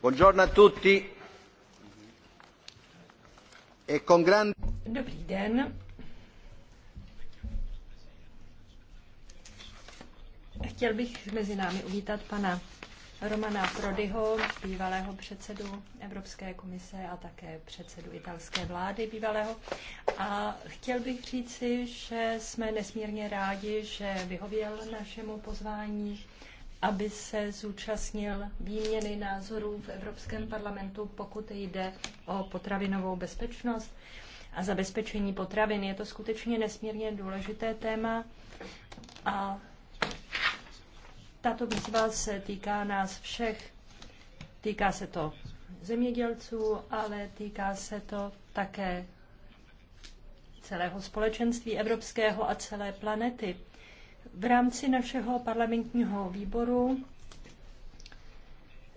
Buongiorno a tutti. E con grande... Dobrý den. Chtěl bych mezi námi uvítat pana Romana Prodyho, bývalého předsedu Evropské komise a také předsedu italské vlády bývalého. A chtěl bych říci, že jsme nesmírně rádi, že vyhověl našemu pozvání aby se zúčastnil výměny názorů v Evropském parlamentu, pokud jde o potravinovou bezpečnost a zabezpečení potravin. Je to skutečně nesmírně důležité téma a tato výzva se týká nás všech. Týká se to zemědělců, ale týká se to také celého společenství evropského a celé planety. V rámci našeho parlamentního výboru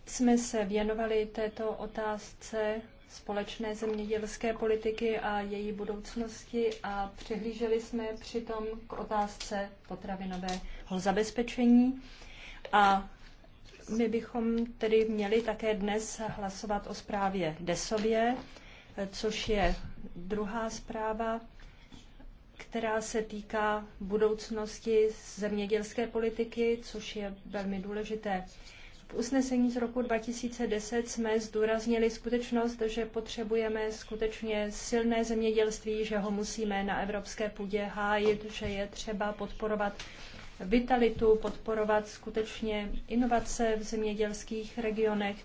jsme se věnovali této otázce společné zemědělské politiky a její budoucnosti a přihlíželi jsme přitom k otázce potravinového zabezpečení. A my bychom tedy měli také dnes hlasovat o zprávě Desově, což je druhá zpráva která se týká budoucnosti zemědělské politiky, což je velmi důležité. V usnesení z roku 2010 jsme zdůraznili skutečnost, že potřebujeme skutečně silné zemědělství, že ho musíme na evropské půdě hájit, že je třeba podporovat vitalitu, podporovat skutečně inovace v zemědělských regionech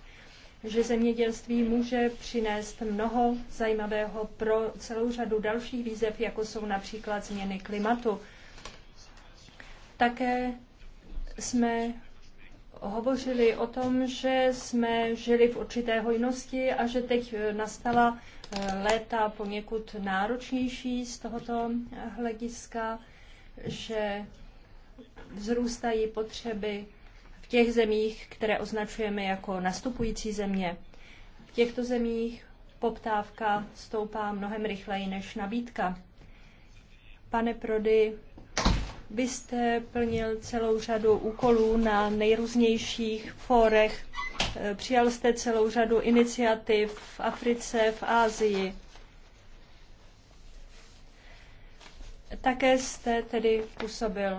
že zemědělství může přinést mnoho zajímavého pro celou řadu dalších výzev, jako jsou například změny klimatu. Také jsme hovořili o tom, že jsme žili v určité hojnosti a že teď eh, nastala eh, léta poněkud náročnější z tohoto eh, hlediska, že vzrůstají potřeby těch zemích, které označujeme jako nastupující země. V těchto zemích poptávka stoupá mnohem rychleji než nabídka. Pane Prody, vy jste plnil celou řadu úkolů na nejrůznějších fórech. Přijal jste celou řadu iniciativ v Africe, v Ázii. Také jste tedy působil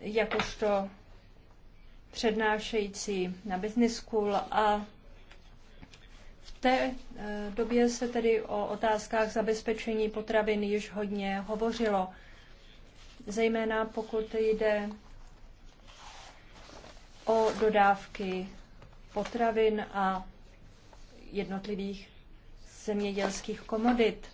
jakožto přednášející na Business School a v té eh, době se tedy o otázkách zabezpečení potravin již hodně hovořilo. Zejména pokud jde o dodávky potravin a jednotlivých zemědělských komodit.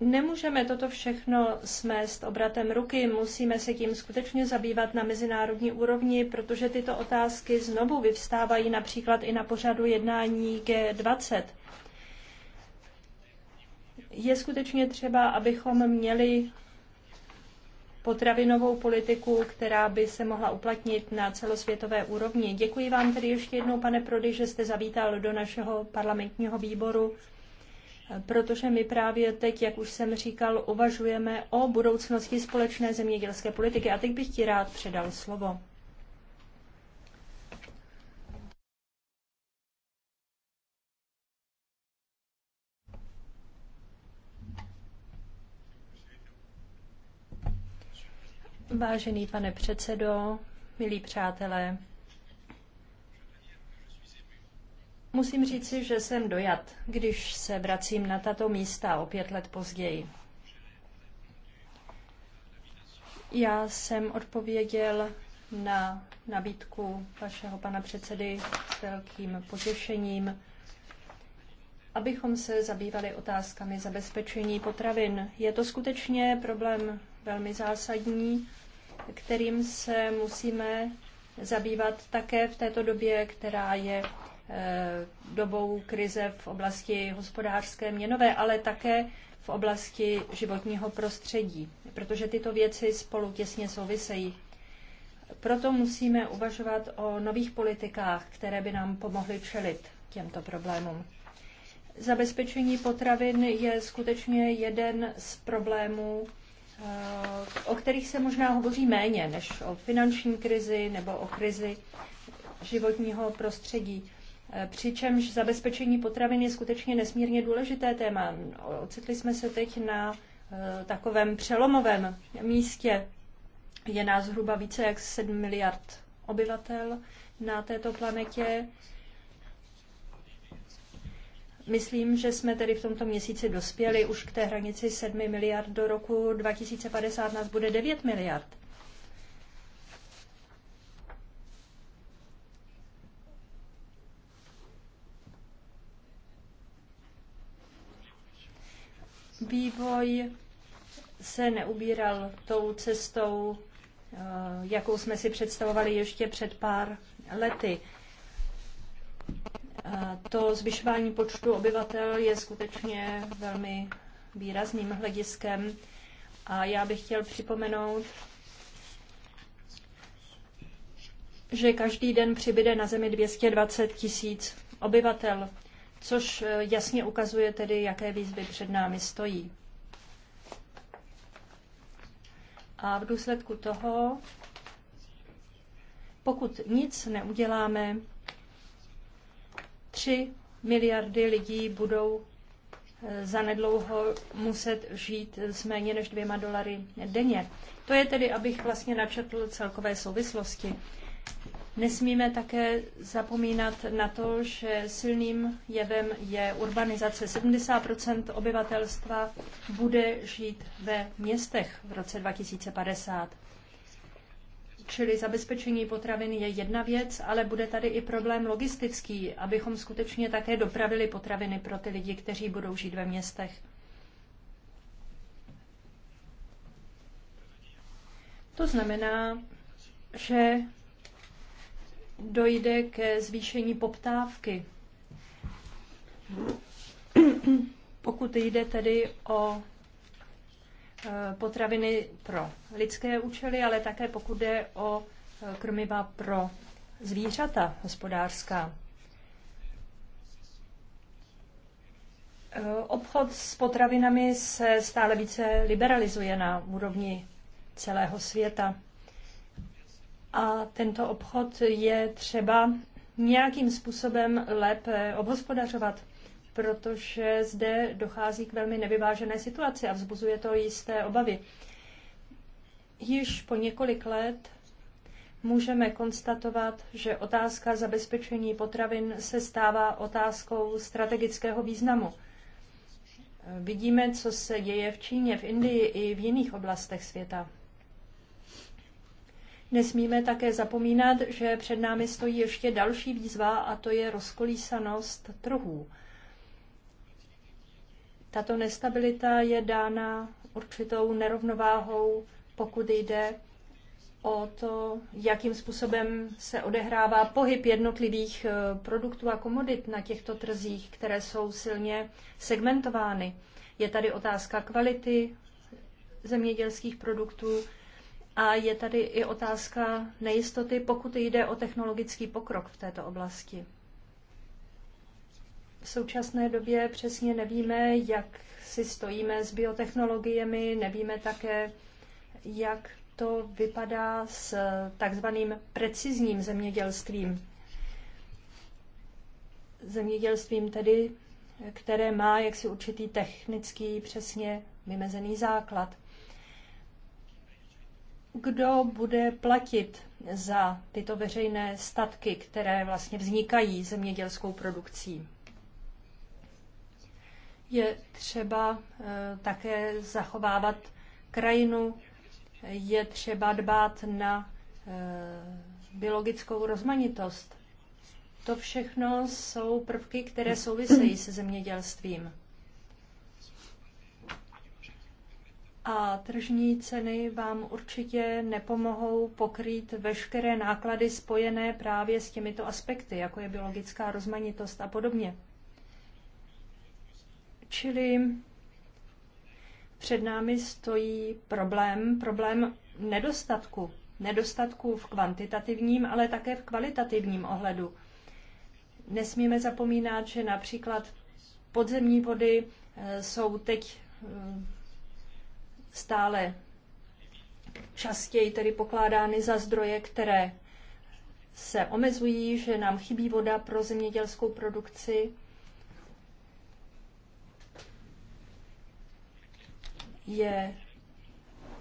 Nemůžeme toto všechno smést obratem ruky, musíme se tím skutečně zabývat na mezinárodní úrovni, protože tyto otázky znovu vyvstávají například i na pořadu jednání G20. Je skutečně třeba, abychom měli potravinovou politiku, která by se mohla uplatnit na celosvětové úrovni. Děkuji vám tedy ještě jednou, pane Prody, že jste zavítal do našeho parlamentního výboru protože my právě teď, jak už jsem říkal, uvažujeme o budoucnosti společné zemědělské politiky. A teď bych ti rád předal slovo. Vážený pane předsedo, milí přátelé, Musím říci, že jsem dojat, když se vracím na tato místa o pět let později. Já jsem odpověděl na nabídku vašeho pana předsedy s velkým potěšením, abychom se zabývali otázkami zabezpečení potravin. Je to skutečně problém velmi zásadní, kterým se musíme zabývat také v této době, která je Eh, dobou krize v oblasti hospodářské měnové, ale také v oblasti životního prostředí, protože tyto věci spolu těsně souvisejí. Proto musíme uvažovat o nových politikách, které by nám pomohly čelit těmto problémům. Zabezpečení potravin je skutečně jeden z problémů, eh, o kterých se možná hovoří méně než o finanční krizi nebo o krizi životního prostředí. Přičemž zabezpečení potravin je skutečně nesmírně důležité téma. Ocitli jsme se teď na eh, takovém přelomovém místě. Je nás zhruba více jak 7 miliard obyvatel na této planetě. Myslím, že jsme tedy v tomto měsíci dospěli už k té hranici 7 miliard. Do roku 2050 nás bude 9 miliard. vývoj se neubíral tou cestou, eh, jakou jsme si představovali ještě před pár lety. Eh, to zvyšování počtu obyvatel je skutečně velmi výrazným hlediskem a já bych chtěl připomenout, že každý den přibyde na Zemi 220 tisíc obyvatel což e, jasně ukazuje tedy, jaké výzvy před námi stojí. A v důsledku toho, pokud nic neuděláme, 3 miliardy lidí budou e, zanedlouho muset žít s méně než dvěma dolary denně. To je tedy, abych vlastně načetl celkové souvislosti. Nesmíme také zapomínat na to, že silným jevem je urbanizace. 70 obyvatelstva bude žít ve městech v roce 2050. Čili zabezpečení potravin je jedna věc, ale bude tady i problém logistický, abychom skutečně také dopravili potraviny pro ty lidi, kteří budou žít ve městech. To znamená, že dojde ke zvýšení poptávky. Pokud jde tedy o e, potraviny pro lidské účely, ale také pokud jde o e, krmiva pro zvířata hospodářská. E, obchod s potravinami se stále více liberalizuje na úrovni celého světa a tento obchod je třeba nějakým způsobem lépe obhospodařovat, protože zde dochází k velmi nevyvážené situaci a vzbuzuje to jisté obavy. Již po několik let můžeme konstatovat, že otázka zabezpečení potravin se stává otázkou strategického významu. Vidíme, co se děje v Číně, v Indii i v jiných oblastech světa. Nesmíme také zapomínat, že před námi stojí ještě další výzva a to je rozkolísanost trhů. Tato nestabilita je dána určitou nerovnováhou, pokud jde o to, jakým způsobem se odehrává pohyb jednotlivých eh, produktů a komodit na těchto trzích, které jsou silně segmentovány. Je tady otázka kvality zemědělských produktů, a je tady i otázka nejistoty, pokud jde o technologický pokrok v této oblasti. V současné době přesně nevíme, jak si stojíme s biotechnologiemi, nevíme také, jak to vypadá s takzvaným precizním zemědělstvím. Zemědělstvím tedy, které má jaksi určitý technický přesně vymezený základ kdo bude platit za tyto veřejné statky, které vlastně vznikají zemědělskou produkcí. Je třeba eh, také zachovávat krajinu, je třeba dbát na eh, biologickou rozmanitost. To všechno jsou prvky, které souvisejí se zemědělstvím. a tržní ceny vám určitě nepomohou pokrýt veškeré náklady spojené právě s těmito aspekty, jako je biologická rozmanitost a podobně. Čili před námi stojí problém, problém nedostatku. Nedostatku v kvantitativním, ale také v kvalitativním ohledu. Nesmíme zapomínat, že například podzemní vody eh, jsou teď eh, stále častěji tedy pokládány za zdroje, které se omezují, že nám chybí voda pro zemědělskou produkci. Je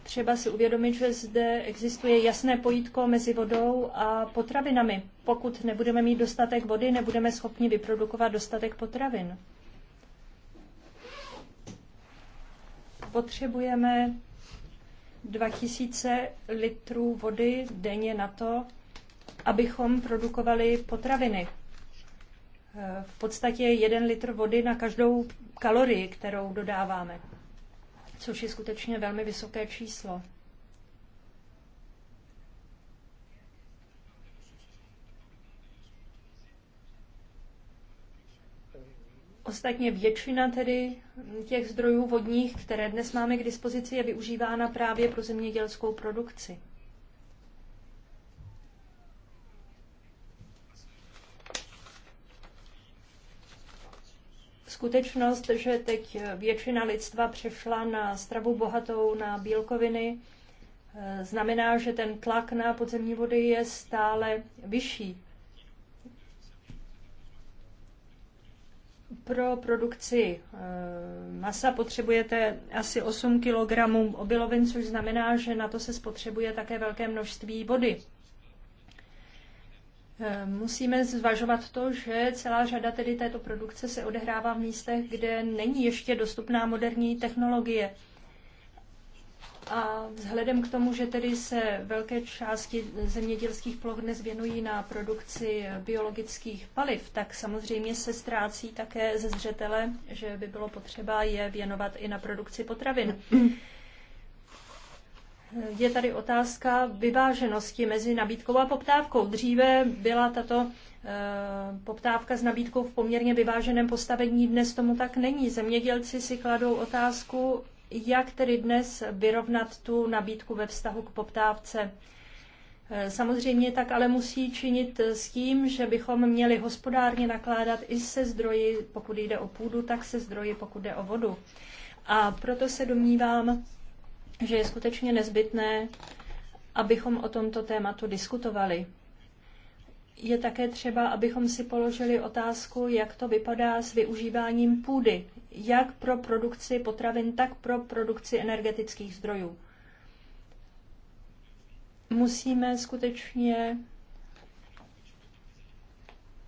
třeba si uvědomit, že zde existuje jasné pojítko mezi vodou a potravinami. Pokud nebudeme mít dostatek vody, nebudeme schopni vyprodukovat dostatek potravin. Potřebujeme 2000 litrů vody denně na to, abychom produkovali potraviny. Eh, v podstatě jeden litr vody na každou kalorii, kterou dodáváme, což je skutečně velmi vysoké číslo. Ostatně většina tedy těch zdrojů vodních, které dnes máme k dispozici, je využívána právě pro zemědělskou produkci. Skutečnost, že teď většina lidstva přešla na stravu bohatou na bílkoviny, e, znamená, že ten tlak na podzemní vody je stále vyšší. Pro produkci eh, masa potřebujete asi 8 kg obilovin, což znamená, že na to se spotřebuje také velké množství vody. Eh, musíme zvažovat to, že celá řada tedy této produkce se odehrává v místech, kde není ještě dostupná moderní technologie. A vzhledem k tomu, že tedy se velké části zemědělských ploch dnes věnují na produkci biologických paliv, tak samozřejmě se ztrácí také ze zřetele, že by bylo potřeba je věnovat i na produkci potravin. Je tady otázka vyváženosti mezi nabídkou a poptávkou. Dříve byla tato e, poptávka s nabídkou v poměrně vyváženém postavení, dnes tomu tak není. Zemědělci si kladou otázku, jak tedy dnes vyrovnat tu nabídku ve vztahu k poptávce. E, samozřejmě tak ale musí činit s tím, že bychom měli hospodárně nakládat i se zdroji, pokud jde o půdu, tak se zdroji, pokud jde o vodu. A proto se domnívám, že je skutečně nezbytné, abychom o tomto tématu diskutovali je také třeba, abychom si položili otázku, jak to vypadá s využíváním půdy, jak pro produkci potravin, tak pro produkci energetických zdrojů. Musíme skutečně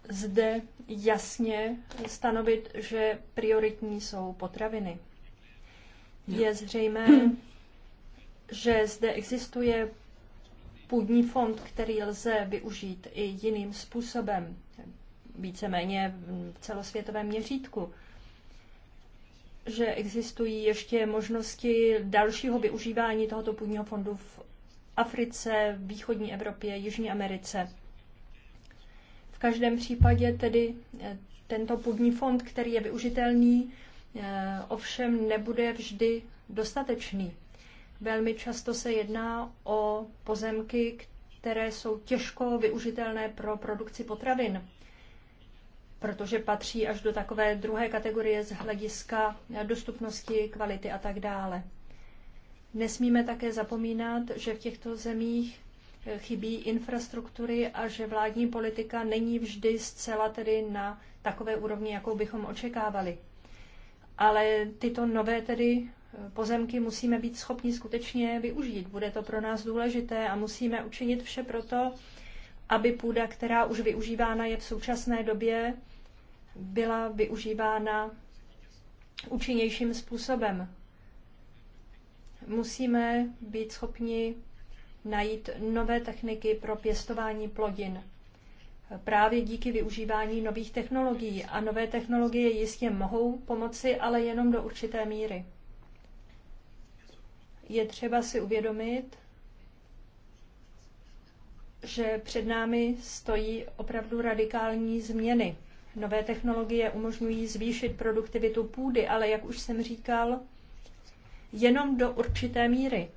zde jasně stanovit, že prioritní jsou potraviny. Je zřejmé, že zde existuje půdní fond, který lze využít i jiným způsobem, víceméně v celosvětovém měřítku že existují ještě možnosti dalšího využívání tohoto půdního fondu v Africe, východní Evropě, Jižní Americe. V každém případě tedy eh, tento půdní fond, který je využitelný, eh, ovšem nebude vždy dostatečný. Velmi často se jedná o pozemky, které jsou těžko využitelné pro produkci potravin, protože patří až do takové druhé kategorie z hlediska dostupnosti, kvality a tak dále. Nesmíme také zapomínat, že v těchto zemích chybí infrastruktury a že vládní politika není vždy zcela tedy na takové úrovni, jakou bychom očekávali. Ale tyto nové tedy pozemky musíme být schopni skutečně využít. Bude to pro nás důležité a musíme učinit vše proto, aby půda, která už využívána je v současné době, byla využívána účinnějším způsobem. Musíme být schopni najít nové techniky pro pěstování plodin. Právě díky využívání nových technologií. A nové technologie jistě mohou pomoci, ale jenom do určité míry je třeba si uvědomit, že před námi stojí opravdu radikální změny. Nové technologie umožňují zvýšit produktivitu půdy, ale jak už jsem říkal, jenom do určité míry.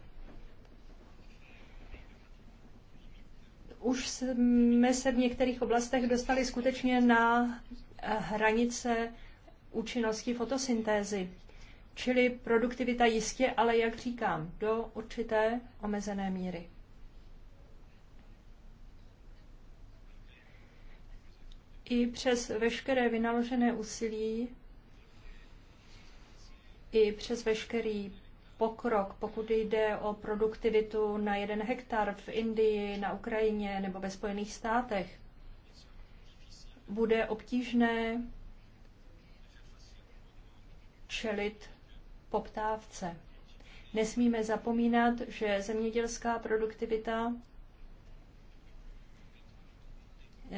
Už jsme se v některých oblastech dostali skutečně na hranice účinnosti fotosyntézy. Čili produktivita jistě, ale jak říkám, do určité omezené míry. I přes veškeré vynaložené úsilí, i přes veškerý pokrok, pokud jde o produktivitu na jeden hektar v Indii, na Ukrajině nebo ve Spojených státech, bude obtížné čelit poptávce. Nesmíme zapomínat, že zemědělská produktivita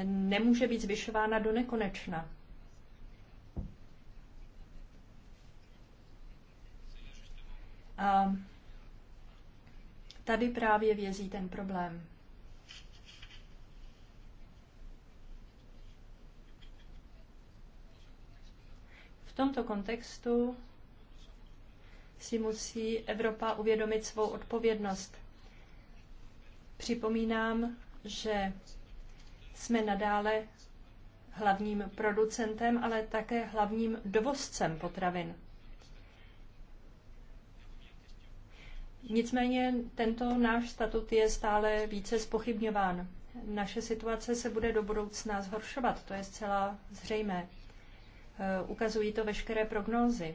nemůže být zvyšována do nekonečna. A tady právě vězí ten problém. V tomto kontextu si musí Evropa uvědomit svou odpovědnost. Připomínám, že jsme nadále hlavním producentem, ale také hlavním dovozcem potravin. Nicméně tento náš statut je stále více spochybňován. Naše situace se bude do budoucna zhoršovat, to je zcela zřejmé. E, ukazují to veškeré prognózy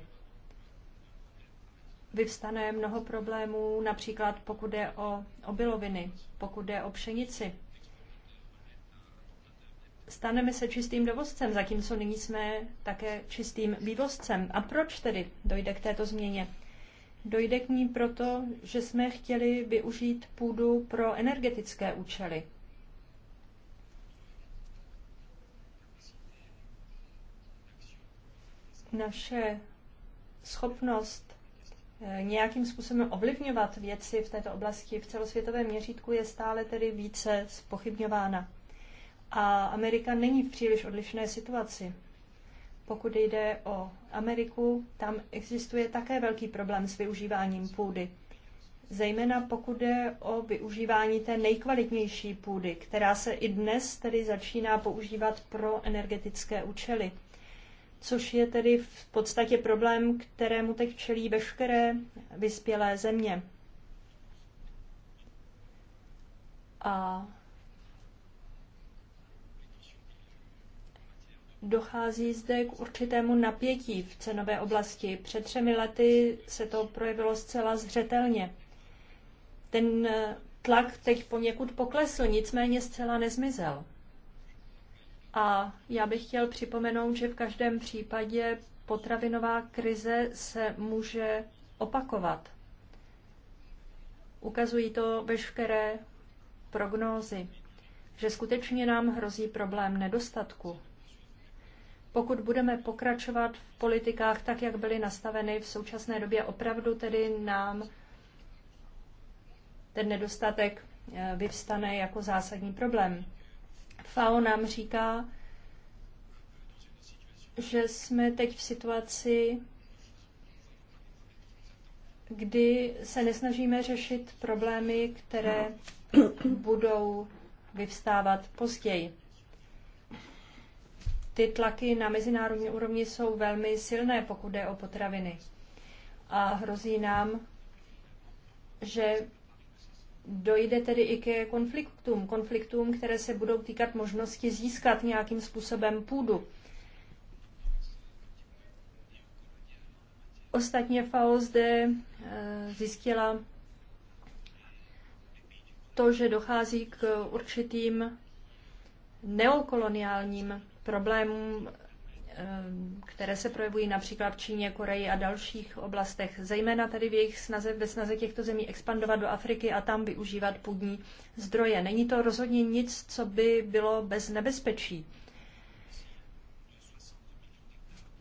vyvstane mnoho problémů, například pokud je o obiloviny, pokud je o pšenici. Staneme se čistým dovozcem, zatímco nyní jsme také čistým vývozcem. A proč tedy dojde k této změně? Dojde k ní proto, že jsme chtěli využít půdu pro energetické účely. Naše schopnost Eh, nějakým způsobem ovlivňovat věci v této oblasti v celosvětovém měřítku je stále tedy více spochybňována. A Amerika není v příliš odlišné situaci. Pokud jde o Ameriku, tam existuje také velký problém s využíváním půdy. Zejména pokud jde o využívání té nejkvalitnější půdy, která se i dnes tedy začíná používat pro energetické účely což je tedy v podstatě problém, kterému teď čelí veškeré vyspělé země. A dochází zde k určitému napětí v cenové oblasti. Před třemi lety se to projevilo zcela zřetelně. Ten tlak teď poněkud poklesl, nicméně zcela nezmizel. A já bych chtěl připomenout, že v každém případě potravinová krize se může opakovat. Ukazují to veškeré prognózy, že skutečně nám hrozí problém nedostatku. Pokud budeme pokračovat v politikách tak, jak byly nastaveny v současné době, opravdu tedy nám ten nedostatek eh, vyvstane jako zásadní problém. FAO nám říká, že jsme teď v situaci, kdy se nesnažíme řešit problémy, které budou vyvstávat později. Ty tlaky na mezinárodní úrovni jsou velmi silné, pokud jde o potraviny. A hrozí nám, že Dojde tedy i ke konfliktům, konfliktům, které se budou týkat možnosti získat nějakým způsobem půdu. Ostatně FAO zde eh, zjistila to, že dochází k určitým neokoloniálním problémům Eh, které se projevují například v Číně, Koreji a dalších oblastech, zejména tady v jejich snaze, ve snaze těchto zemí expandovat do Afriky a tam využívat půdní zdroje. Není to rozhodně nic, co by bylo bez nebezpečí.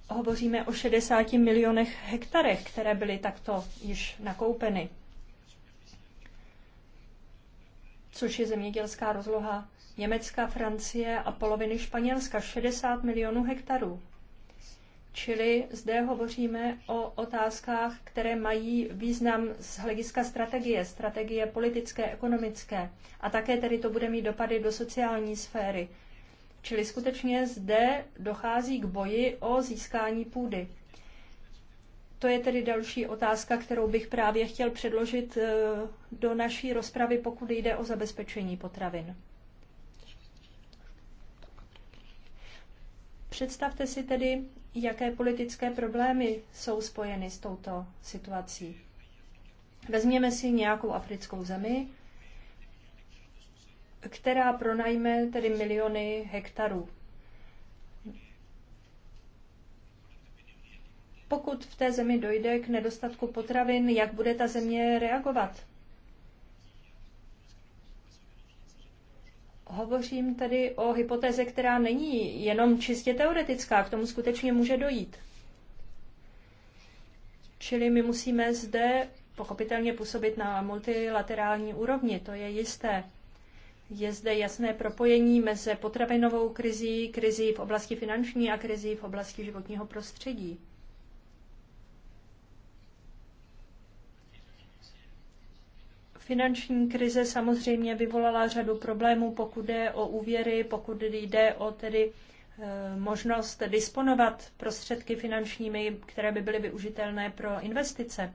Hovoříme o 60 milionech hektarech, které byly takto již nakoupeny, což je zemědělská rozloha Německa, Francie a poloviny Španělska, 60 milionů hektarů. Čili zde hovoříme o otázkách, které mají význam z hlediska strategie, strategie politické, ekonomické a také tedy to bude mít dopady do sociální sféry. Čili skutečně zde dochází k boji o získání půdy. To je tedy další otázka, kterou bych právě chtěl předložit eh, do naší rozpravy, pokud jde o zabezpečení potravin. Představte si tedy, jaké politické problémy jsou spojeny s touto situací. Vezměme si nějakou africkou zemi, která pronajme tedy miliony hektarů. Pokud v té zemi dojde k nedostatku potravin, jak bude ta země reagovat? Hovořím tedy o hypotéze, která není jenom čistě teoretická, k tomu skutečně může dojít. Čili my musíme zde pochopitelně působit na multilaterální úrovni, to je jisté. Je zde jasné propojení mezi potravinovou krizí, krizí v oblasti finanční a krizí v oblasti životního prostředí. Finanční krize samozřejmě vyvolala řadu problémů, pokud jde o úvěry, pokud jde o tedy eh, možnost disponovat prostředky finančními, které by byly využitelné pro investice.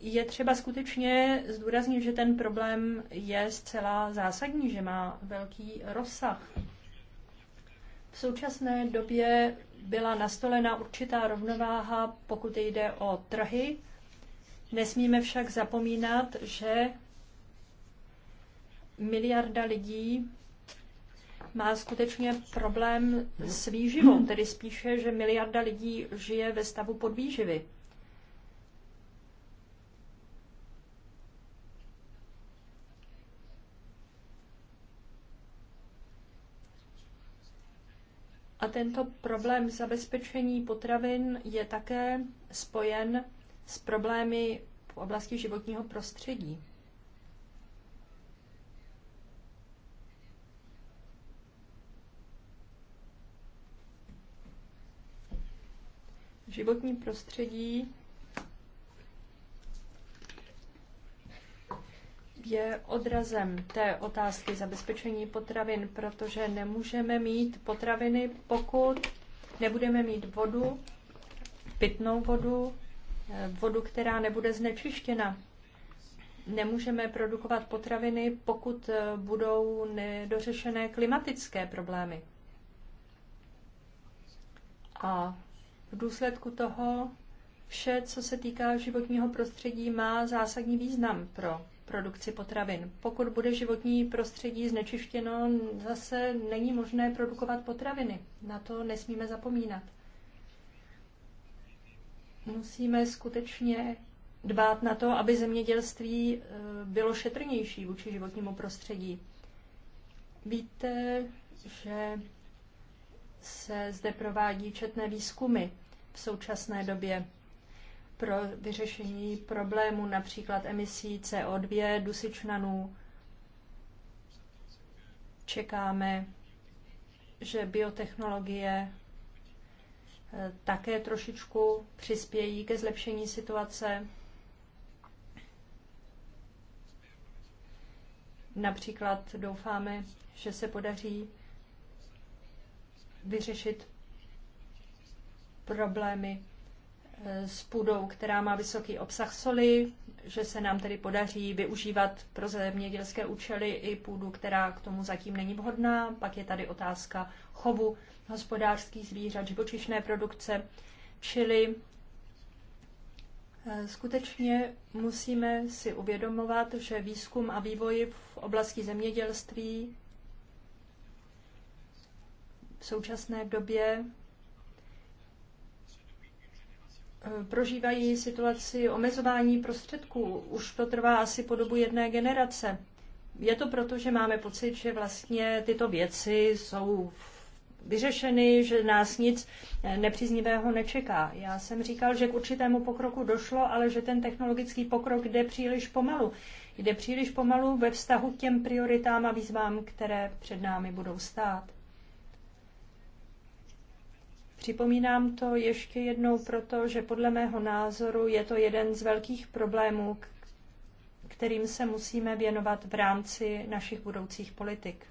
Je třeba skutečně zdůraznit, že ten problém je zcela zásadní, že má velký rozsah. V současné době byla nastolena určitá rovnováha, pokud jde o trhy, Nesmíme však zapomínat, že miliarda lidí má skutečně problém s výživou, tedy spíše, že miliarda lidí žije ve stavu podvýživy. A tento problém zabezpečení potravin je také spojen s problémy v oblasti životního prostředí. Životní prostředí je odrazem té otázky zabezpečení potravin, protože nemůžeme mít potraviny, pokud nebudeme mít vodu, pitnou vodu, vodu, která nebude znečištěna. Nemůžeme produkovat potraviny, pokud eh, budou nedořešené klimatické problémy. A v důsledku toho vše, co se týká životního prostředí, má zásadní význam pro produkci potravin. Pokud bude životní prostředí znečištěno, zase není možné produkovat potraviny. Na to nesmíme zapomínat. Musíme skutečně dbát na to, aby zemědělství eh, bylo šetrnější vůči životnímu prostředí. Víte, že se zde provádí četné výzkumy v současné době pro vyřešení problému například emisí CO2, dusičnanů. Čekáme, že biotechnologie také trošičku přispějí ke zlepšení situace. Například doufáme, že se podaří vyřešit problémy s půdou, která má vysoký obsah soli, že se nám tedy podaří využívat pro zemědělské účely i půdu, která k tomu zatím není vhodná. Pak je tady otázka chovu hospodářských zvířat, živočišné produkce, čili eh, Skutečně musíme si uvědomovat, že výzkum a vývoj v oblasti zemědělství v současné době Eh, prožívají situaci omezování prostředků. Už to trvá asi po dobu jedné generace. Je to proto, že máme pocit, že vlastně tyto věci jsou vyřešeny, že nás nic eh, nepříznivého nečeká. Já jsem říkal, že k určitému pokroku došlo, ale že ten technologický pokrok jde příliš pomalu. Jde příliš pomalu ve vztahu k těm prioritám a výzvám, které před námi budou stát. Připomínám to ještě jednou proto, že podle mého názoru je to jeden z velkých problémů, kterým se musíme věnovat v rámci našich budoucích politik.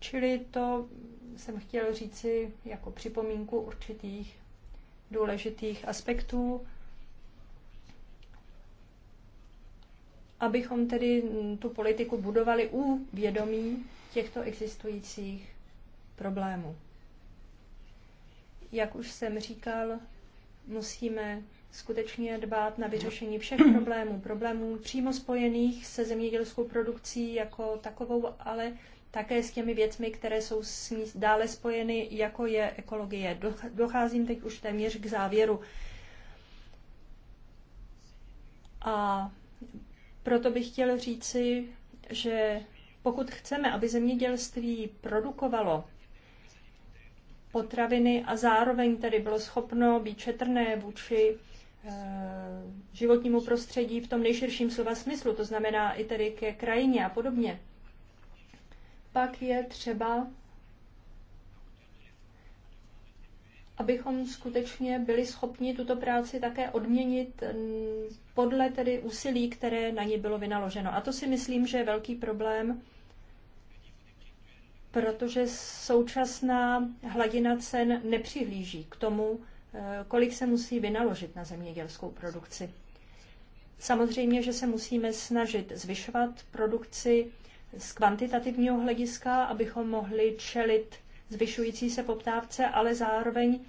Čili to jsem chtěl říci jako připomínku určitých důležitých aspektů, abychom tedy tu politiku budovali u vědomí těchto existujících problému. Jak už jsem říkal, musíme skutečně dbát na vyřešení všech problémů, problémů přímo spojených se zemědělskou produkcí jako takovou, ale také s těmi věcmi, které jsou s ní dále spojeny, jako je ekologie. Docházím teď už téměř k závěru. A proto bych chtěl říci, že pokud chceme, aby zemědělství produkovalo potraviny a zároveň tedy bylo schopno být četrné vůči eh, životnímu prostředí v tom nejširším slova smyslu, to znamená i tedy ke krajině a podobně. Pak je třeba, abychom skutečně byli schopni tuto práci také odměnit podle tedy úsilí, které na ní bylo vynaloženo. A to si myslím, že je velký problém protože současná hladina cen nepřihlíží k tomu, eh, kolik se musí vynaložit na zemědělskou produkci. Samozřejmě, že se musíme snažit zvyšovat produkci z kvantitativního hlediska, abychom mohli čelit zvyšující se poptávce, ale zároveň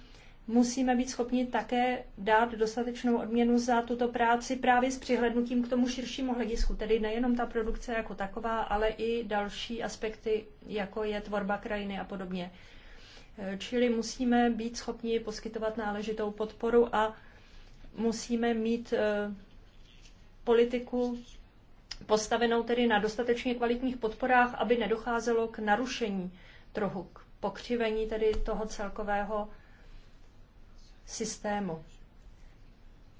musíme být schopni také dát dostatečnou odměnu za tuto práci právě s přihlednutím k tomu širšímu hledisku, tedy nejenom ta produkce jako taková, ale i další aspekty, jako je tvorba krajiny a podobně. E, čili musíme být schopni poskytovat náležitou podporu a musíme mít e, politiku postavenou tedy na dostatečně kvalitních podporách, aby nedocházelo k narušení trhu, k pokřivení tedy toho celkového systému.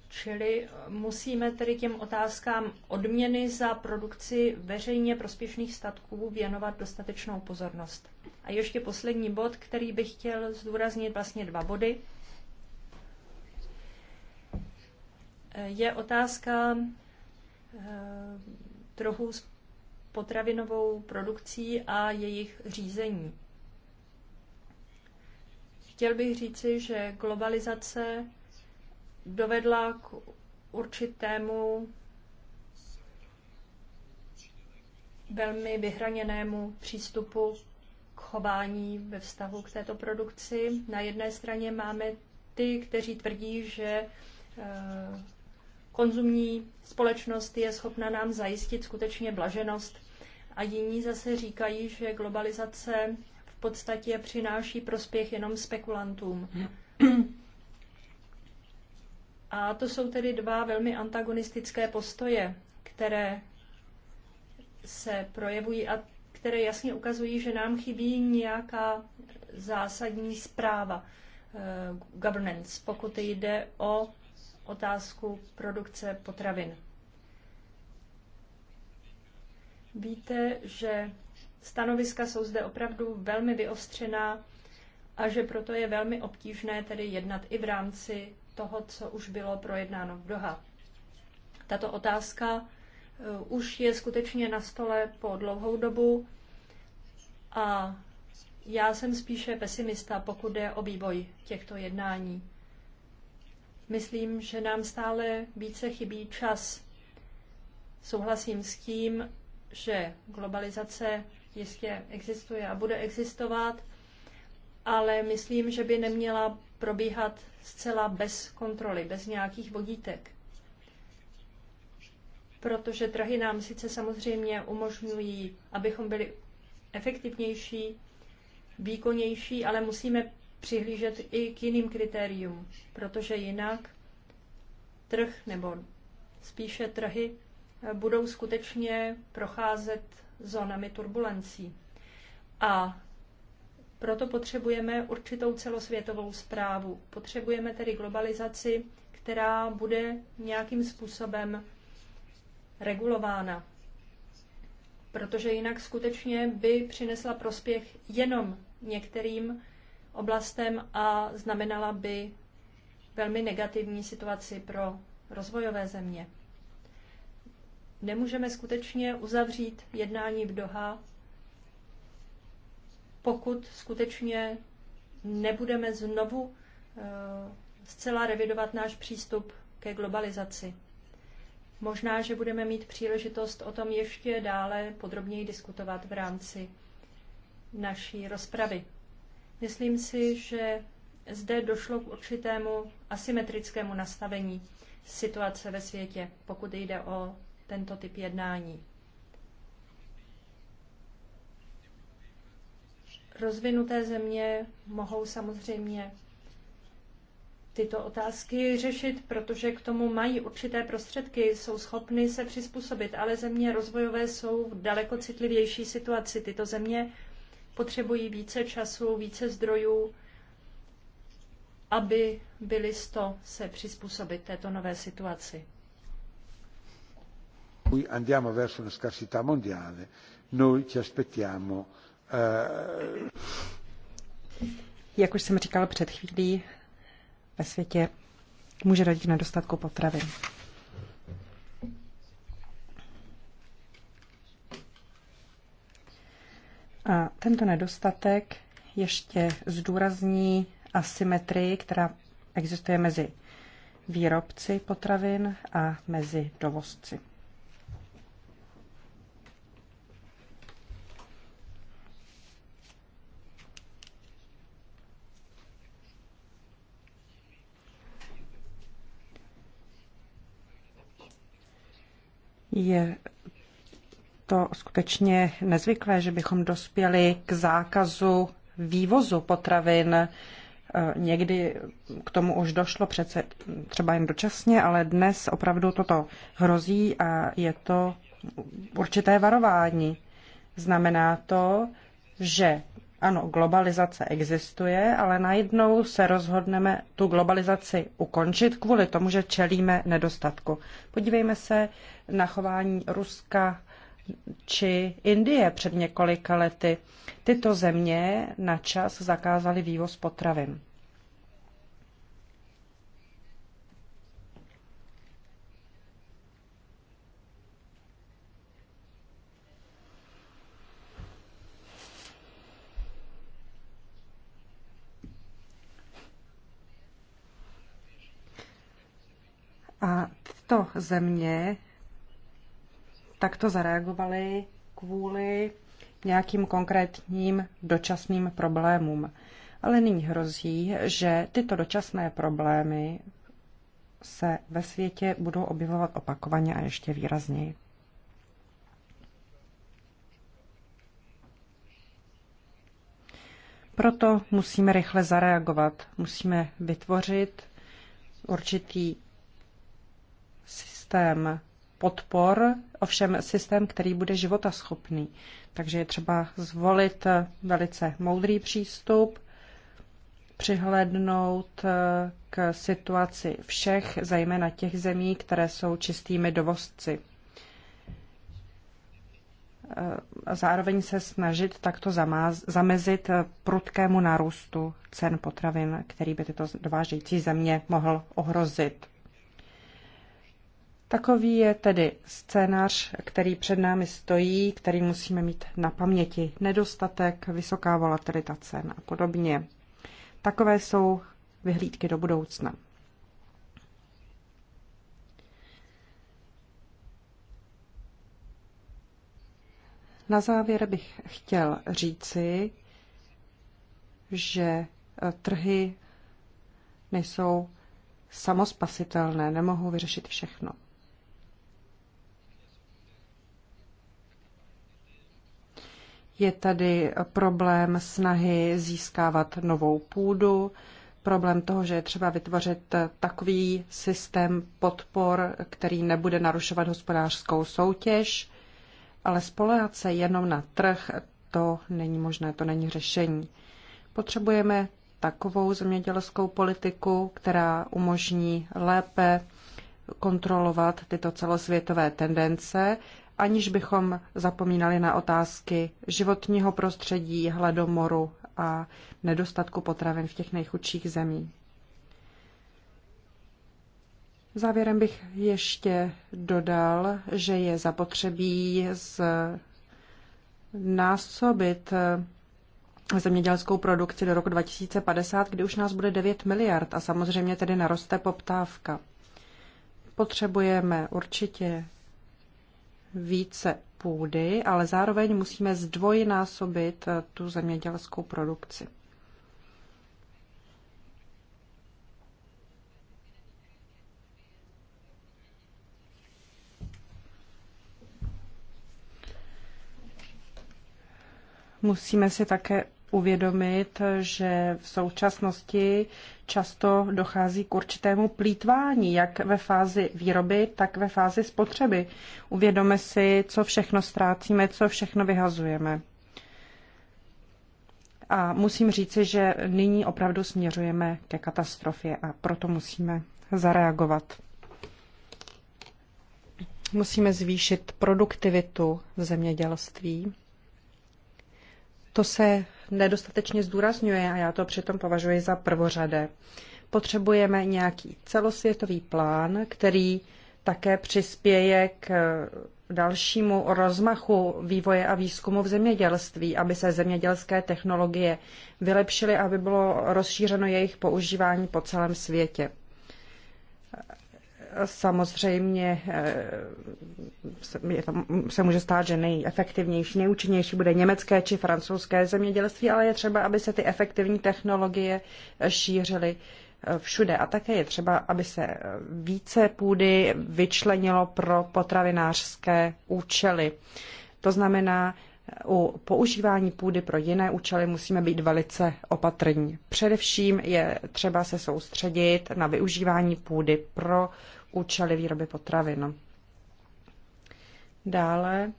Čili musíme tedy těm otázkám odměny za produkci veřejně prospěšných statků věnovat dostatečnou pozornost. A ještě poslední bod, který bych chtěl zdůraznit, vlastně dva body. Je otázka eh, trochu s potravinovou produkcí a jejich řízení. Chtěl bych říci, že globalizace dovedla k určitému velmi vyhraněnému přístupu k chování ve vztahu k této produkci. Na jedné straně máme ty, kteří tvrdí, že eh, konzumní společnost je schopna nám zajistit skutečně blaženost. A jiní zase říkají, že globalizace podstatě přináší prospěch jenom spekulantům. A to jsou tedy dva velmi antagonistické postoje, které se projevují a které jasně ukazují, že nám chybí nějaká zásadní zpráva eh, governance, pokud jde o otázku produkce potravin. Víte, že stanoviska jsou zde opravdu velmi vyostřená a že proto je velmi obtížné tedy jednat i v rámci toho, co už bylo projednáno v Doha. Tato otázka eh, už je skutečně na stole po dlouhou dobu a já jsem spíše pesimista, pokud jde o vývoj těchto jednání. Myslím, že nám stále více chybí čas. Souhlasím s tím, že globalizace jistě existuje a bude existovat, ale myslím, že by neměla probíhat zcela bez kontroly, bez nějakých vodítek. Protože trhy nám sice samozřejmě umožňují, abychom byli efektivnější, výkonnější, ale musíme přihlížet i k jiným kritériům, protože jinak trh nebo spíše trhy budou skutečně procházet zónami turbulencí. A proto potřebujeme určitou celosvětovou zprávu. Potřebujeme tedy globalizaci, která bude nějakým způsobem regulována. Protože jinak skutečně by přinesla prospěch jenom některým oblastem a znamenala by velmi negativní situaci pro rozvojové země. Nemůžeme skutečně uzavřít jednání v Doha, pokud skutečně nebudeme znovu eh, zcela revidovat náš přístup ke globalizaci. Možná, že budeme mít příležitost o tom ještě dále podrobněji diskutovat v rámci naší rozpravy. Myslím si, že zde došlo k určitému asymetrickému nastavení situace ve světě, pokud jde o tento typ jednání. Rozvinuté země mohou samozřejmě tyto otázky řešit, protože k tomu mají určité prostředky, jsou schopny se přizpůsobit, ale země rozvojové jsou v daleko citlivější situaci. Tyto země potřebují více času, více zdrojů, aby byly sto se přizpůsobit této nové situaci. Andiamo verso una scarsità mondiale. Noi ci aspettiamo. Eh, Jak už jsem říkal před chvílí, ve světě může rodit k nedostatku potravin. A tento nedostatek ještě zdůrazní asymetrii, která existuje mezi výrobci potravin a mezi dovozci. Je to skutečně nezvyklé, že bychom dospěli k zákazu vývozu potravin. E, někdy k tomu už došlo přece třeba jen dočasně, ale dnes opravdu toto hrozí a je to určité varování. Znamená to, že ano, globalizace existuje, ale najednou se rozhodneme tu globalizaci ukončit kvůli tomu, že čelíme nedostatku. Podívejme se na chování Ruska či Indie před několika lety. Tyto země na čas zakázaly vývoz potravin. země takto zareagovaly kvůli nějakým konkrétním dočasným problémům. Ale nyní hrozí, že tyto dočasné problémy se ve světě budou objevovat opakovaně a ještě výrazněji. Proto musíme rychle zareagovat, musíme vytvořit určitý systém podpor, ovšem systém, který bude životaschopný. Takže je třeba zvolit velice moudrý přístup, přihlednout eh, k situaci všech, zejména těch zemí, které jsou čistými dovozci. Eh, a zároveň se snažit takto zamezit eh, prudkému nárůstu cen potravin, který by tyto dovážející země mohl ohrozit. Takový je tedy scénář, který před námi stojí, který musíme mít na paměti. Nedostatek, vysoká volatilita cen a podobně. Takové jsou vyhlídky do budoucna. Na závěr bych chtěl říci, že eh, trhy nejsou samospasitelné, nemohou vyřešit všechno. Je tady problém snahy získávat novou půdu, problém toho, že je třeba vytvořit takový systém podpor, který nebude narušovat hospodářskou soutěž, ale spolehat se jenom na trh, to není možné, to není řešení. Potřebujeme takovou zemědělskou politiku, která umožní lépe kontrolovat tyto celosvětové tendence, aniž bychom zapomínali na otázky životního prostředí, hladomoru a nedostatku potravin v těch nejchudších zemí. Závěrem bych ještě dodal, že je zapotřebí z násobit eh, zemědělskou produkci do roku 2050, kdy už nás bude 9 miliard a samozřejmě tedy naroste poptávka. Potřebujeme určitě více půdy, ale zároveň musíme zdvojnásobit eh, tu zemědělskou produkci. Musíme si také uvědomit, že v současnosti často dochází k určitému plítvání, jak ve fázi výroby, tak ve fázi spotřeby. Uvědome si, co všechno ztrácíme, co všechno vyhazujeme. A musím říci, že nyní opravdu směřujeme ke katastrofě a proto musíme zareagovat. Musíme zvýšit produktivitu v zemědělství. To se nedostatečně zdůrazňuje a já to přitom považuji za prvořadé. Potřebujeme nějaký celosvětový plán, který také přispěje k dalšímu rozmachu vývoje a výzkumu v zemědělství, aby se zemědělské technologie vylepšily, aby bylo rozšířeno jejich používání po celém světě samozřejmě eh, se může stát, že nejefektivnější, nejúčinnější bude německé či francouzské zemědělství, ale je třeba, aby se ty efektivní technologie šířily eh, všude. A také je třeba, aby se eh, více půdy vyčlenilo pro potravinářské účely. To znamená, u používání půdy pro jiné účely musíme být velice opatrní. Především je třeba se soustředit na využívání půdy pro účely výroby potravin. Dále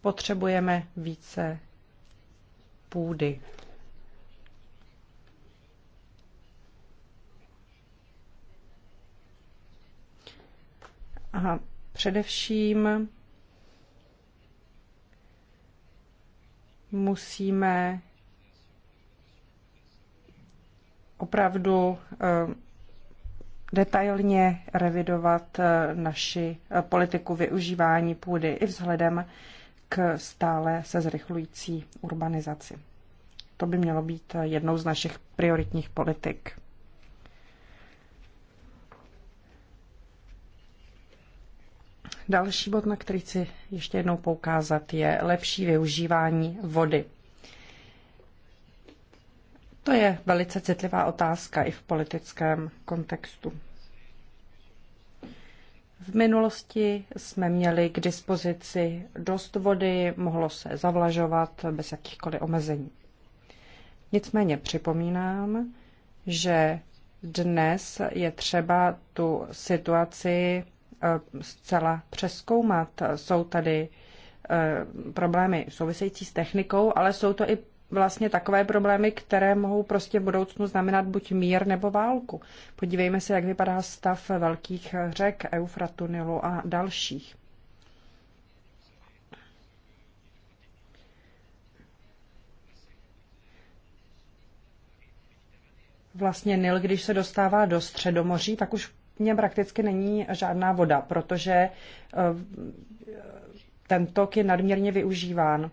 potřebujeme více půdy. A především musíme opravdu eh, detailně revidovat eh, naši eh, politiku využívání půdy i vzhledem k stále se zrychlující urbanizaci. To by mělo být eh, jednou z našich prioritních politik. Další bod, na který chci ještě jednou poukázat, je lepší využívání vody. To je velice citlivá otázka i v politickém kontextu. V minulosti jsme měli k dispozici dost vody, mohlo se zavlažovat bez jakýchkoliv omezení. Nicméně připomínám, že dnes je třeba tu situaci eh, zcela přeskoumat. Jsou tady eh, problémy související s technikou, ale jsou to i vlastně takové problémy, které mohou prostě v budoucnu znamenat buď mír nebo válku. Podívejme se, jak vypadá stav velkých řek Eufratu, Nilu a dalších. Vlastně Nil, když se dostává do Středomoří, tak už mě prakticky není žádná voda, protože eh, ten tok je nadměrně využíván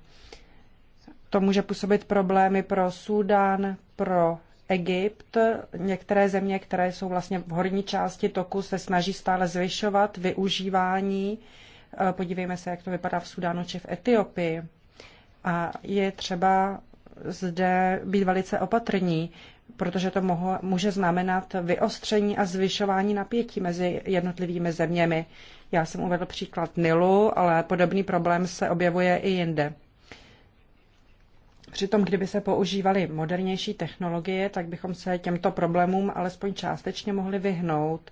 to může působit problémy pro Súdán, pro Egypt. Některé země, které jsou vlastně v horní části toku, se snaží stále zvyšovat využívání. Eh, podívejme se, jak to vypadá v Súdánu, či v Etiopii. A je třeba zde být velice opatrní, protože to moho, může znamenat vyostření a zvyšování napětí mezi jednotlivými zeměmi. Já jsem uvedl příklad Nilu, ale podobný problém se objevuje i jinde. Přitom, kdyby se používaly modernější technologie, tak bychom se těmto problémům alespoň částečně mohli vyhnout,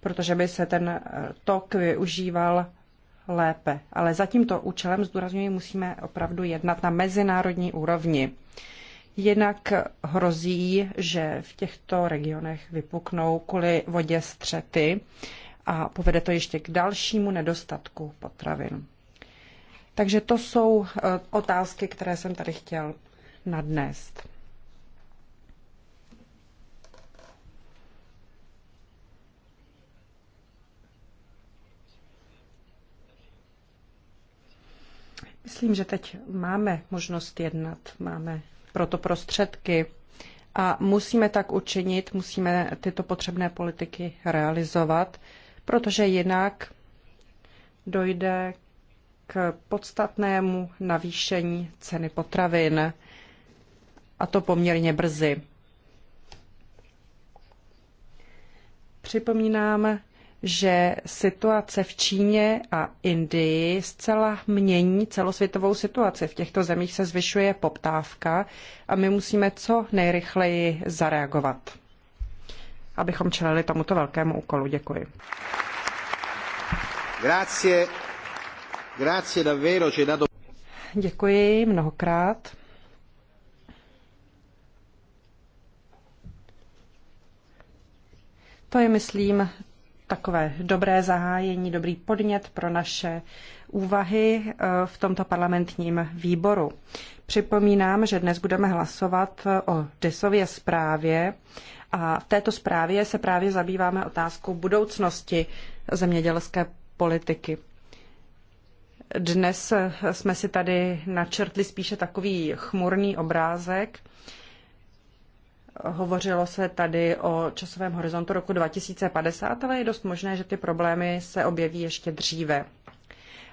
protože by se ten eh, tok využíval lépe. Ale za tímto účelem, zdůrazňuji, musíme opravdu jednat na mezinárodní úrovni. Jinak hrozí, že v těchto regionech vypuknou kvůli vodě střety a povede to ještě k dalšímu nedostatku potravin. Takže to jsou eh, otázky, které jsem tady chtěl nadnést. Myslím, že teď máme možnost jednat, máme proto prostředky a musíme tak učinit, musíme tyto potřebné politiky realizovat, protože jinak dojde k podstatnému navýšení ceny potravin, a to poměrně brzy. Připomínám, že situace v Číně a Indii zcela mění celosvětovou situaci. V těchto zemích se zvyšuje poptávka a my musíme co nejrychleji zareagovat, abychom čelili tomuto velkému úkolu. Děkuji. Grazie. Děkuji mnohokrát. To je, myslím, takové dobré zahájení, dobrý podnět pro naše úvahy eh, v tomto parlamentním výboru. Připomínám, že dnes budeme hlasovat eh, o DESově zprávě a v této zprávě se právě zabýváme otázkou budoucnosti zemědělské politiky. Dnes jsme si tady načrtli spíše takový chmurný obrázek. Hovořilo se tady o časovém horizontu roku 2050, ale je dost možné, že ty problémy se objeví ještě dříve.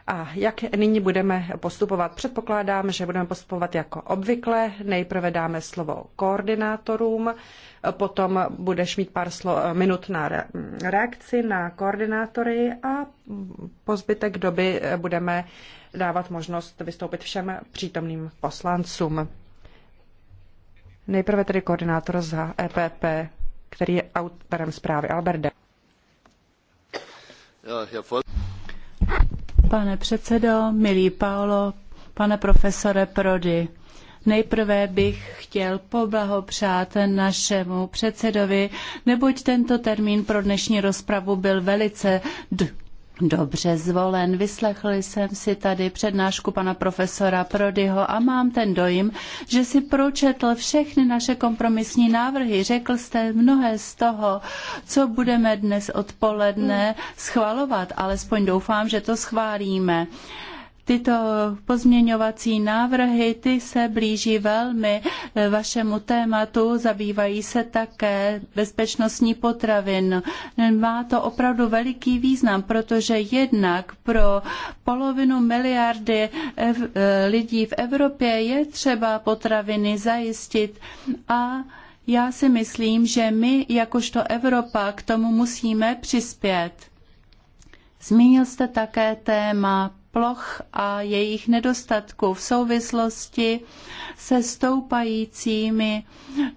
A jak nyní budeme postupovat? Předpokládám, že budeme postupovat jako obvykle. Nejprve dáme slovo koordinátorům, potom budeš mít pár slo- minut na reakci na koordinátory a po zbytek doby budeme dávat možnost vystoupit všem přítomným poslancům. Nejprve tedy koordinátor za EPP, který je autorem zprávy Alberde. Pane předsedo, milý Paolo, pane profesore Prody, Nejprve bych chtěl poblahopřát našemu předsedovi, neboť tento termín pro dnešní rozpravu byl velice Dobře zvolen, Vyslechl jsem si tady přednášku pana profesora Prodyho a mám ten dojem, že si pročetl všechny naše kompromisní návrhy. Řekl jste mnohé z toho, co budeme dnes odpoledne hmm. schvalovat, alespoň doufám, že to schválíme. Tyto pozměňovací návrhy, ty se blíží velmi eh, vašemu tématu, zabývají se také bezpečnostní potravin. Má to opravdu veliký význam, protože jednak pro polovinu miliardy eh, lidí v Evropě je třeba potraviny zajistit a já si myslím, že my jakožto Evropa k tomu musíme přispět. Zmínil jste také téma ploch a jejich nedostatku v souvislosti se stoupajícími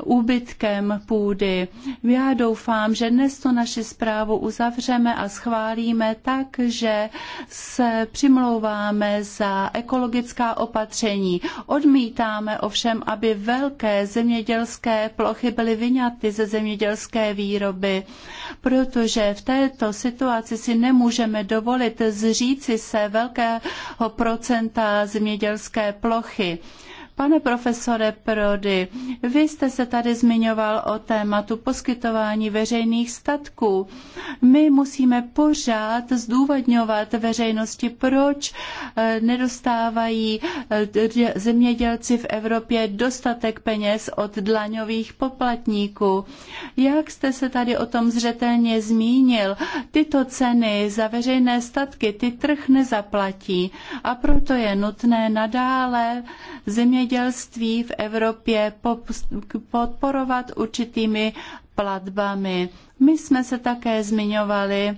úbytkem půdy. Já doufám, že dnes tu naši zprávu uzavřeme a schválíme tak, že se přimlouváme za ekologická opatření. Odmítáme ovšem, aby velké zemědělské plochy byly vyňaty ze zemědělské výroby, protože v této situaci si nemůžeme dovolit zříci se velké určitého procenta zemědělské plochy. Pane profesore Prody, vy jste se tady zmiňoval o tématu poskytování veřejných statků. My musíme pořád zdůvodňovat veřejnosti, proč eh, nedostávají eh, zemědělci v Evropě dostatek peněz od dlaňových poplatníků. Jak jste se tady o tom zřetelně zmínil, tyto ceny za veřejné statky ty trh nezaplatí a proto je nutné nadále zemědělci zemědělství v Evropě podporovat určitými platbami. My jsme se také zmiňovali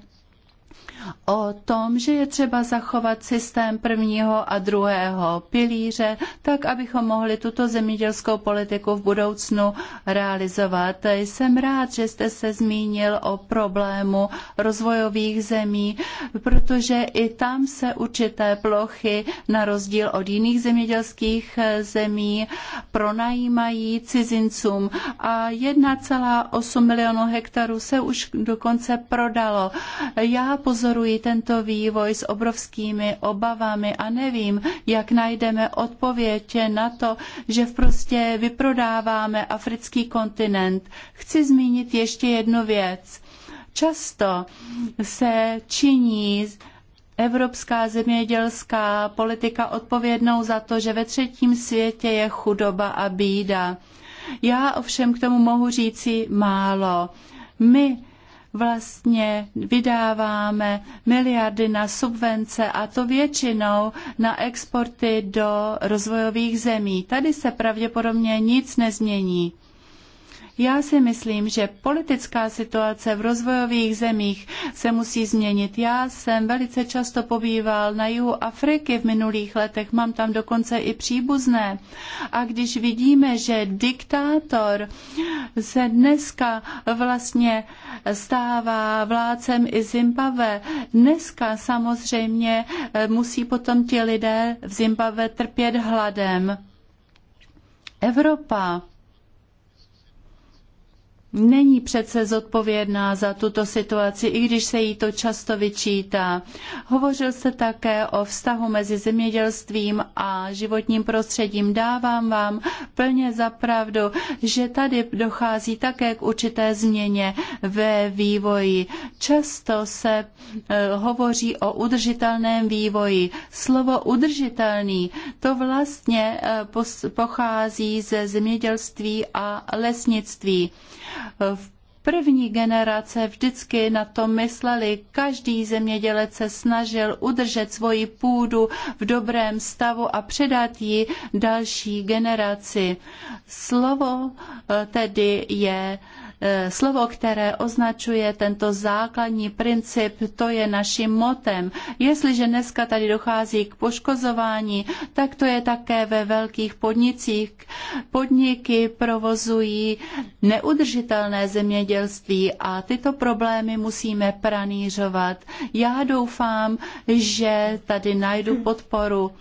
o tom, že je třeba zachovat systém prvního a druhého pilíře, tak abychom mohli tuto zemědělskou politiku v budoucnu realizovat. Jsem rád, že jste se zmínil o problému rozvojových zemí, protože i tam se určité plochy, na rozdíl od jiných zemědělských zemí, pronajímají cizincům a 1,8 milionu hektarů se už dokonce prodalo. Já pozor pozoruji tento vývoj s obrovskými obavami a nevím, jak najdeme odpověď na to, že prostě vyprodáváme africký kontinent. Chci zmínit ještě jednu věc. Často se činí evropská zemědělská politika odpovědnou za to, že ve třetím světě je chudoba a bída. Já ovšem k tomu mohu říci málo. My vlastně vydáváme miliardy na subvence a to většinou na exporty do rozvojových zemí. Tady se pravděpodobně nic nezmění. Já si myslím, že politická situace v rozvojových zemích se musí změnit. Já jsem velice často pobýval na jihu Afriky v minulých letech, mám tam dokonce i příbuzné. A když vidíme, že diktátor se dneska vlastně stává vládcem i Zimbabwe, dneska samozřejmě eh, musí potom ti lidé v Zimbabwe trpět hladem. Evropa není přece zodpovědná za tuto situaci, i když se jí to často vyčítá. Hovořil se také o vztahu mezi zemědělstvím a životním prostředím. Dávám vám plně za pravdu, že tady dochází také k určité změně ve vývoji. Často se eh, hovoří o udržitelném vývoji. Slovo udržitelný to vlastně eh, pochází ze zemědělství a lesnictví. V první generace vždycky na to mysleli. Každý zemědělec se snažil udržet svoji půdu v dobrém stavu a předat ji další generaci. Slovo eh, tedy je Eh, slovo, které označuje tento základní princip, to je naším motem. Jestliže dneska tady dochází k poškozování, tak to je také ve velkých podnicích. Podniky provozují neudržitelné zemědělství a tyto problémy musíme pranířovat. Já doufám, že tady najdu podporu.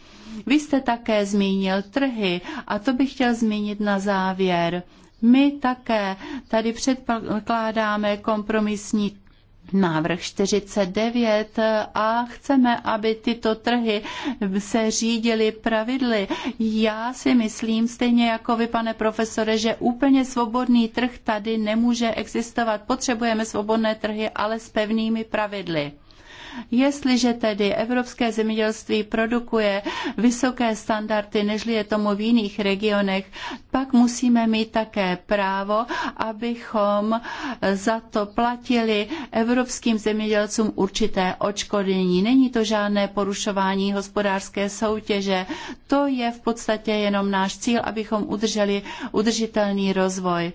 Vy jste také zmínil trhy a to bych chtěl zmínit na závěr. My také tady předkládáme kompromisní návrh 49 a chceme, aby tyto trhy se řídily pravidly. Já si myslím, stejně jako vy, pane profesore, že úplně svobodný trh tady nemůže existovat. Potřebujeme svobodné trhy, ale s pevnými pravidly. Jestliže tedy evropské zemědělství produkuje vysoké standardy, nežli je tomu v jiných regionech, pak musíme mít také právo, abychom za to platili evropským zemědělcům určité očkodnění. Není to žádné porušování hospodářské soutěže. To je v podstatě jenom náš cíl, abychom udrželi udržitelný rozvoj.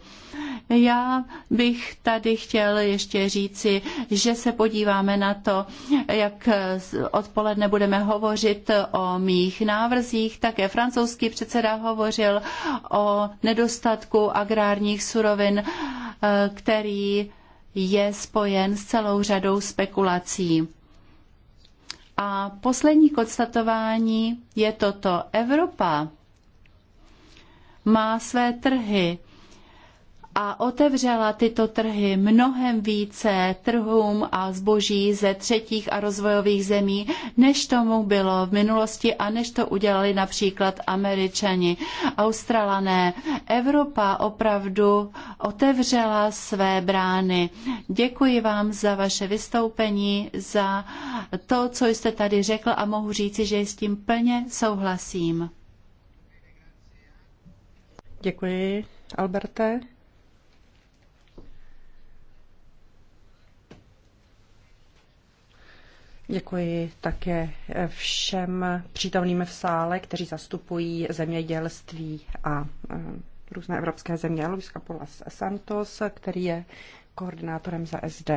Já bych tady chtěl ještě říci, že se podíváme na to, jak odpoledne budeme hovořit o mých návrzích. Také francouzský předseda hovořil o nedostatku agrárních surovin, eh, který je spojen s celou řadou spekulací. A poslední konstatování je toto. Evropa má své trhy, a otevřela tyto trhy mnohem více trhům a zboží ze třetích a rozvojových zemí, než tomu bylo v minulosti a než to udělali například američani, australané. Evropa opravdu otevřela své brány. Děkuji vám za vaše vystoupení, za to, co jste tady řekl a mohu říci, že s tím plně souhlasím. Děkuji, Alberte. Děkuji také všem přítomným v sále, kteří zastupují zemědělství a e, různé evropské země. Luis Capolas Santos, který je koordinátorem za SD.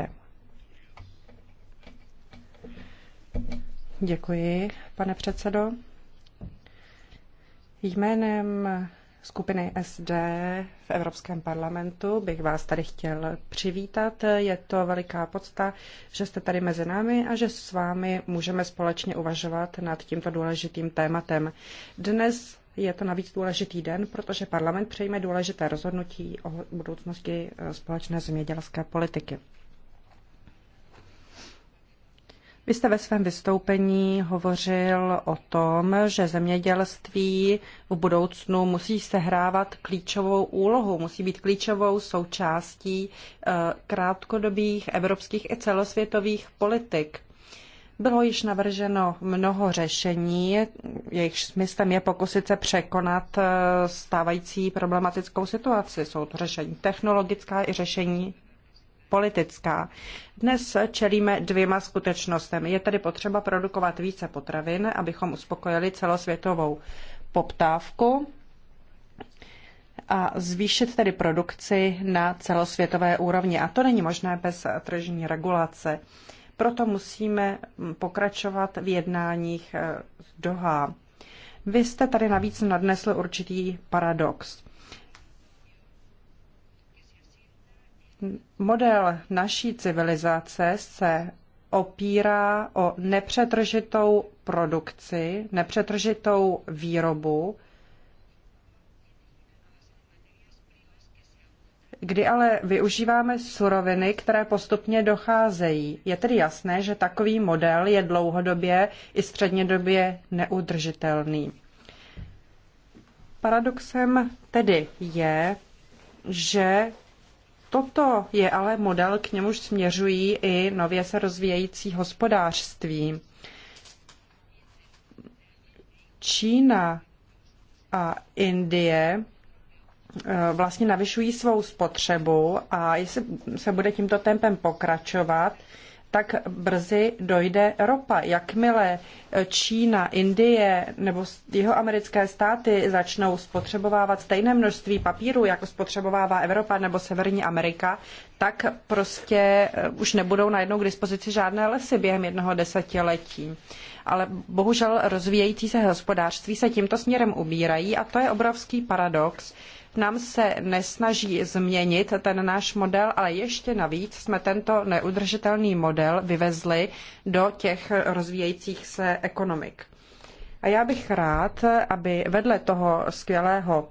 Děkuji, pane předsedo. Jménem skupiny SD v Evropském parlamentu bych vás tady chtěl přivítat. Je to veliká podsta, že jste tady mezi námi a že s vámi můžeme společně uvažovat nad tímto důležitým tématem. Dnes je to navíc důležitý den, protože parlament přejme důležité rozhodnutí o budoucnosti společné zemědělské politiky. Vy jste ve svém vystoupení hovořil o tom, že zemědělství v budoucnu musí sehrávat klíčovou úlohu, musí být klíčovou součástí eh, krátkodobých evropských i celosvětových politik. Bylo již navrženo mnoho řešení, jejichž smyslem je pokusit se překonat eh, stávající problematickou situaci. Jsou to řešení technologická i řešení politická. Dnes čelíme dvěma skutečnostem. Je tedy potřeba produkovat více potravin, abychom uspokojili celosvětovou poptávku a zvýšit tedy produkci na celosvětové úrovni. A to není možné bez tržní regulace. Proto musíme pokračovat v jednáních z eh, Doha. Vy jste tady navíc nadnesl určitý paradox. Model naší civilizace se opírá o nepřetržitou produkci, nepřetržitou výrobu, kdy ale využíváme suroviny, které postupně docházejí. Je tedy jasné, že takový model je dlouhodobě i střednědobě neudržitelný. Paradoxem tedy je, že Toto je ale model, k němuž směřují i nově se rozvíjející hospodářství. Čína a Indie eh, vlastně navyšují svou spotřebu a jestli se bude tímto tempem pokračovat, tak brzy dojde ropa. Jakmile eh, Čína, Indie nebo jeho americké státy začnou spotřebovávat stejné množství papíru, jako spotřebovává Evropa nebo Severní Amerika, tak prostě eh, už nebudou najednou k dispozici žádné lesy během jednoho desetiletí. Ale bohužel rozvíjející se hospodářství se tímto směrem ubírají a to je obrovský paradox nám se nesnaží změnit ten náš model, ale ještě navíc jsme tento neudržitelný model vyvezli do těch rozvíjejících se ekonomik. A já bych rád, aby vedle toho skvělého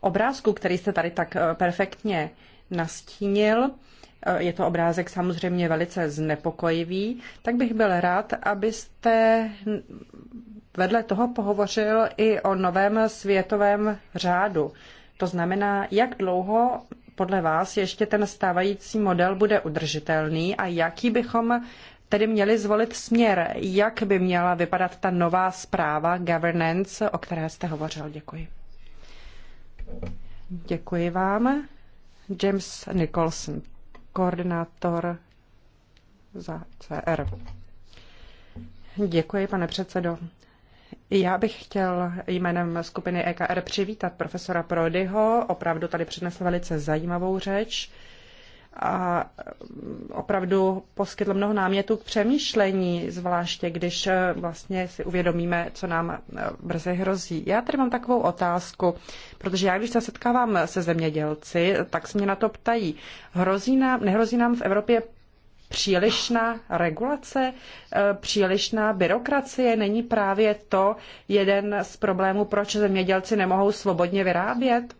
obrázku, který jste tady tak perfektně nastínil, Eh, je to obrázek samozřejmě velice znepokojivý, tak bych byl rád, abyste vedle toho pohovořil i o novém světovém řádu. To znamená, jak dlouho podle vás ještě ten stávající model bude udržitelný a jaký bychom tedy měli zvolit směr, jak by měla vypadat ta nová zpráva governance, o které jste hovořil. Děkuji. Děkuji vám. James Nicholson koordinátor za CR. Děkuji, pane předsedo. Já bych chtěl jménem skupiny EKR přivítat profesora Prodyho. Opravdu tady přinesl velice zajímavou řeč a mm, opravdu poskytl mnoho námětů k přemýšlení, zvláště když e, vlastně si uvědomíme, co nám e, brzy hrozí. Já tady mám takovou otázku, protože já když se setkávám se zemědělci, tak se mě na to ptají, hrozí nám, nehrozí nám v Evropě přílišná regulace, e, přílišná byrokracie, není právě to jeden z problémů, proč zemědělci nemohou svobodně vyrábět?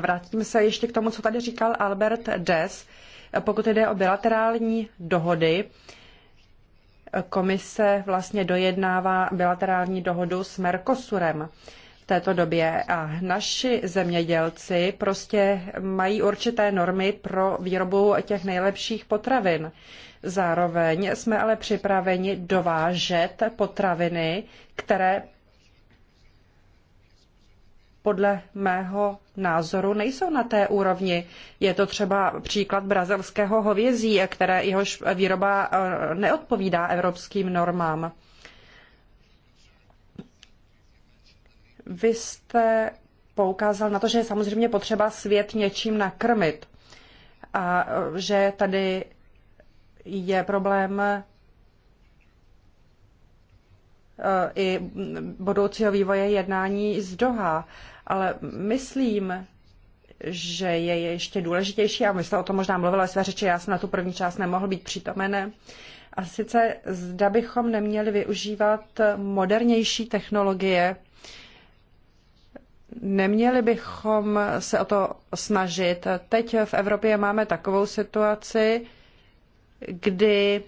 Vrátím se ještě k tomu, co tady říkal Albert Des. Pokud jde o bilaterální dohody, komise vlastně dojednává bilaterální dohodu s Mercosurem v této době a naši zemědělci prostě mají určité normy pro výrobu těch nejlepších potravin. Zároveň jsme ale připraveni dovážet potraviny, které podle mého názoru nejsou na té úrovni. Je to třeba příklad brazilského hovězí, které jehož výroba eh, neodpovídá evropským normám. Vy jste poukázal na to, že je samozřejmě potřeba svět něčím nakrmit a eh, že tady je problém eh, i budoucího vývoje jednání z Doha ale myslím, že je ještě důležitější, a my jsme o tom možná mluvili své řeči, já jsem na tu první část nemohl být přítomen, a sice zda bychom neměli využívat modernější technologie, neměli bychom se o to snažit. Teď v Evropě máme takovou situaci, kdy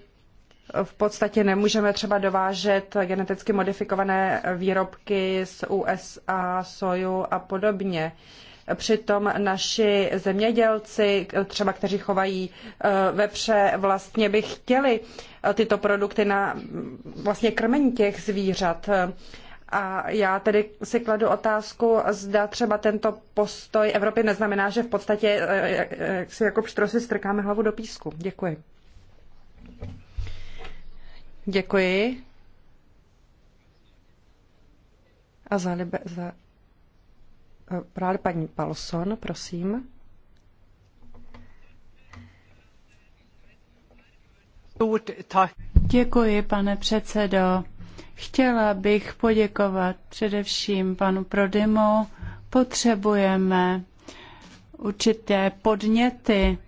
v podstatě nemůžeme třeba dovážet geneticky modifikované výrobky z USA, soju a podobně. Přitom naši zemědělci, třeba kteří chovají eh, vepře, vlastně by chtěli eh, tyto produkty na mm, vlastně krmení těch zvířat. A já tedy si kladu otázku, zda třeba tento postoj Evropy neznamená, že v podstatě jak eh, si jako pštrosy strkáme hlavu do písku. Děkuji. Děkuji. A za, libe, za právě eh, paní Palson, prosím. Děkuji, pane předsedo. Chtěla bych poděkovat především panu Prodymu. Potřebujeme určité podněty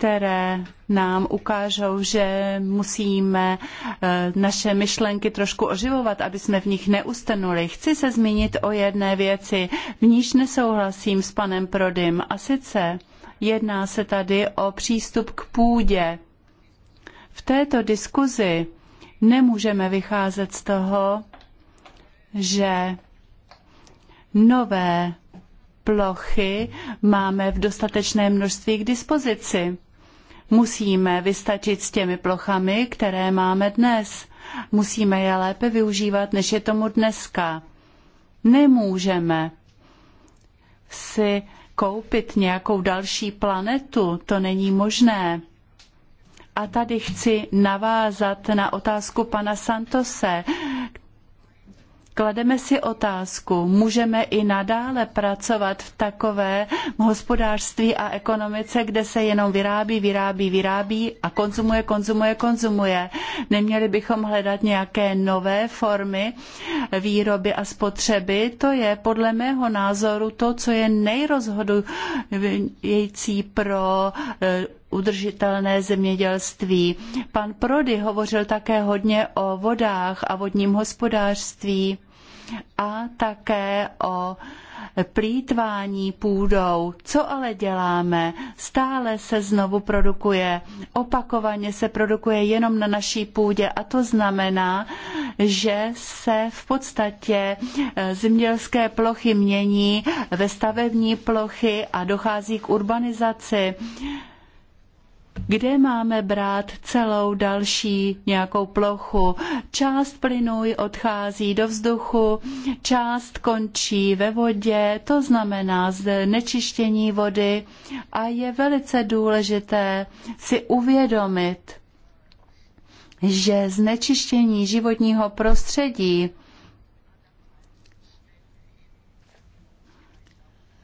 které nám ukážou, že musíme eh, naše myšlenky trošku oživovat, aby jsme v nich neustanuli. Chci se zmínit o jedné věci, v níž nesouhlasím s panem Prodym, a sice jedná se tady o přístup k půdě. V této diskuzi nemůžeme vycházet z toho, že nové plochy máme v dostatečné množství k dispozici. Musíme vystačit s těmi plochami, které máme dnes. Musíme je lépe využívat, než je tomu dneska. Nemůžeme si koupit nějakou další planetu, to není možné. A tady chci navázat na otázku pana Santose, Klademe si otázku, můžeme i nadále pracovat v takové hospodářství a ekonomice, kde se jenom vyrábí, vyrábí, vyrábí a konzumuje, konzumuje, konzumuje. Neměli bychom hledat nějaké nové formy výroby a spotřeby. To je podle mého názoru to, co je nejrozhodující pro eh, udržitelné zemědělství. Pan Prody hovořil také hodně o vodách a vodním hospodářství a také o plítvání půdou. Co ale děláme? Stále se znovu produkuje, opakovaně se produkuje jenom na naší půdě a to znamená, že se v podstatě eh, zemědělské plochy mění ve stavební plochy a dochází k urbanizaci kde máme brát celou další nějakou plochu. Část plynů odchází do vzduchu, část končí ve vodě, to znamená znečištění vody a je velice důležité si uvědomit, že znečištění životního prostředí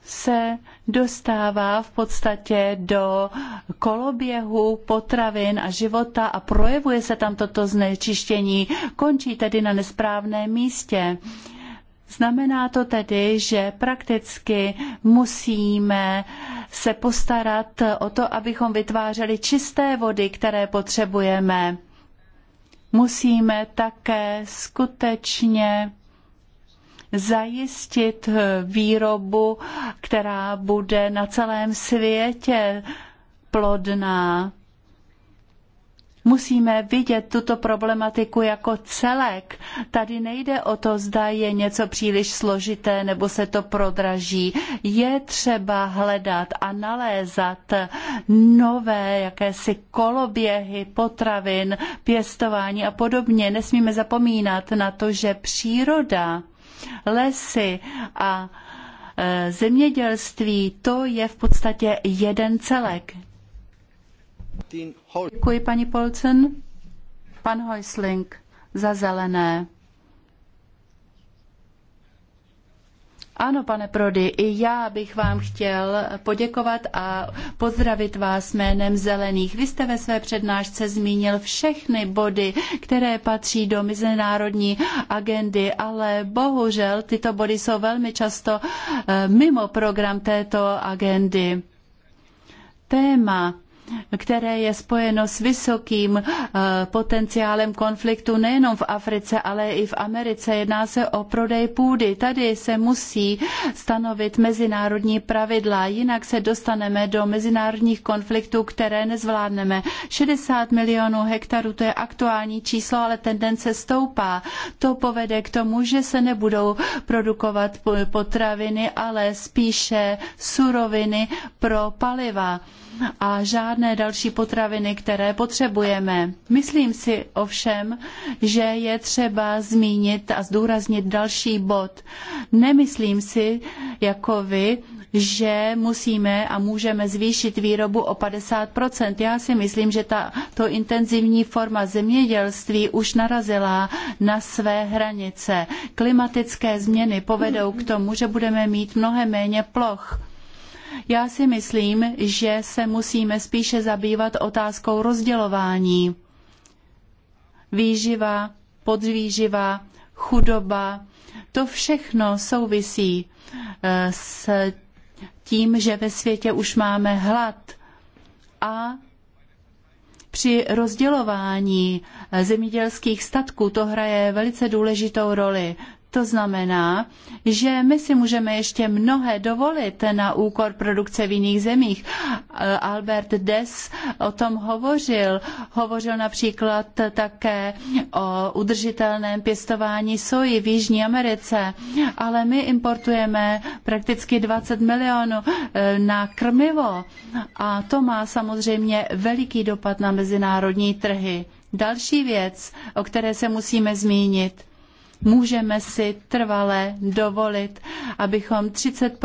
se dostává v podstatě do koloběhu potravin a života a projevuje se tam toto znečištění, končí tedy na nesprávném místě. Znamená to tedy, že prakticky musíme se postarat o to, abychom vytvářeli čisté vody, které potřebujeme. Musíme také skutečně zajistit eh, výrobu, která bude na celém světě plodná. Musíme vidět tuto problematiku jako celek. Tady nejde o to, zda je něco příliš složité nebo se to prodraží. Je třeba hledat a nalézat nové jakési koloběhy potravin, pěstování a podobně. Nesmíme zapomínat na to, že příroda lesy a e, zemědělství, to je v podstatě jeden celek. Děkuji, paní Polcen. Pan Heusling za zelené. Ano, pane Prody, i já bych vám chtěl poděkovat a pozdravit vás jménem Zelených. Vy jste ve své přednášce zmínil všechny body, které patří do mezinárodní agendy, ale bohužel tyto body jsou velmi často eh, mimo program této agendy. Téma které je spojeno s vysokým eh, potenciálem konfliktu nejenom v Africe, ale i v Americe. Jedná se o prodej půdy. Tady se musí stanovit mezinárodní pravidla, jinak se dostaneme do mezinárodních konfliktů, které nezvládneme. 60 milionů hektarů, to je aktuální číslo, ale tendence stoupá. To povede k tomu, že se nebudou produkovat potraviny, ale spíše suroviny pro paliva a žádné další potraviny, které potřebujeme. Myslím si ovšem, že je třeba zmínit a zdůraznit další bod. Nemyslím si, jako vy, že musíme a můžeme zvýšit výrobu o 50%. Já si myslím, že ta to intenzivní forma zemědělství už narazila na své hranice. Klimatické změny povedou k tomu, že budeme mít mnohem méně ploch já si myslím, že se musíme spíše zabývat otázkou rozdělování. Výživa, podvýživa, chudoba, to všechno souvisí eh, s tím, že ve světě už máme hlad a při rozdělování eh, zemědělských statků to hraje velice důležitou roli. To znamená, že my si můžeme ještě mnohé dovolit na úkor produkce v jiných zemích. Albert Des o tom hovořil. Hovořil například také o udržitelném pěstování soji v Jižní Americe, ale my importujeme prakticky 20 milionů eh, na krmivo a to má samozřejmě veliký dopad na mezinárodní trhy. Další věc, o které se musíme zmínit, můžeme si trvale dovolit, abychom 30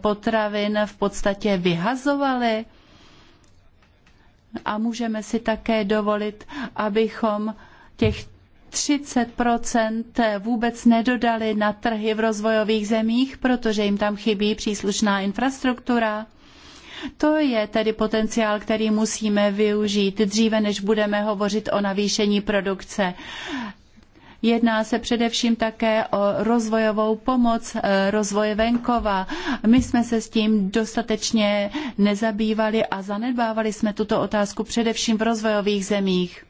potravin v podstatě vyhazovali a můžeme si také dovolit, abychom těch 30 vůbec nedodali na trhy v rozvojových zemích, protože jim tam chybí příslušná infrastruktura. To je tedy potenciál, který musíme využít dříve, než budeme hovořit o navýšení produkce. Jedná se především také o rozvojovou pomoc, eh, rozvoj venkova. My jsme se s tím dostatečně nezabývali a zanedbávali jsme tuto otázku především v rozvojových zemích.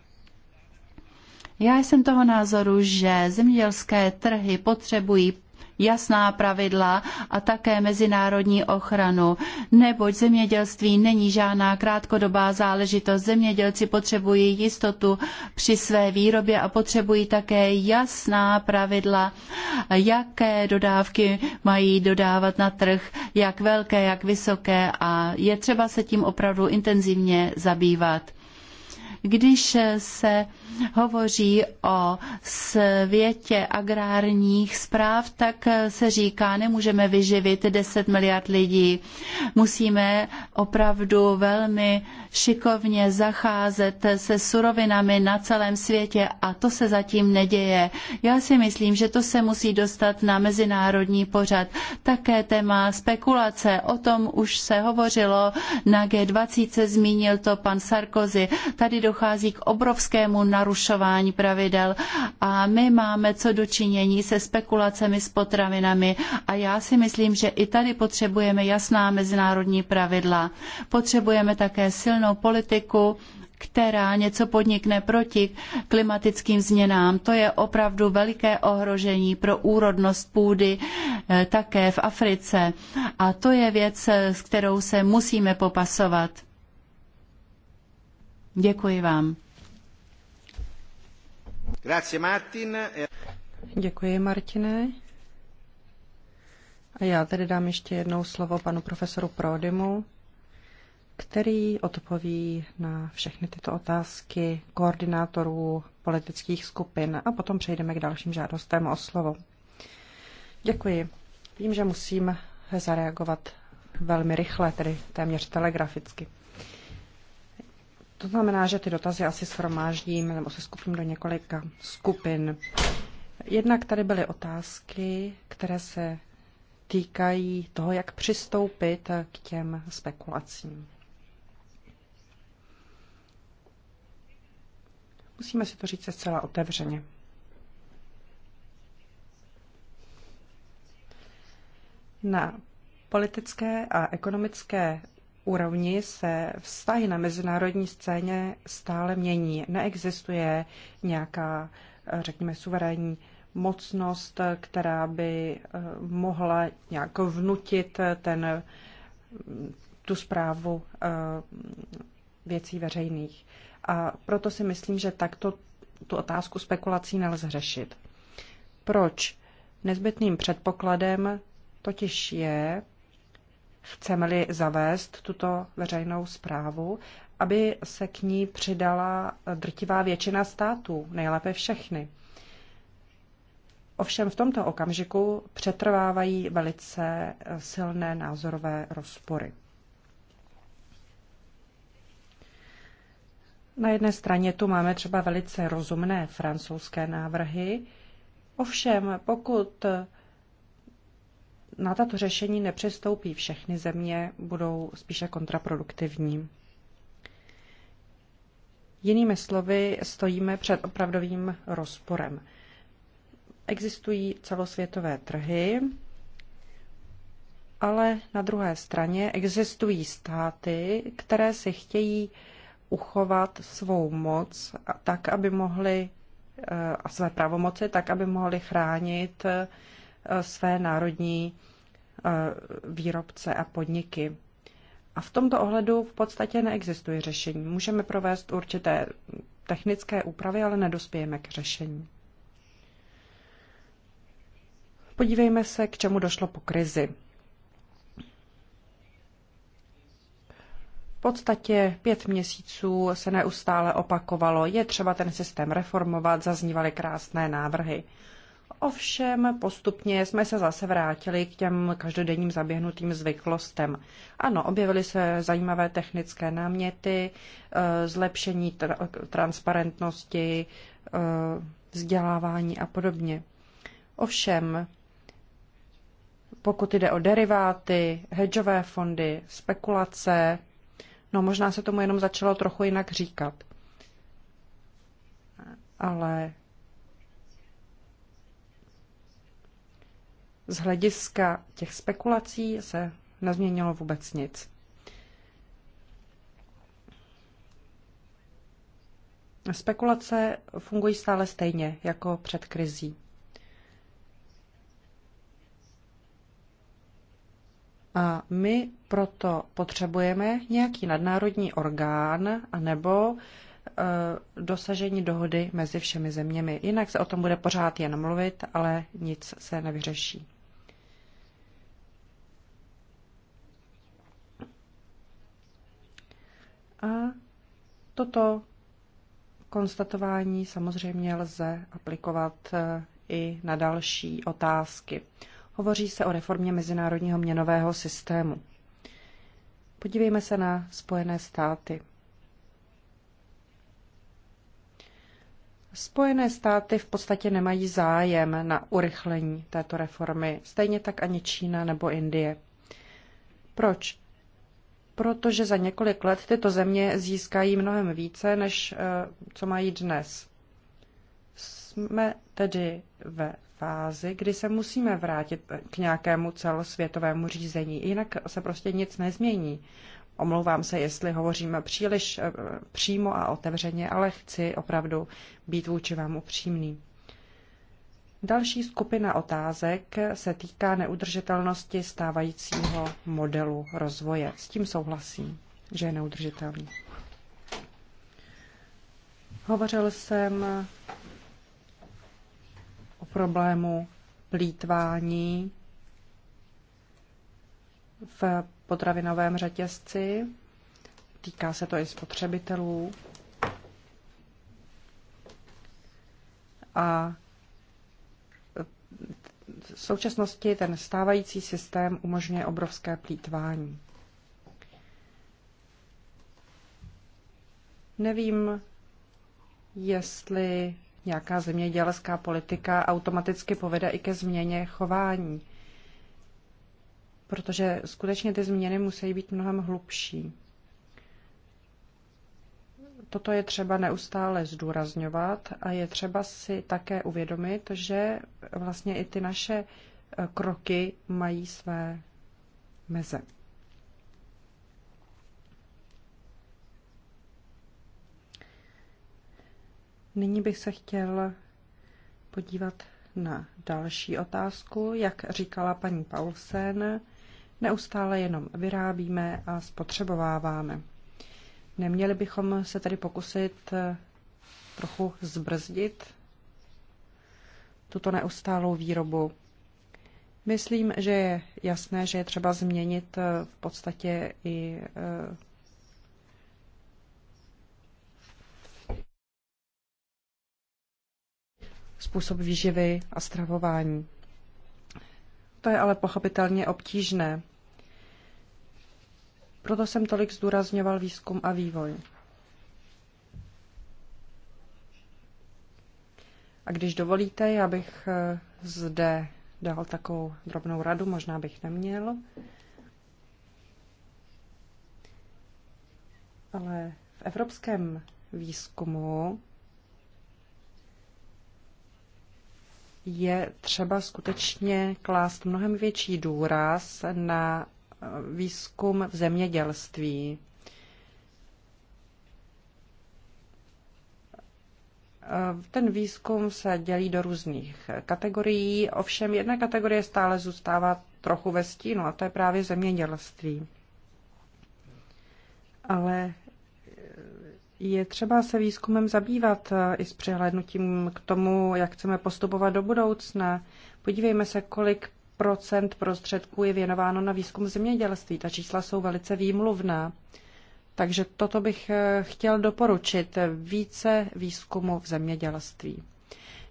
Já jsem toho názoru, že zemědělské trhy potřebují jasná pravidla a také mezinárodní ochranu, neboť zemědělství není žádná krátkodobá záležitost. Zemědělci potřebují jistotu při své výrobě a potřebují také jasná pravidla, jaké dodávky mají dodávat na trh, jak velké, jak vysoké a je třeba se tím opravdu intenzivně zabývat. Když se hovoří o světě agrárních zpráv, tak se říká, nemůžeme vyživit 10 miliard lidí. Musíme opravdu velmi šikovně zacházet se surovinami na celém světě a to se zatím neděje. Já si myslím, že to se musí dostat na mezinárodní pořad. Také téma spekulace, o tom už se hovořilo na G20, zmínil to pan Sarkozy. Tady do dochází k obrovskému narušování pravidel a my máme co dočinění se spekulacemi s potravinami a já si myslím, že i tady potřebujeme jasná mezinárodní pravidla. Potřebujeme také silnou politiku, která něco podnikne proti klimatickým změnám. To je opravdu veliké ohrožení pro úrodnost půdy eh, také v Africe. A to je věc, s kterou se musíme popasovat. Děkuji vám. Děkuji, Martine. A já tedy dám ještě jednou slovo panu profesoru Prodymu, který odpoví na všechny tyto otázky koordinátorů politických skupin a potom přejdeme k dalším žádostem o slovo. Děkuji. Vím, že musím zareagovat velmi rychle, tedy téměř telegraficky. To znamená, že ty dotazy asi shromáždím nebo se skupím do několika skupin. Jednak tady byly otázky, které se týkají toho, jak přistoupit k těm spekulacím. Musíme si to říct zcela otevřeně. Na politické a ekonomické úrovni se vztahy na mezinárodní scéně stále mění. Neexistuje nějaká, řekněme, suverénní mocnost, která by eh, mohla nějak vnutit ten, tu zprávu eh, věcí veřejných. A proto si myslím, že takto tu otázku spekulací nelze řešit. Proč? Nezbytným předpokladem totiž je chceme-li zavést tuto veřejnou zprávu, aby se k ní přidala drtivá většina států, nejlépe všechny. Ovšem v tomto okamžiku přetrvávají velice silné názorové rozpory. Na jedné straně tu máme třeba velice rozumné francouzské návrhy, ovšem pokud na tato řešení nepřestoupí všechny země, budou spíše kontraproduktivní. Jinými slovy, stojíme před opravdovým rozporem. Existují celosvětové trhy, ale na druhé straně existují státy, které si chtějí uchovat svou moc tak, aby mohly eh, a své pravomoci, tak, aby mohly chránit eh, své národní eh, výrobce a podniky. A v tomto ohledu v podstatě neexistuje řešení. Můžeme provést určité technické úpravy, ale nedospějeme k řešení. Podívejme se, k čemu došlo po krizi. V podstatě pět měsíců se neustále opakovalo, je třeba ten systém reformovat, zaznívaly krásné návrhy. Ovšem postupně jsme se zase vrátili k těm každodenním zaběhnutým zvyklostem. Ano, objevily se zajímavé technické náměty, e, zlepšení tra- transparentnosti, e, vzdělávání a podobně. Ovšem, pokud jde o deriváty, hedžové fondy, spekulace, no možná se tomu jenom začalo trochu jinak říkat. Ale z hlediska těch spekulací se nezměnilo vůbec nic. Spekulace fungují stále stejně jako před krizí. A my proto potřebujeme nějaký nadnárodní orgán anebo eh, dosažení dohody mezi všemi zeměmi. Jinak se o tom bude pořád jen mluvit, ale nic se nevyřeší. A toto konstatování samozřejmě lze aplikovat e, i na další otázky. Hovoří se o reformě mezinárodního měnového systému. Podívejme se na Spojené státy. Spojené státy v podstatě nemají zájem na urychlení této reformy, stejně tak ani Čína nebo Indie. Proč? protože za několik let tyto země získají mnohem více, než eh, co mají dnes. Jsme tedy ve fázi, kdy se musíme vrátit k nějakému celosvětovému řízení, jinak se prostě nic nezmění. Omlouvám se, jestli hovořím příliš eh, přímo a otevřeně, ale chci opravdu být vůči vám upřímný. Další skupina otázek se týká neudržitelnosti stávajícího modelu rozvoje. S tím souhlasím, že je neudržitelný. Hovořil jsem o problému plítvání v potravinovém řetězci. Týká se to i spotřebitelů. A v současnosti ten stávající systém umožňuje obrovské plítvání. Nevím, jestli nějaká zemědělská politika automaticky povede i ke změně chování, protože skutečně ty změny musí být mnohem hlubší. Toto je třeba neustále zdůrazňovat a je třeba si také uvědomit, že vlastně i ty naše eh, kroky mají své meze. Nyní bych se chtěl podívat na další otázku. Jak říkala paní Paulsen, neustále jenom vyrábíme a spotřebováváme. Neměli bychom se tady pokusit eh, trochu zbrzdit tuto neustálou výrobu. Myslím, že je jasné, že je třeba změnit eh, v podstatě i eh, způsob výživy a stravování. To je ale pochopitelně obtížné. Proto jsem tolik zdůrazňoval výzkum a vývoj. A když dovolíte, já bych eh, zde dal takovou drobnou radu, možná bych neměl. Ale v evropském výzkumu je třeba skutečně klást mnohem větší důraz na výzkum v zemědělství. Ten výzkum se dělí do různých kategorií, ovšem jedna kategorie stále zůstává trochu ve stínu, a to je právě zemědělství. Ale je třeba se výzkumem zabývat eh, i s přihlédnutím k tomu, jak chceme postupovat do budoucna. Podívejme se, kolik procent prostředků je věnováno na výzkum zemědělství. Ta čísla jsou velice výmluvná. Takže toto bych eh, chtěl doporučit více výzkumu v zemědělství.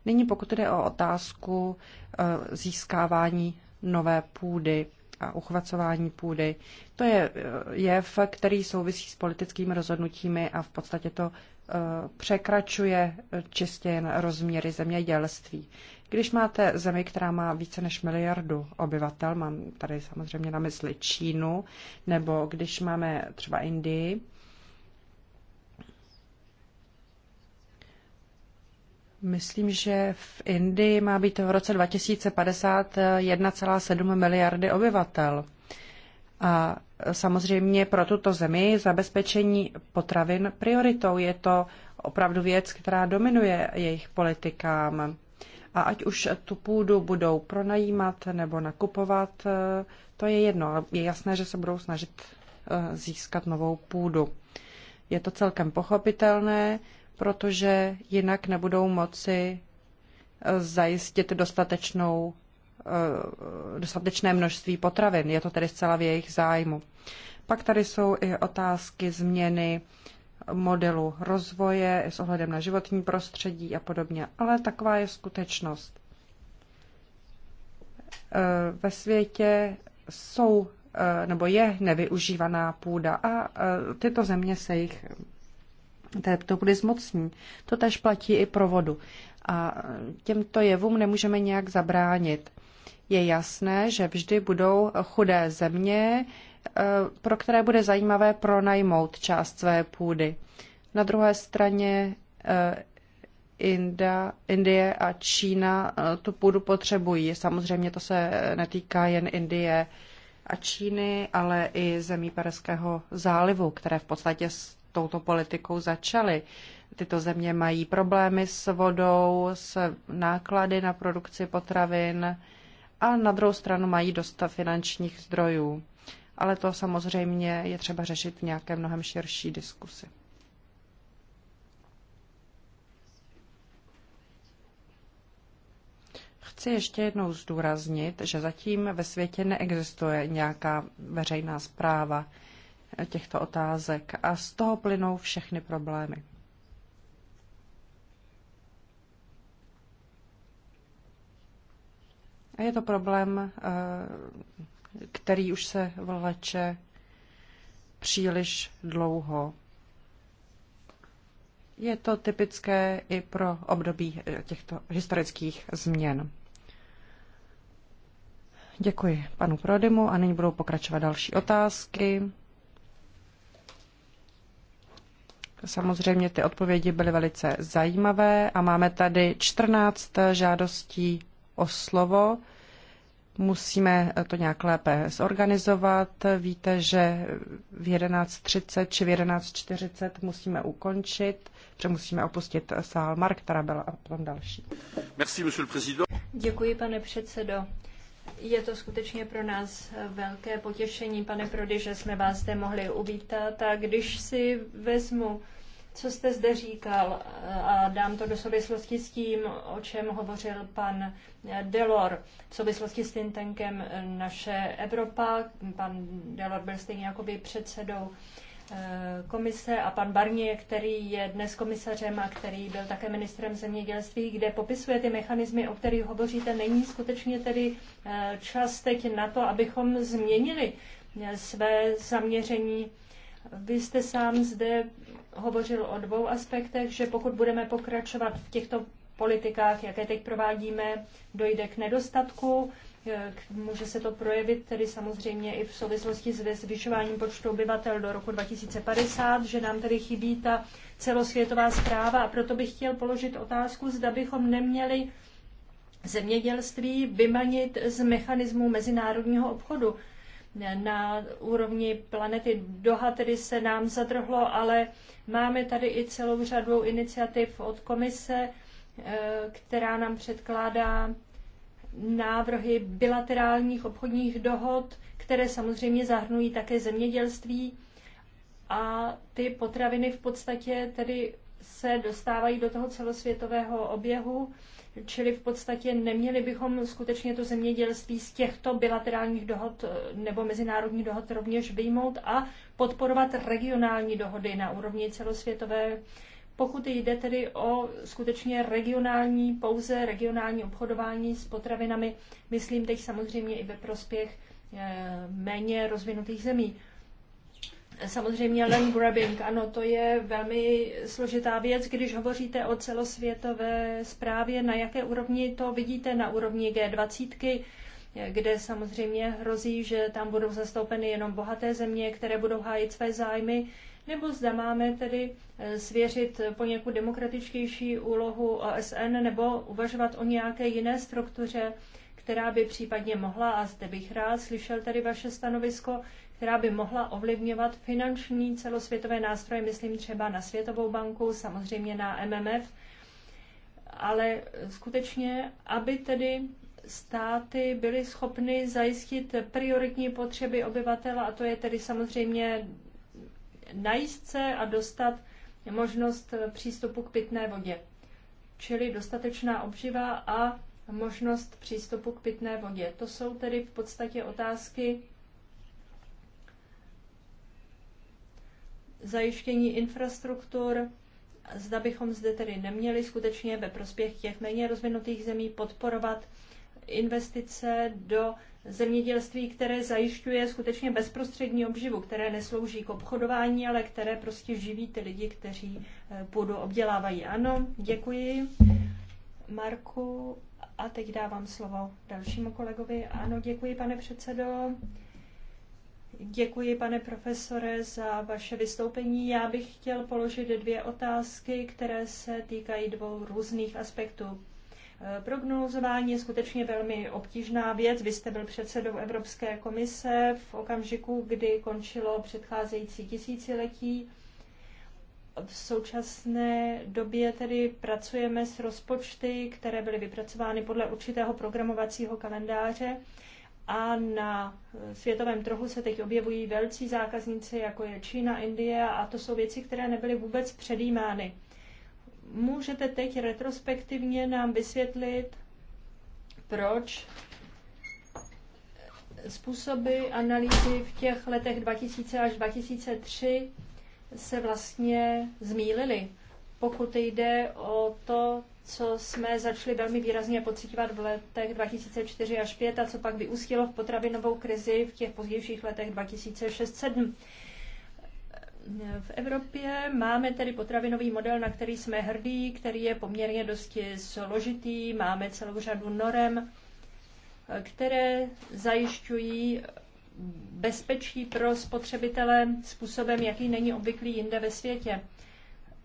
Nyní pokud jde o otázku eh, získávání nové půdy a uchvacování půdy, to je eh, jev, který souvisí s politickými rozhodnutími a v podstatě to překračuje čistě jen rozměry zemědělství. Když máte zemi, která má více než miliardu obyvatel, mám tady samozřejmě na mysli Čínu, nebo když máme třeba Indii, Myslím, že v Indii má být v roce 2050 1,7 miliardy obyvatel. A samozřejmě pro tuto zemi zabezpečení potravin prioritou je to opravdu věc, která dominuje jejich politikám. A ať už tu půdu budou pronajímat nebo nakupovat, eh, to je jedno. Je jasné, že se budou snažit eh, získat novou půdu. Je to celkem pochopitelné, protože jinak nebudou moci eh, zajistit dostatečnou Eh, dostatečné množství potravin. Je to tedy zcela v jejich zájmu. Pak tady jsou i otázky změny modelu rozvoje s ohledem na životní prostředí a podobně, ale taková je skutečnost. Eh, ve světě jsou eh, nebo je nevyužívaná půda a tyto země se jich to bude zmocní. To tež platí i pro vodu. A těmto jevům nemůžeme nějak zabránit je jasné, že vždy budou chudé země, eh, pro které bude zajímavé pronajmout část své půdy. Na druhé straně eh, Inda, Indie a Čína eh, tu půdu potřebují. Samozřejmě to se netýká jen Indie a Číny, ale i zemí Perského zálivu, které v podstatě s touto politikou začaly. Tyto země mají problémy s vodou, s náklady na produkci potravin, ale na druhou stranu mají dost finančních zdrojů. Ale to samozřejmě je třeba řešit v nějaké mnohem širší diskusy. Chci ještě jednou zdůraznit, že zatím ve světě neexistuje nějaká veřejná zpráva těchto otázek a z toho plynou všechny problémy. je to problém, eh, který už se vleče příliš dlouho. Je to typické i pro období eh, těchto historických změn. Děkuji panu Prodymu a nyní budou pokračovat další otázky. Samozřejmě ty odpovědi byly velice zajímavé a máme tady 14 žádostí o slovo. Musíme to nějak lépe zorganizovat. Víte, že v 11.30 či v 11.40 musíme ukončit, že musíme opustit sál Mark byla a potom další. Merci, Děkuji, pane předsedo. Je to skutečně pro nás velké potěšení, pane Prody, že jsme vás zde mohli uvítat. A když si vezmu co jste zde říkal, eh, a dám to do souvislosti s tím, o čem hovořil pan eh, Delor, v souvislosti s tím tankem eh, naše Evropa, pan Delor byl stejně jako by předsedou komise a pan Barnier, který je dnes komisařem a který byl také ministrem zemědělství, kde popisuje ty mechanismy, o kterých hovoříte, není skutečně tedy čas teď na to, abychom změnili své zaměření vy jste sám zde hovořil o dvou aspektech, že pokud budeme pokračovat v těchto politikách, jaké teď provádíme, dojde k nedostatku. Eh, může se to projevit tedy samozřejmě i v souvislosti s zvyšováním počtu obyvatel do roku 2050, že nám tedy chybí ta celosvětová zpráva. A proto bych chtěl položit otázku, zda bychom neměli zemědělství vymanit z mechanismu mezinárodního obchodu na úrovni planety Doha, tedy se nám zadrhlo, ale máme tady i celou řadu iniciativ od komise, eh, která nám předkládá návrhy bilaterálních obchodních dohod, které samozřejmě zahrnují také zemědělství a ty potraviny v podstatě tedy se dostávají do toho celosvětového oběhu Čili v podstatě neměli bychom skutečně to zemědělství z těchto bilaterálních dohod eh, nebo mezinárodních dohod rovněž vyjmout a podporovat regionální dohody na úrovni celosvětové. Pokud jde tedy o skutečně regionální, pouze regionální obchodování s potravinami, myslím teď samozřejmě i ve prospěch eh, méně rozvinutých zemí. Samozřejmě land grabbing, ano, to je velmi složitá věc, když hovoříte o celosvětové zprávě, na jaké úrovni to vidíte, na úrovni G20, kde samozřejmě hrozí, že tam budou zastoupeny jenom bohaté země, které budou hájit své zájmy, nebo zda máme tedy eh, svěřit poněkud demokratičtější úlohu OSN nebo uvažovat o nějaké jiné struktuře, která by případně mohla, a zde bych rád slyšel tedy vaše stanovisko, která by mohla ovlivňovat finanční celosvětové nástroje, myslím třeba na Světovou banku, samozřejmě na MMF, ale skutečně, aby tedy státy byly schopny zajistit prioritní potřeby obyvatel a to je tedy samozřejmě najíst se a dostat možnost přístupu k pitné vodě, čili dostatečná obživa a možnost přístupu k pitné vodě. To jsou tedy v podstatě otázky zajištění infrastruktur, zda bychom zde tedy neměli skutečně ve prospěch těch méně rozvinutých zemí podporovat investice do zemědělství, které zajišťuje skutečně bezprostřední obživu, které neslouží k obchodování, ale které prostě živí ty lidi, kteří eh, půdu obdělávají. Ano, děkuji. Marku, a teď dávám slovo dalšímu kolegovi. Ano, děkuji, pane předsedo. Děkuji, pane profesore, za vaše vystoupení. Já bych chtěl položit dvě otázky, které se týkají dvou různých aspektů. Prognozování je skutečně velmi obtížná věc. Vy jste byl předsedou Evropské komise v okamžiku, kdy končilo předcházející tisíciletí. V současné době tedy pracujeme s rozpočty, které byly vypracovány podle určitého programovacího kalendáře. A na světovém trhu se teď objevují velcí zákazníci, jako je Čína, Indie, a to jsou věci, které nebyly vůbec předjímány. Můžete teď retrospektivně nám vysvětlit, proč způsoby analýzy v těch letech 2000 až 2003 se vlastně zmílily, pokud jde o to, co jsme začali velmi výrazně pocitovat v letech 2004 až 5 a co pak vyústilo v potravinovou krizi v těch pozdějších letech 2006-2007. V Evropě máme tedy potravinový model, na který jsme hrdí, který je poměrně dosti složitý. Máme celou řadu norem, které zajišťují bezpečí pro spotřebitele způsobem, jaký není obvyklý jinde ve světě.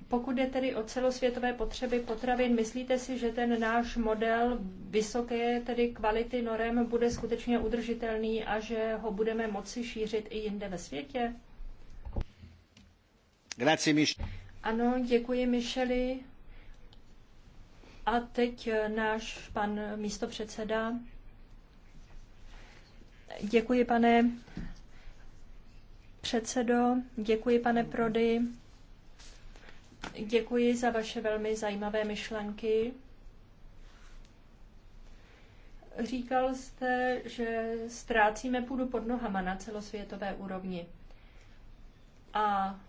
Pokud je tedy o celosvětové potřeby potravin, myslíte si, že ten náš model vysoké tedy kvality norem bude skutečně udržitelný a že ho budeme moci šířit i jinde ve světě? Grazie, Mich- ano, děkuji, Micheli. A teď náš pan místopředseda. Děkuji, pane předsedo, děkuji, pane Prody. Děkuji za vaše velmi zajímavé myšlenky. Říkal jste, že ztrácíme půdu pod nohama na celosvětové úrovni. A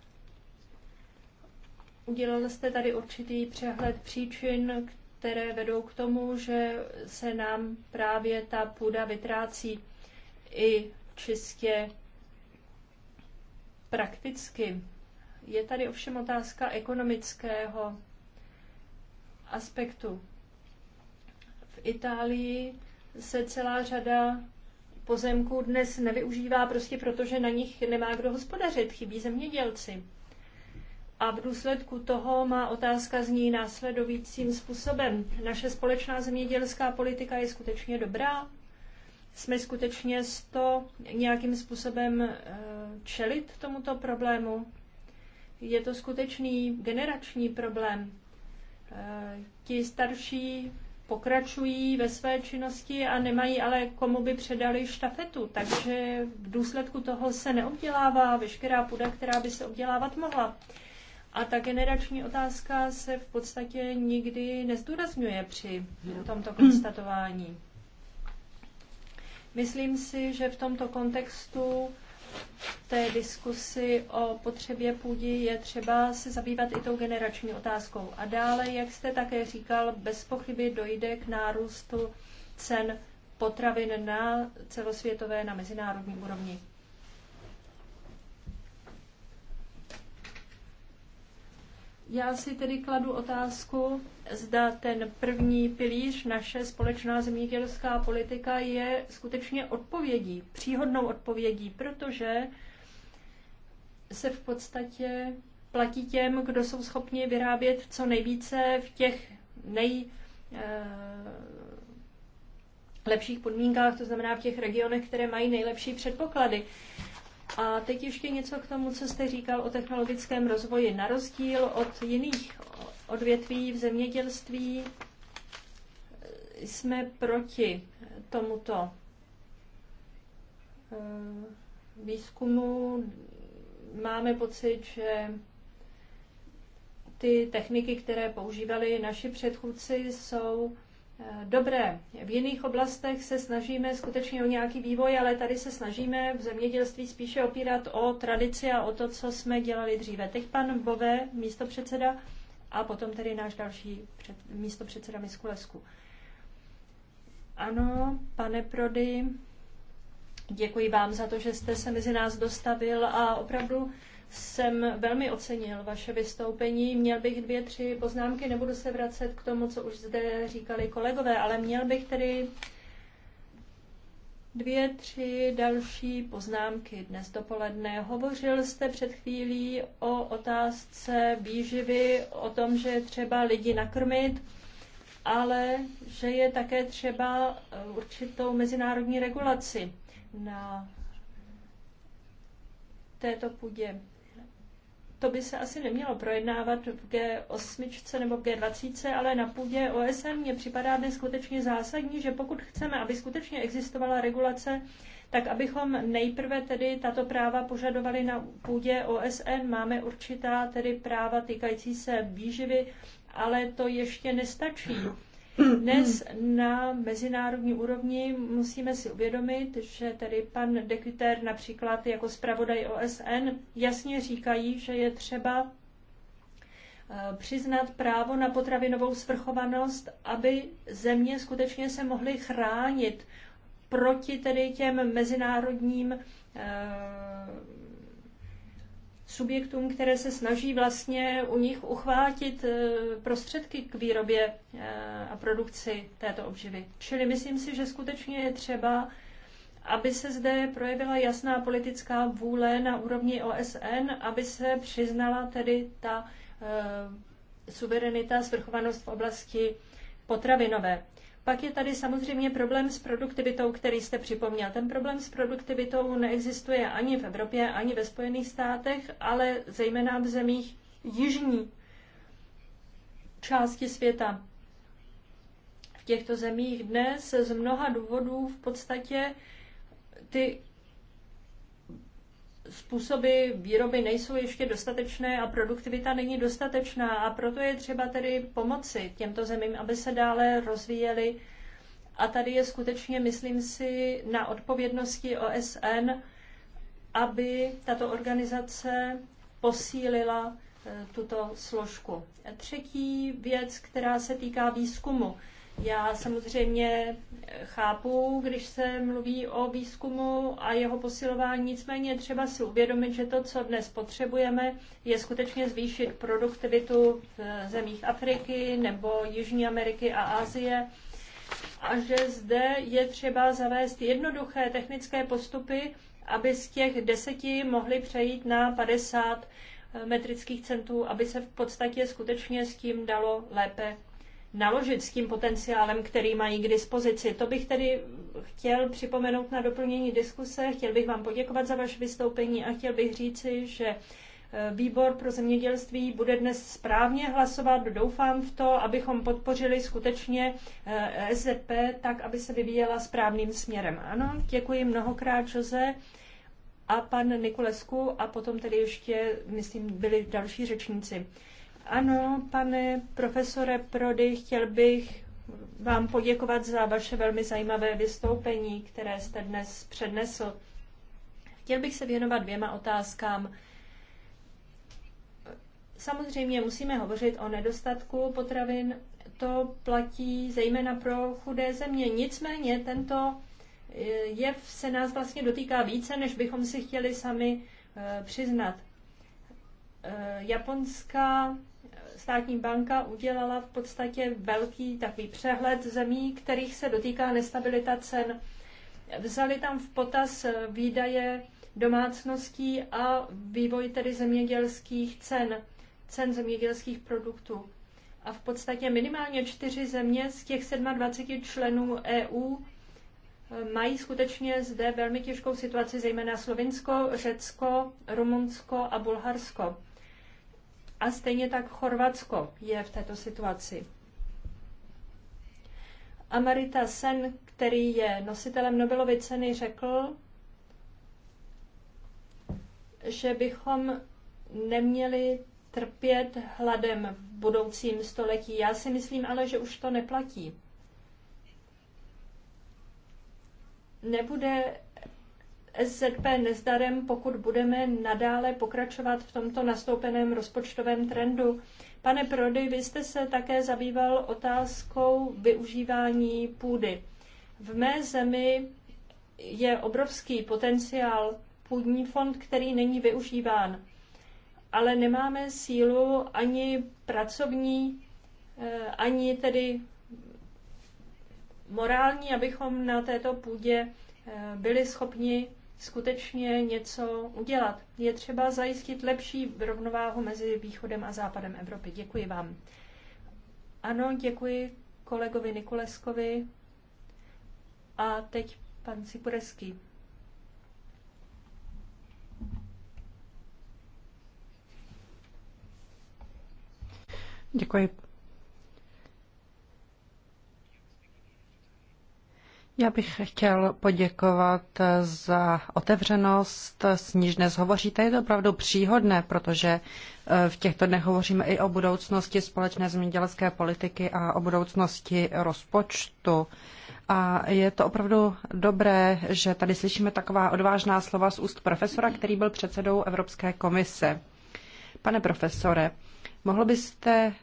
udělal jste tady určitý přehled příčin, které vedou k tomu, že se nám právě ta půda vytrácí i čistě prakticky je tady ovšem otázka ekonomického aspektu. V Itálii se celá řada pozemků dnes nevyužívá prostě proto, že na nich nemá kdo hospodařit, chybí zemědělci. A v důsledku toho má otázka zní následujícím způsobem. Naše společná zemědělská politika je skutečně dobrá? Jsme skutečně s to nějakým způsobem eh, čelit tomuto problému? Je to skutečný generační problém. E, ti starší pokračují ve své činnosti a nemají ale komu by předali štafetu. Takže v důsledku toho se neobdělává veškerá půda, která by se obdělávat mohla. A ta generační otázka se v podstatě nikdy nezdůrazňuje při tomto konstatování. Myslím si, že v tomto kontextu té diskusi o potřebě půdy je třeba se zabývat i tou generační otázkou. A dále, jak jste také říkal, bez pochyby dojde k nárůstu cen potravin na celosvětové, na mezinárodní úrovni. Já si tedy kladu otázku, zda ten první pilíř, naše společná zemědělská politika, je skutečně odpovědí, příhodnou odpovědí, protože se v podstatě platí těm, kdo jsou schopni vyrábět co nejvíce v těch nej eh, lepších podmínkách, to znamená v těch regionech, které mají nejlepší předpoklady. A teď ještě něco k tomu, co jste říkal o technologickém rozvoji. Na rozdíl od jiných odvětví v zemědělství jsme proti tomuto eh, výzkumu. Máme pocit, že ty techniky, které používali naši předchůdci, jsou dobré. V jiných oblastech se snažíme skutečně o nějaký vývoj, ale tady se snažíme v zemědělství spíše opírat o tradici a o to, co jsme dělali dříve. Teď pan Bové, místo předseda, a potom tedy náš další před, místo předseda Miskulesku. Ano, pane Prody, děkuji vám za to, že jste se mezi nás dostavil a opravdu jsem velmi ocenil vaše vystoupení. Měl bych dvě, tři poznámky, nebudu se vracet k tomu, co už zde říkali kolegové, ale měl bych tedy dvě, tři další poznámky dnes dopoledne. Hovořil jste před chvílí o otázce výživy, o tom, že je třeba lidi nakrmit, ale že je také třeba eh, určitou mezinárodní regulaci na této půdě to by se asi nemělo projednávat v G8 nebo v G20, ale na půdě OSN mě připadá dnes skutečně zásadní, že pokud chceme, aby skutečně existovala regulace, tak abychom nejprve tedy tato práva požadovali na půdě OSN. Máme určitá tedy práva týkající se výživy, ale to ještě nestačí. Dnes na mezinárodní úrovni musíme si uvědomit, že tady pan Dekuter například jako zpravodaj OSN jasně říkají, že je třeba eh, přiznat právo na potravinovou svrchovanost, aby země skutečně se mohly chránit proti tedy těm mezinárodním eh, subjektům, které se snaží vlastně u nich uchvátit eh, prostředky k výrobě eh, a produkci této obživy. Čili myslím si, že skutečně je třeba, aby se zde projevila jasná politická vůle na úrovni OSN, aby se přiznala tedy ta eh, suverenita, svrchovanost v oblasti potravinové. Pak je tady samozřejmě problém s produktivitou, který jste připomněl. Ten problém s produktivitou neexistuje ani v Evropě, ani ve Spojených státech, ale zejména v zemích jižní části světa. V těchto zemích dnes z mnoha důvodů v podstatě ty způsoby výroby nejsou ještě dostatečné a produktivita není dostatečná a proto je třeba tedy pomoci těmto zemím, aby se dále rozvíjely. A tady je skutečně, myslím si, na odpovědnosti OSN, aby tato organizace posílila eh, tuto složku. Třetí věc, která se týká výzkumu. Já samozřejmě chápu, když se mluví o výzkumu a jeho posilování, nicméně třeba si uvědomit, že to, co dnes potřebujeme, je skutečně zvýšit produktivitu v zemích Afriky nebo Jižní Ameriky a Asie a že zde je třeba zavést jednoduché technické postupy, aby z těch deseti mohli přejít na 50 metrických centů, aby se v podstatě skutečně s tím dalo lépe naložit s tím potenciálem, který mají k dispozici. To bych tedy chtěl připomenout na doplnění diskuse. Chtěl bych vám poděkovat za vaše vystoupení a chtěl bych říci, že e, výbor pro zemědělství bude dnes správně hlasovat. Doufám v to, abychom podpořili skutečně e, e SZP tak, aby se vyvíjela správným směrem. Ano, děkuji mnohokrát, Jose a pan Nikolesku a potom tedy ještě, myslím, byli další řečníci. Ano, pane profesore Prody, chtěl bych vám poděkovat za vaše velmi zajímavé vystoupení, které jste dnes přednesl. Chtěl bych se věnovat dvěma otázkám. Samozřejmě musíme hovořit o nedostatku potravin. To platí zejména pro chudé země. Nicméně tento eh, jev se nás vlastně dotýká více, než bychom si chtěli sami eh, přiznat. Eh, japonská státní banka udělala v podstatě velký takový přehled zemí, kterých se dotýká nestabilita cen. Vzali tam v potaz eh, výdaje domácností a vývoj tedy zemědělských cen, cen zemědělských produktů. A v podstatě minimálně čtyři země z těch 27 členů EU eh, mají skutečně zde velmi těžkou situaci, zejména Slovinsko, Řecko, Rumunsko a Bulharsko. A stejně tak Chorvatsko je v této situaci. Amarita Sen, který je nositelem Nobelovy ceny, řekl, že bychom neměli trpět hladem v budoucím století. Já si myslím ale, že už to neplatí. Nebude SZP nezdarem, pokud budeme nadále pokračovat v tomto nastoupeném rozpočtovém trendu. Pane Prody, vy jste se také zabýval otázkou využívání půdy. V mé zemi je obrovský potenciál půdní fond, který není využíván, ale nemáme sílu ani pracovní, eh, ani tedy morální, abychom na této půdě eh, byli schopni skutečně něco udělat. Je třeba zajistit lepší rovnováhu mezi východem a západem Evropy. Děkuji vám. Ano, děkuji kolegovi Nikoleskovi. A teď pan Sipuresky. Děkuji, Já bych chtěl poděkovat za otevřenost, s níž dnes hovoříte. Je to opravdu příhodné, protože eh, v těchto dnech hovoříme i o budoucnosti společné zemědělské politiky a o budoucnosti rozpočtu. A je to opravdu dobré, že tady slyšíme taková odvážná slova z úst profesora, který byl předsedou Evropské komise. Pane profesore, mohl byste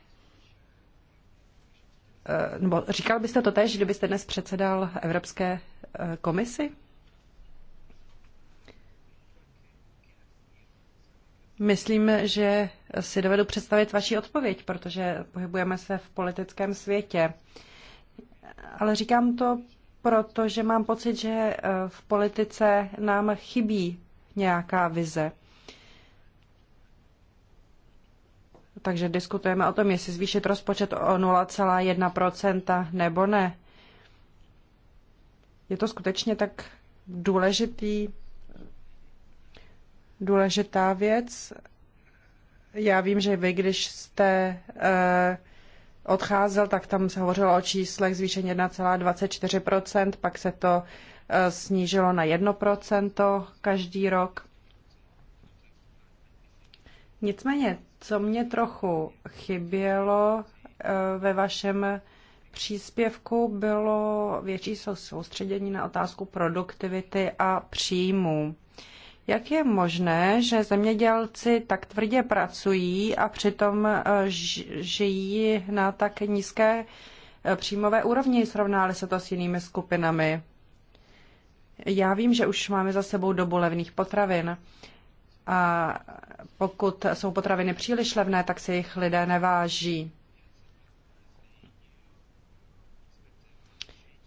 Eh, nebo říkal byste to tež, kdybyste dnes předsedal Evropské eh, komisi? Myslím, že si dovedu představit vaši odpověď, protože pohybujeme se v politickém světě. Ale říkám to, protože mám pocit, že eh, v politice nám chybí nějaká vize. Takže diskutujeme o tom, jestli zvýšit rozpočet o 0,1% nebo ne. Je to skutečně tak důležitý, důležitá věc. Já vím, že vy, když jste eh, odcházel, tak tam se hovořilo o číslech zvýšení 1,24%, pak se to eh, snížilo na 1% každý rok. Nicméně, co mě trochu chybělo eh, ve vašem příspěvku, bylo větší soustředění na otázku produktivity a příjmů. Jak je možné, že zemědělci tak tvrdě pracují a přitom eh, žijí na tak nízké eh, příjmové úrovni, srovnáli se to s jinými skupinami? Já vím, že už máme za sebou dobu levných potravin a pokud jsou potraviny příliš levné, tak si jich lidé neváží.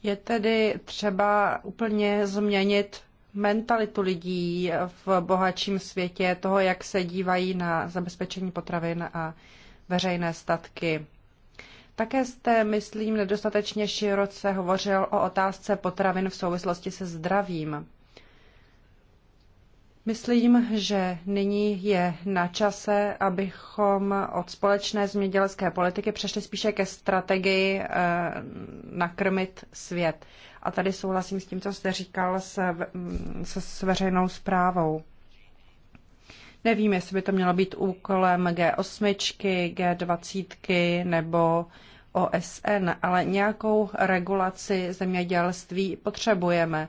Je tedy třeba úplně změnit mentalitu lidí v bohatším světě, toho, jak se dívají na zabezpečení potravin a veřejné statky. Také jste, myslím, nedostatečně široce hovořil o otázce potravin v souvislosti se zdravím. Myslím, že nyní je na čase, abychom od společné zemědělské politiky přešli spíše ke strategii eh, nakrmit svět. A tady souhlasím s tím, co jste říkal se, mm, se, s veřejnou zprávou. Nevím, jestli by to mělo být úkolem G8, G20 nebo OSN, ale nějakou regulaci zemědělství potřebujeme.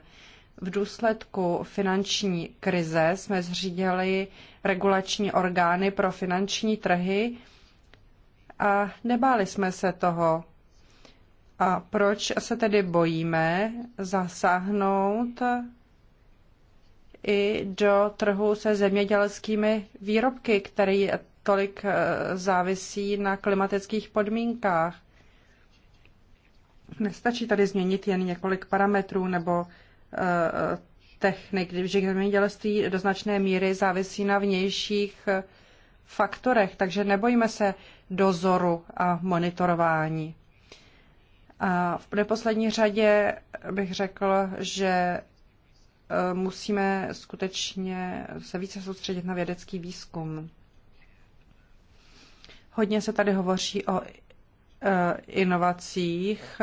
V důsledku finanční krize jsme zřídili regulační orgány pro finanční trhy a nebáli jsme se toho. A proč se tedy bojíme zasáhnout i do trhu se zemědělskými výrobky, který tolik eh, závisí na klimatických podmínkách? Nestačí tady změnit jen několik parametrů nebo Eh, technik, že zemědělství do značné míry závisí na vnějších eh, faktorech, takže nebojíme se dozoru a monitorování. A v neposlední řadě bych řekl, že eh, musíme skutečně se více soustředit na vědecký výzkum. Hodně se tady hovoří o inovacích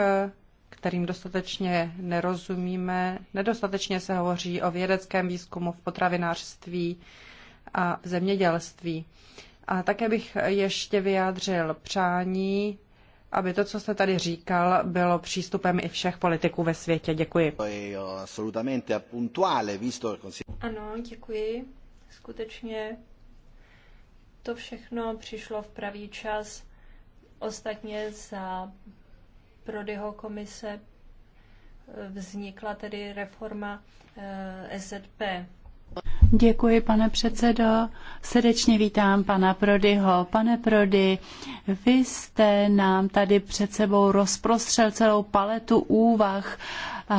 kterým dostatečně nerozumíme. Nedostatečně se hovoří o vědeckém výzkumu v potravinářství a v zemědělství. A také bych ještě vyjádřil přání, aby to, co jste tady říkal, bylo přístupem i všech politiků ve světě. Děkuji. Eh, ano, děkuji. Skutečně to všechno přišlo v pravý čas. Ostatně za Prodyho komise eh, vznikla tedy reforma eh, SZP. Děkuji, pane předsedo. Srdečně vítám pana Prodyho. Pane Prody, vy jste nám tady před sebou rozprostřel celou paletu úvah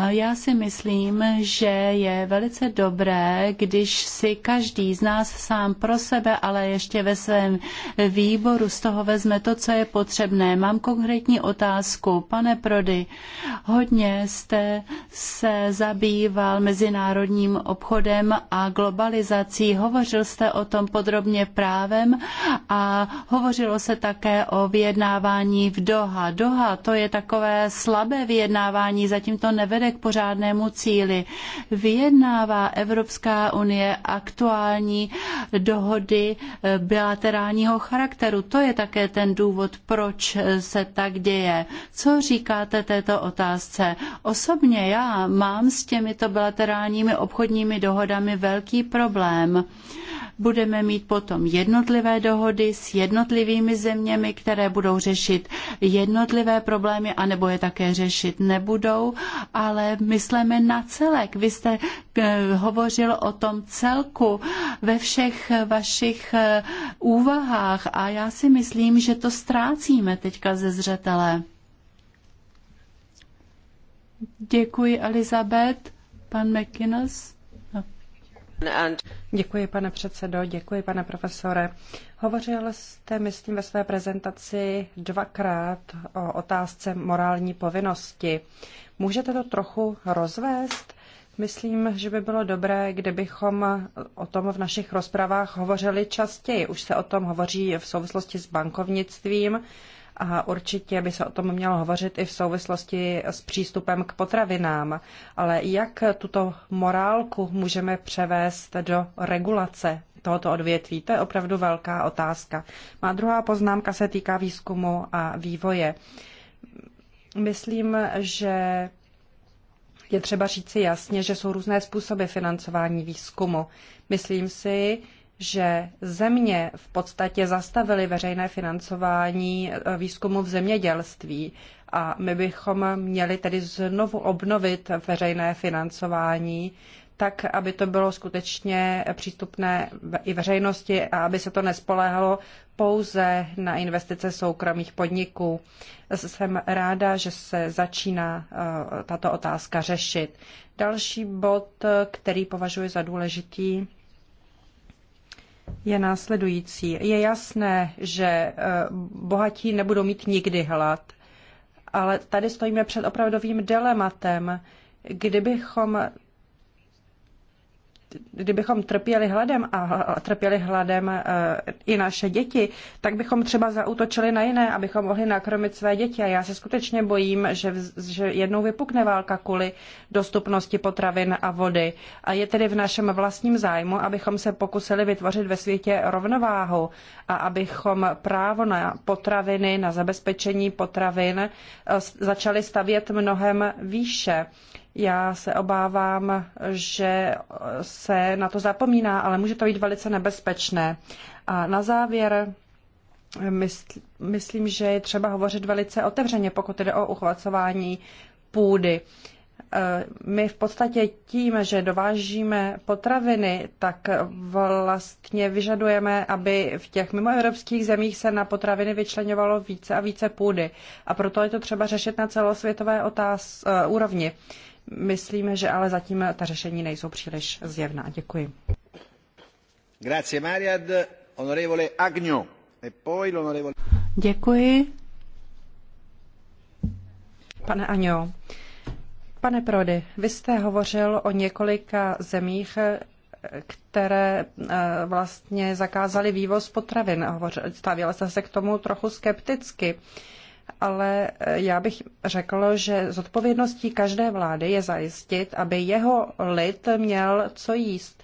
já si myslím, že je velice dobré, když si každý z nás sám pro sebe, ale ještě ve svém výboru z toho vezme to, co je potřebné. Mám konkrétní otázku. Pane Prody, hodně jste se zabýval mezinárodním obchodem a globalizací. Hovořil jste o tom podrobně právem a hovořilo se také o vyjednávání v Doha. Doha to je takové slabé vyjednávání, zatím to nevede vede k pořádnému cíli. Vyjednává Evropská unie aktuální dohody eh, bilaterálního charakteru. To je také ten důvod, proč eh, se tak děje. Co říkáte této otázce? Osobně já mám s těmito bilaterálními obchodními dohodami velký problém budeme mít potom jednotlivé dohody s jednotlivými zeměmi, které budou řešit jednotlivé problémy, anebo je také řešit nebudou. A ale myslíme na celek. Vy jste eh, hovořil o tom celku ve všech vašich eh, úvahách a já si myslím, že to ztrácíme teďka ze zřetele. Děkuji, Elizabeth. Pan McInnes. No. Děkuji, pane předsedo, děkuji, pane profesore. Hovořil jste, myslím, ve své prezentaci dvakrát o otázce morální povinnosti. Můžete to trochu rozvést? Myslím, že by bylo dobré, kdybychom o tom v našich rozpravách hovořili častěji. Už se o tom hovoří v souvislosti s bankovnictvím a určitě by se o tom mělo hovořit i v souvislosti s přístupem k potravinám. Ale jak tuto morálku můžeme převést do regulace tohoto odvětví? To je opravdu velká otázka. Má druhá poznámka se týká výzkumu a vývoje. Myslím, že je třeba říci jasně, že jsou různé způsoby financování výzkumu. Myslím si, že země v podstatě zastavily veřejné financování eh, výzkumu v zemědělství a my bychom měli tedy znovu obnovit veřejné financování tak, aby to bylo skutečně přístupné i veřejnosti a aby se to nespoléhalo pouze na investice soukromých podniků. Jsem ráda, že se začíná eh, tato otázka řešit. Další bod, který považuji za důležitý, je následující. Je jasné, že eh, bohatí nebudou mít nikdy hlad, ale tady stojíme před opravdovým dilematem. Kdybychom kdybychom trpěli hladem a trpěli hladem e, i naše děti, tak bychom třeba zautočili na jiné, abychom mohli nakrmit své děti. A já se skutečně bojím, že, že jednou vypukne válka kvůli dostupnosti potravin a vody. A je tedy v našem vlastním zájmu, abychom se pokusili vytvořit ve světě rovnováhu a abychom právo na potraviny, na zabezpečení potravin e, začali stavět mnohem výše. Já se obávám, že se na to zapomíná, ale může to být velice nebezpečné. A na závěr myslím, že je třeba hovořit velice otevřeně, pokud jde o uchvacování půdy. Eh, my v podstatě tím, že dovážíme potraviny, tak vlastně vyžadujeme, aby v těch mimoevropských zemích se na potraviny vyčlenovalo více a více půdy. A proto je to třeba řešit na celosvětové otáz, eh, úrovni. Uh, Myslíme, že ale zatím ta řešení nejsou příliš zjevná. Děkuji. E Děkuji. Pane Agno, pane Prody, vy jste hovořil o několika zemích, které eh, vlastně zakázaly vývoz potravin. Stavěla jste se k tomu trochu skepticky ale eh, já bych řekl, že zodpovědností každé vlády je zajistit, aby jeho lid měl co jíst.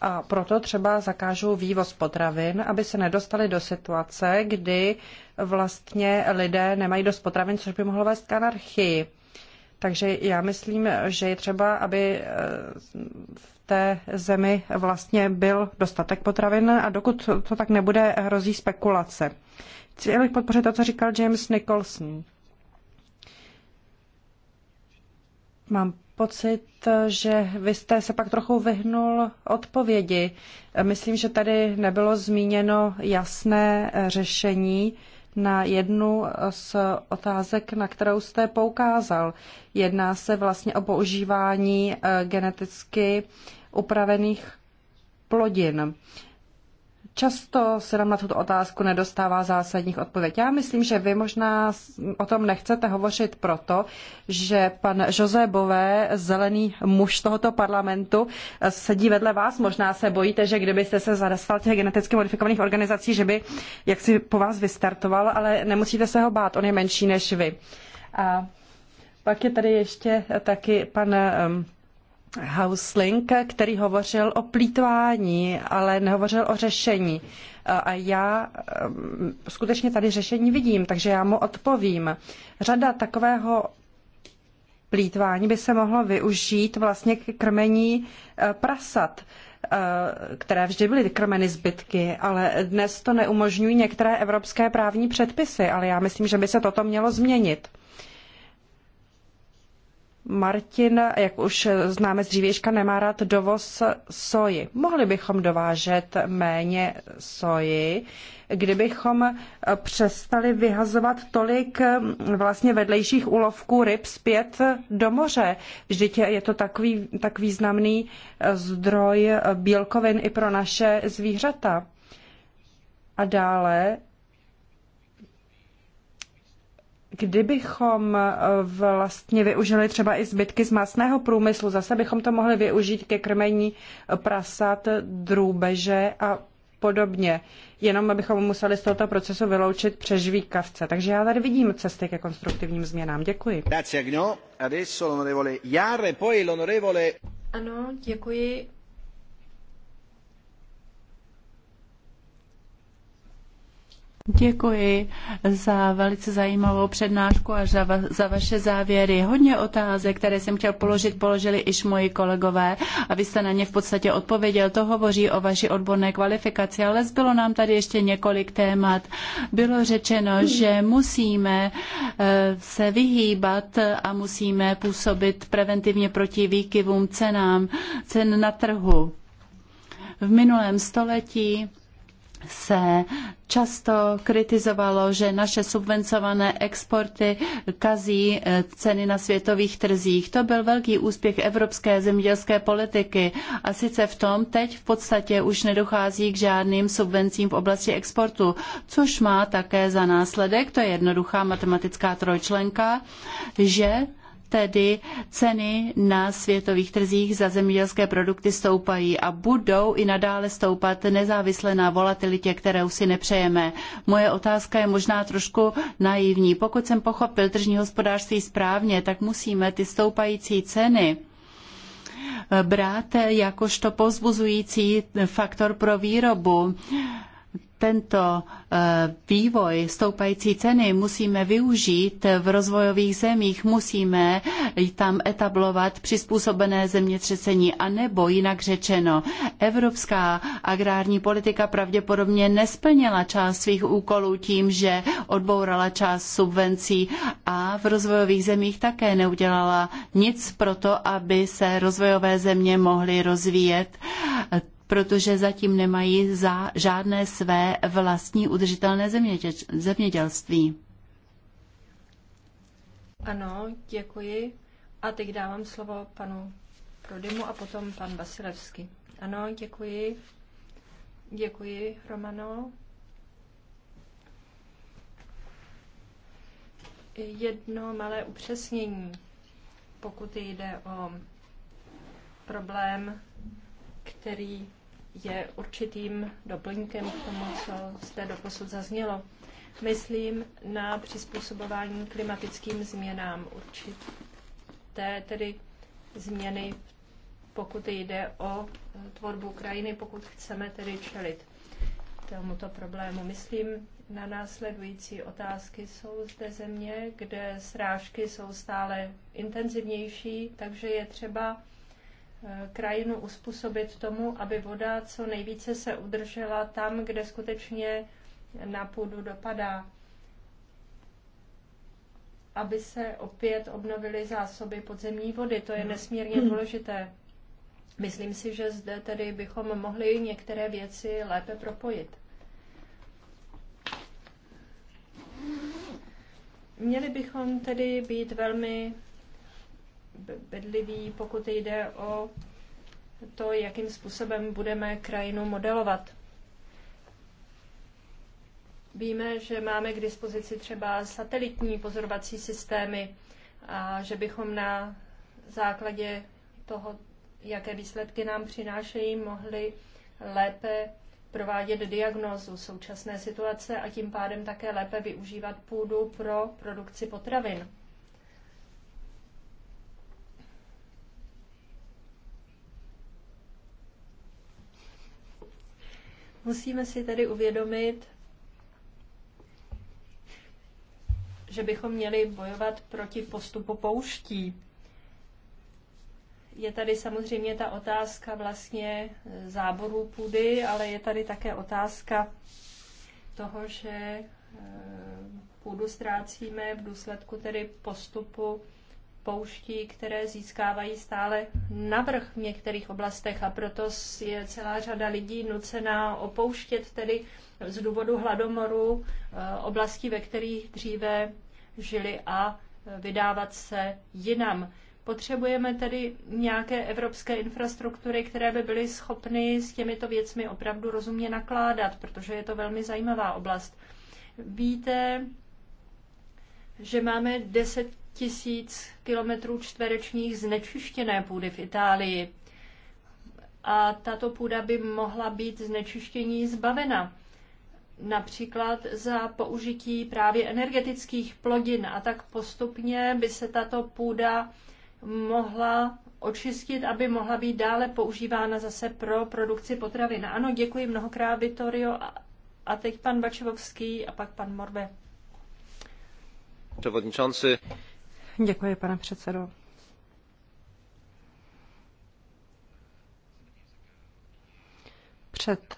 A proto třeba zakážou vývoz potravin, aby se nedostali do situace, kdy vlastně lidé nemají dost potravin, což by mohlo vést k anarchii. Takže já myslím, že je třeba, aby eh, v té zemi vlastně byl dostatek potravin a dokud to tak nebude, hrozí spekulace. Chtěl bych podpořit to, co říkal James Nicholson. Mám pocit, že vy jste se pak trochu vyhnul odpovědi. Myslím, že tady nebylo zmíněno jasné eh, řešení na jednu z otázek, na kterou jste poukázal. Jedná se vlastně o používání eh, geneticky upravených plodin. Často se nám na tuto otázku nedostává zásadních odpověď. Já myslím, že vy možná o tom nechcete hovořit proto, že pan Jose Bové, zelený muž tohoto parlamentu, sedí vedle vás. Možná se bojíte, že kdybyste se zadastal těch geneticky modifikovaných organizací, že by jaksi po vás vystartoval, ale nemusíte se ho bát, on je menší než vy. A pak je tady ještě taky pan um, Hausling, který hovořil o plítvání, ale nehovořil o řešení. A já eh, skutečně tady řešení vidím, takže já mu odpovím. Řada takového plítvání by se mohlo využít vlastně k krmení eh, prasat eh, které vždy byly krmeny zbytky, ale dnes to neumožňují některé evropské právní předpisy, ale já myslím, že by se toto mělo změnit. Martin, jak už známe z dřívějška, nemá rád dovoz soji. Mohli bychom dovážet méně soji, kdybychom přestali vyhazovat tolik vlastně vedlejších úlovků ryb zpět do moře. Vždyť je to takový, tak významný zdroj bílkovin i pro naše zvířata. A dále Kdybychom eh, vlastně využili třeba i zbytky z masného průmyslu, zase bychom to mohli využít ke krmení eh, prasat, drůbeže a podobně. Jenom bychom museli z tohoto procesu vyloučit přežvíkavce. Takže já tady vidím cesty ke konstruktivním změnám. Děkuji. Grazie, Agno. Adesso l'onorevole poi l'onorevole... Ano, děkuji. Děkuji za velice zajímavou přednášku a za, va, za vaše závěry. Hodně otázek, které jsem chtěl položit, položili iž moji kolegové a vy jste na ně v podstatě odpověděl. To hovoří o vaší odborné kvalifikaci, ale zbylo nám tady ještě několik témat. Bylo řečeno, že musíme eh, se vyhýbat a musíme působit preventivně proti výkyvům cenám, cen na trhu. V minulém století se často kritizovalo, že naše subvencované exporty kazí eh, ceny na světových trzích. To byl velký úspěch evropské zemědělské politiky a sice v tom teď v podstatě už nedochází k žádným subvencím v oblasti exportu, což má také za následek, to je jednoduchá matematická trojčlenka, že tedy ceny na světových trzích za zemědělské produkty stoupají a budou i nadále stoupat nezávisle na volatilitě, kterou si nepřejeme. Moje otázka je možná trošku naivní. Pokud jsem pochopil tržní hospodářství správně, tak musíme ty stoupající ceny brát jakožto pozbuzující faktor pro výrobu tento eh, vývoj stoupající ceny musíme využít v rozvojových zemích, musíme tam etablovat přizpůsobené zemětřesení, anebo jinak řečeno, evropská agrární politika pravděpodobně nesplnila část svých úkolů tím, že odbourala část subvencí a v rozvojových zemích také neudělala nic pro to, aby se rozvojové země mohly rozvíjet protože zatím nemají za žádné své vlastní udržitelné zemědělství. Ano, děkuji. A teď dávám slovo panu Prodymu a potom pan Vasilevský. Ano, děkuji. Děkuji, Romano. Jedno malé upřesnění, pokud jde o problém, který je určitým doplňkem k tomu, co zde doposud zaznělo. Myslím na přizpůsobování klimatickým změnám určité, tedy změny, pokud jde o e, tvorbu krajiny, pokud chceme tedy čelit tomuto problému. Myslím na následující otázky. Jsou zde země, kde srážky jsou stále intenzivnější, takže je třeba Eh, krajinu uspůsobit tomu, aby voda co nejvíce se udržela tam, kde skutečně na půdu dopadá, aby se opět obnovily zásoby podzemní vody. To je hmm. nesmírně hmm. důležité. Myslím si, že zde tedy bychom mohli některé věci lépe propojit. Měli bychom tedy být velmi Bedlivý, pokud jde o to, jakým způsobem budeme krajinu modelovat. Víme, že máme k dispozici třeba satelitní pozorovací systémy a že bychom na základě toho, jaké výsledky nám přinášejí, mohli lépe provádět diagnózu současné situace a tím pádem také lépe využívat půdu pro produkci potravin. Musíme si tedy uvědomit, že bychom měli bojovat proti postupu pouští. Je tady samozřejmě ta otázka vlastně záborů půdy, ale je tady také otázka toho, že eh, půdu ztrácíme v důsledku tedy postupu pouští, které získávají stále navrh v některých oblastech a proto je celá řada lidí nucená opouštět tedy z důvodu hladomoru eh, oblasti, ve kterých dříve žili a eh, vydávat se jinam. Potřebujeme tedy nějaké evropské infrastruktury, které by byly schopny s těmito věcmi opravdu rozumně nakládat, protože je to velmi zajímavá oblast. Víte, že máme 10 tisíc kilometrů čtverečních znečištěné půdy v Itálii. A tato půda by mohla být znečištění zbavena. Například za použití právě energetických plodin. A tak postupně by se tato půda mohla očistit, aby mohla být dále používána zase pro produkci potravin. Ano, děkuji mnohokrát, Vitorio A teď pan Bačevovský a pak pan Morbe. Przewodniczący. Děkuji, pane předsedo. Před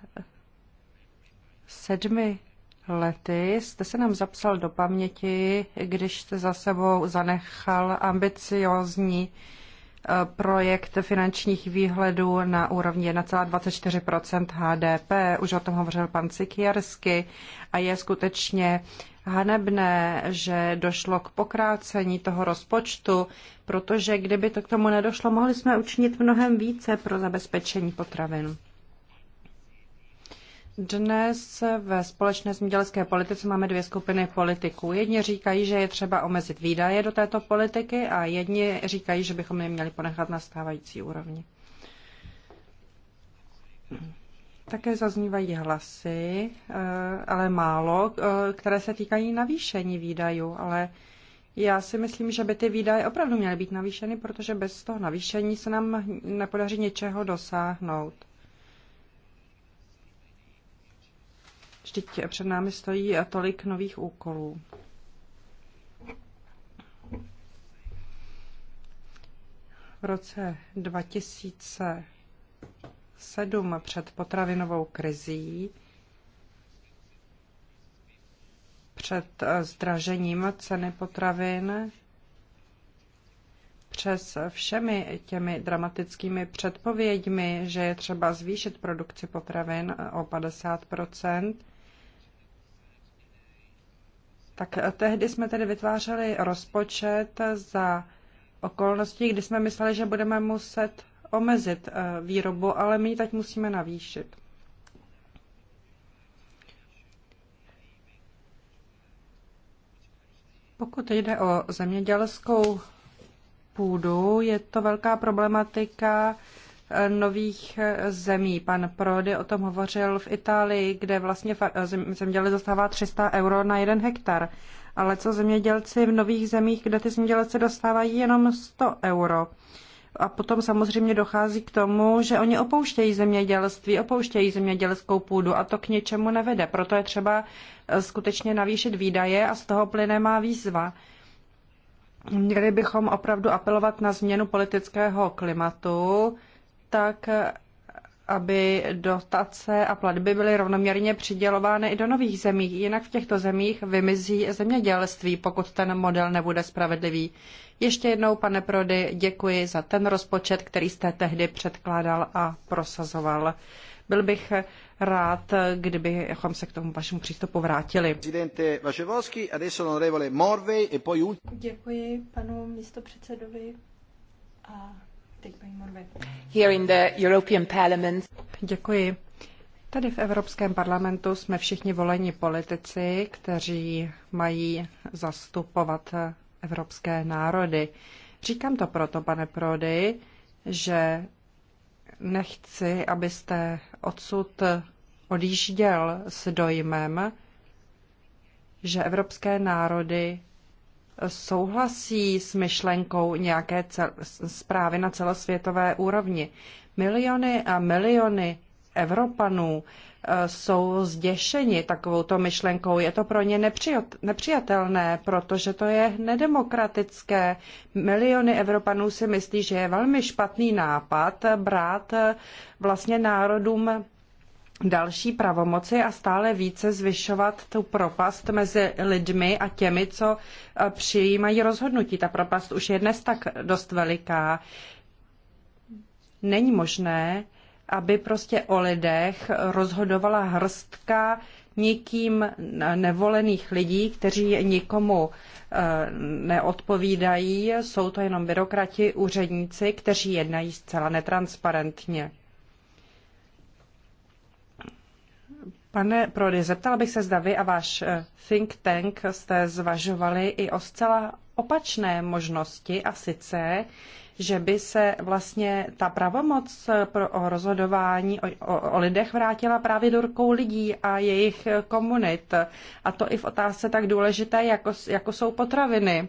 sedmi lety jste se nám zapsal do paměti, když jste za sebou zanechal ambiciozní eh, projekt finančních výhledů na úrovni 1,24 HDP. Už o tom hovořil pan Sikiersky a je skutečně hanebné, že došlo k pokrácení toho rozpočtu, protože kdyby to k tomu nedošlo, mohli jsme učinit mnohem více pro zabezpečení potravin. Dnes ve společné zemědělské politice máme dvě skupiny politiků. Jedni říkají, že je třeba omezit výdaje do této politiky a jedni říkají, že bychom je měli ponechat na stávající úrovni. Také zaznívají hlasy, eh, ale málo, eh, které se týkají navýšení výdajů, ale já si myslím, že by ty výdaje opravdu měly být navýšeny, protože bez toho navýšení se nám nepodaří něčeho dosáhnout. Vždyť před námi stojí tolik nových úkolů. V roce 2000 7 před potravinovou krizí, před eh, zdražením ceny potravin, přes všemi těmi dramatickými předpověďmi, že je třeba zvýšit produkci potravin eh, o 50 tak eh, tehdy jsme tedy vytvářeli rozpočet za okolností, kdy jsme mysleli, že budeme muset omezit eh, výrobu, ale my ji teď musíme navýšit. Pokud jde o zemědělskou půdu, je to velká problematika eh, nových eh, zemí. Pan Prody o tom hovořil v Itálii, kde vlastně zemědělec dostává 300 euro na jeden hektar. Ale co zemědělci v nových zemích, kde ty zemědělci dostávají jenom 100 euro? A potom samozřejmě dochází k tomu, že oni opouštějí zemědělství, opouštějí zemědělskou půdu a to k něčemu nevede. Proto je třeba eh, skutečně navýšit výdaje a z toho plyne má výzva. Měli bychom opravdu apelovat na změnu politického klimatu, tak eh, aby dotace a platby byly rovnoměrně přidělovány i do nových zemí. Jinak v těchto zemích vymizí zemědělství, pokud ten model nebude spravedlivý. Ještě jednou, pane Prody, děkuji za ten rozpočet, který jste tehdy předkládal a prosazoval. Byl bych rád, kdybychom se k tomu vašemu přístupu vrátili. E děkuji panu místopředsedovi a Tady v Evropském parlamentu jsme všichni voleni politici, kteří mají zastupovat evropské národy. Říkám to proto, pane Prody, že nechci, abyste odsud odjížděl s dojmem, že evropské národy souhlasí s myšlenkou nějaké cel- zprávy na celosvětové úrovni. Miliony a miliony Evropanů e, jsou zděšeni takovouto myšlenkou. Je to pro ně nepřijatelné, protože to je nedemokratické. Miliony Evropanů si myslí, že je velmi špatný nápad brát e, vlastně národům další pravomoci a stále více zvyšovat tu propast mezi lidmi a těmi, co e, přijímají rozhodnutí. Ta propast už je dnes tak dost veliká. Není možné, aby prostě o lidech rozhodovala hrstka nikým nevolených lidí, kteří nikomu e, neodpovídají. Jsou to jenom byrokrati, úředníci, kteří jednají zcela netransparentně. Pane Prody, zeptala bych se, zda vy a váš eh, think tank jste zvažovali i o zcela opačné možnosti a sice, že by se vlastně ta pravomoc eh, pro o rozhodování o, o, o lidech vrátila právě do rukou lidí a jejich eh, komunit. A to i v otázce tak důležité, jako, jako jsou potraviny.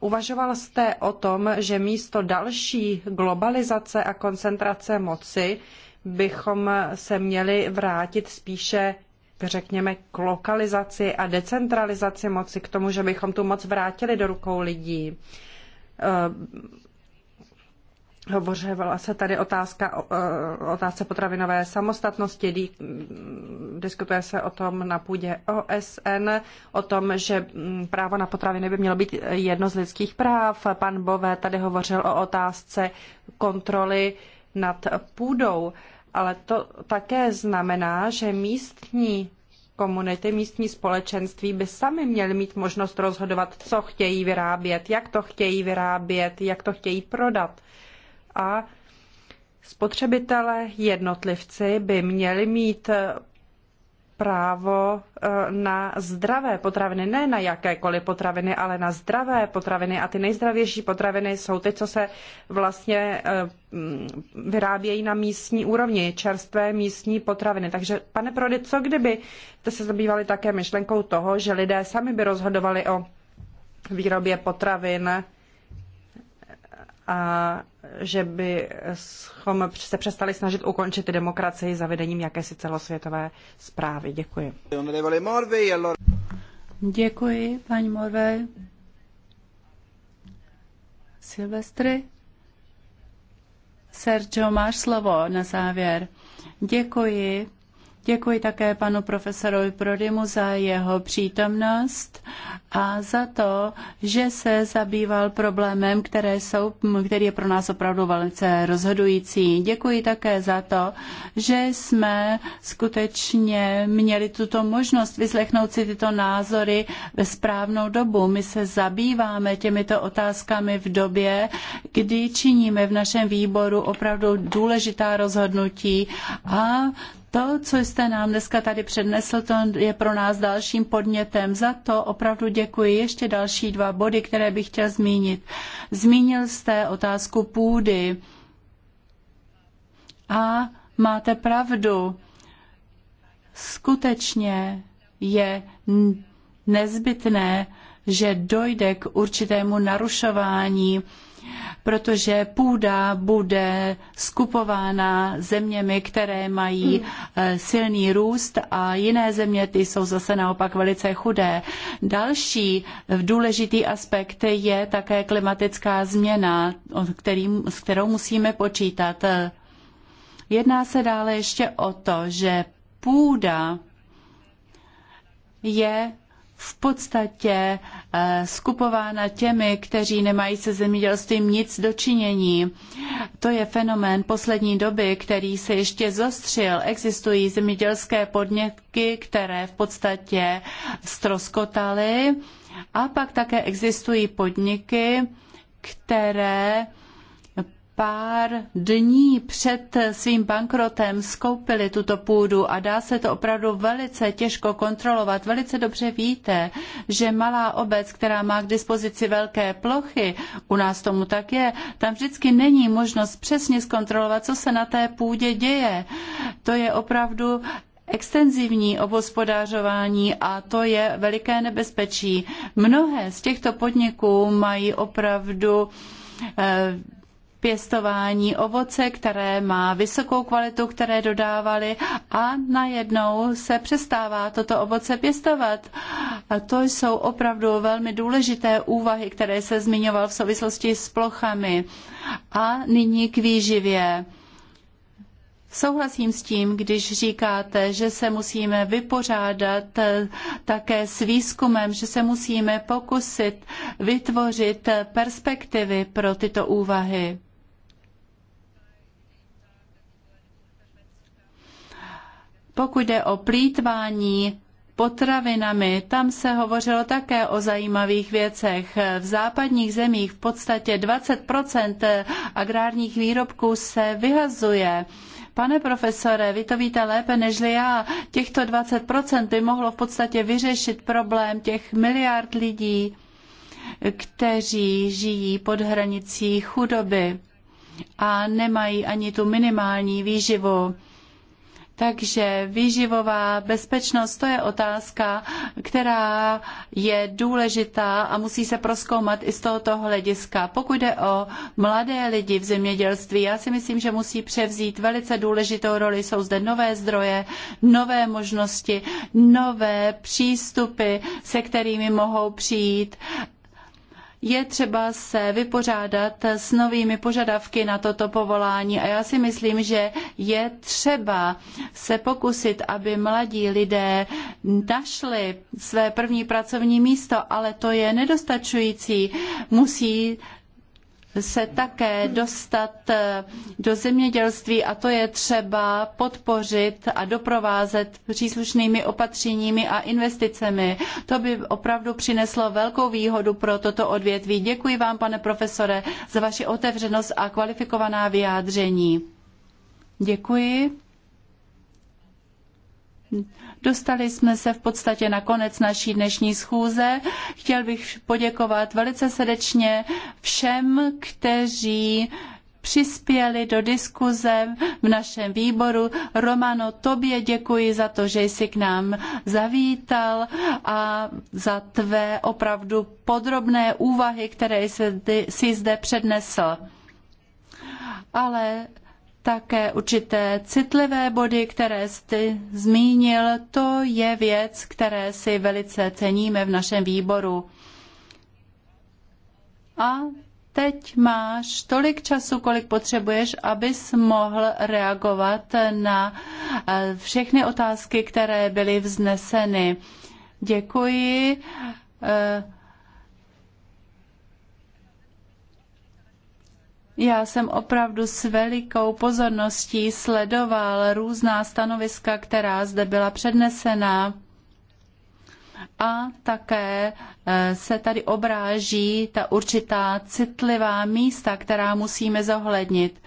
Uvažoval jste o tom, že místo další globalizace a koncentrace moci bychom se měli vrátit spíše řekněme, k lokalizaci a decentralizaci moci, k tomu, že bychom tu moc vrátili do rukou lidí. Eh, hovořila se tady otázka, eh, otázce potravinové samostatnosti, mm, diskutuje se o tom na půdě OSN, o tom, že mm, právo na potraviny by mělo být jedno z lidských práv. Pan Bové tady hovořil o otázce kontroly nad půdou ale to také znamená, že místní komunity, místní společenství by sami měly mít možnost rozhodovat, co chtějí vyrábět, jak to chtějí vyrábět, jak to chtějí prodat. A spotřebitelé, jednotlivci by měli mít právo e, na zdravé potraviny, ne na jakékoliv potraviny, ale na zdravé potraviny. A ty nejzdravější potraviny jsou ty, co se vlastně e, mm, vyrábějí na místní úrovni, čerstvé místní potraviny. Takže, pane Prody, co kdyby jste se zabývali také myšlenkou toho, že lidé sami by rozhodovali o výrobě potravin a že bychom se přestali snažit ukončit demokracii zavedením jakési celosvětové zprávy. Děkuji. Děkuji, paní Morve. Silvestry? Sergio, máš slovo na závěr. Děkuji. Děkuji také panu profesorovi Prodymu za jeho přítomnost a za to, že se zabýval problémem, které jsou, který je pro nás opravdu velice rozhodující. Děkuji také za to, že jsme skutečně měli tuto možnost vyslechnout si tyto názory ve správnou dobu. My se zabýváme těmito otázkami v době, kdy činíme v našem výboru opravdu důležitá rozhodnutí a to, co jste nám dneska tady přednesl, to je pro nás dalším podnětem. Za to opravdu děkuji. Ještě další dva body, které bych chtěl zmínit. Zmínil jste otázku půdy. A máte pravdu. Skutečně je nezbytné, že dojde k určitému narušování protože půda bude skupována zeměmi, které mají hmm. eh, silný růst a jiné země ty jsou zase naopak velice chudé. Další eh, důležitý aspekt je také klimatická změna, kterým, s kterou musíme počítat. Jedná se dále ještě o to, že půda je v podstatě eh, skupována těmi, kteří nemají se zemědělstvím nic dočinění. To je fenomén poslední doby, který se ještě zostřil. Existují zemědělské podniky, které v podstatě stroskotaly a pak také existují podniky, které pár dní před svým bankrotem skoupili tuto půdu a dá se to opravdu velice těžko kontrolovat. Velice dobře víte, že malá obec, která má k dispozici velké plochy, u nás tomu tak je, tam vždycky není možnost přesně zkontrolovat, co se na té půdě děje. To je opravdu extenzivní obhospodářování a to je veliké nebezpečí. Mnohé z těchto podniků mají opravdu eh, pěstování ovoce, které má vysokou kvalitu, které dodávali a najednou se přestává toto ovoce pěstovat. A to jsou opravdu velmi důležité úvahy, které se zmiňoval v souvislosti s plochami. A nyní k výživě. Souhlasím s tím, když říkáte, že se musíme vypořádat eh, také s výzkumem, že se musíme pokusit vytvořit perspektivy pro tyto úvahy. Pokud jde o plítvání potravinami, tam se hovořilo také o zajímavých věcech. V západních zemích v podstatě 20 agrárních výrobků se vyhazuje. Pane profesore, vy to víte lépe než já. Těchto 20% by mohlo v podstatě vyřešit problém těch miliard lidí, kteří žijí pod hranicí chudoby a nemají ani tu minimální výživu. Takže výživová bezpečnost to je otázka, která je důležitá a musí se proskoumat i z tohoto hlediska. Pokud jde o mladé lidi v zemědělství, já si myslím, že musí převzít velice důležitou roli. Jsou zde nové zdroje, nové možnosti, nové přístupy, se kterými mohou přijít je třeba se vypořádat s novými požadavky na toto povolání a já si myslím, že je třeba se pokusit, aby mladí lidé našli své první pracovní místo, ale to je nedostačující. Musí se také dostat eh, do zemědělství a to je třeba podpořit a doprovázet příslušnými opatřeními a investicemi. To by opravdu přineslo velkou výhodu pro toto odvětví. Děkuji vám, pane profesore, za vaši otevřenost a kvalifikovaná vyjádření. Děkuji. Dostali jsme se v podstatě na konec naší dnešní schůze. Chtěl bych poděkovat velice srdečně všem, kteří přispěli do diskuze v našem výboru. Romano, tobě děkuji za to, že jsi k nám zavítal a za tvé opravdu podrobné úvahy, které jsi zde přednesl. Ale také určité citlivé body, které jste zmínil. To je věc, které si velice ceníme v našem výboru. A teď máš tolik času, kolik potřebuješ, abys mohl reagovat na eh, všechny otázky, které byly vzneseny. Děkuji. Eh, Já jsem opravdu s velikou pozorností sledoval různá stanoviska, která zde byla přednesena. A také eh, se tady obráží ta určitá citlivá místa, která musíme zohlednit.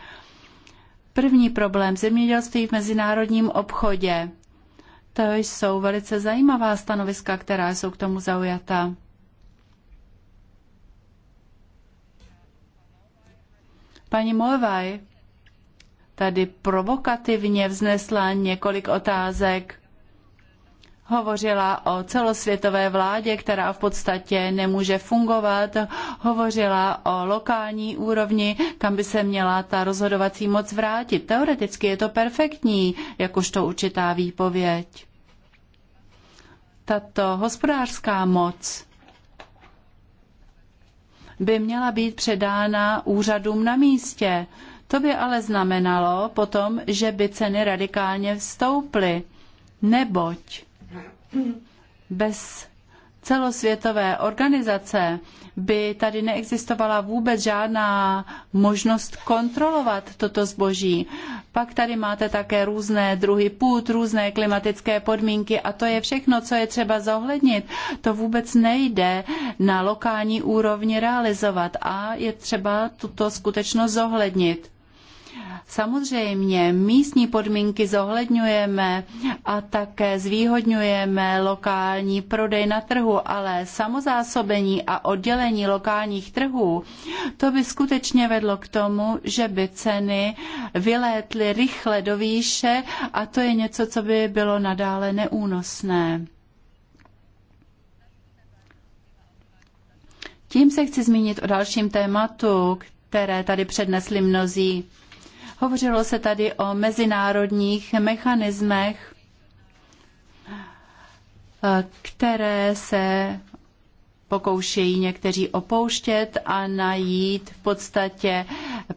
První problém zemědělství v mezinárodním obchodě. To jsou velice zajímavá stanoviska, která jsou k tomu zaujata. Paní Morvaj tady provokativně vznesla několik otázek. Hovořila o celosvětové vládě, která v podstatě nemůže fungovat. Hovořila o lokální úrovni, kam by se měla ta rozhodovací moc vrátit. Teoreticky je to perfektní, jakožto určitá výpověď. Tato hospodářská moc by měla být předána úřadům na místě. To by ale znamenalo potom, že by ceny radikálně vstouply, neboť bez celosvětové organizace by tady neexistovala vůbec žádná možnost kontrolovat toto zboží. Pak tady máte také různé druhy půd, různé klimatické podmínky a to je všechno, co je třeba zohlednit. To vůbec nejde na lokální úrovni realizovat a je třeba tuto skutečnost zohlednit. Samozřejmě místní podmínky zohledňujeme a také zvýhodňujeme lokální prodej na trhu, ale samozásobení a oddělení lokálních trhů, to by skutečně vedlo k tomu, že by ceny vylétly rychle do výše a to je něco, co by bylo nadále neúnosné. Tím se chci zmínit o dalším tématu, které tady přednesli mnozí Hovořilo se tady o mezinárodních mechanismech, které se pokoušejí někteří opouštět a najít v podstatě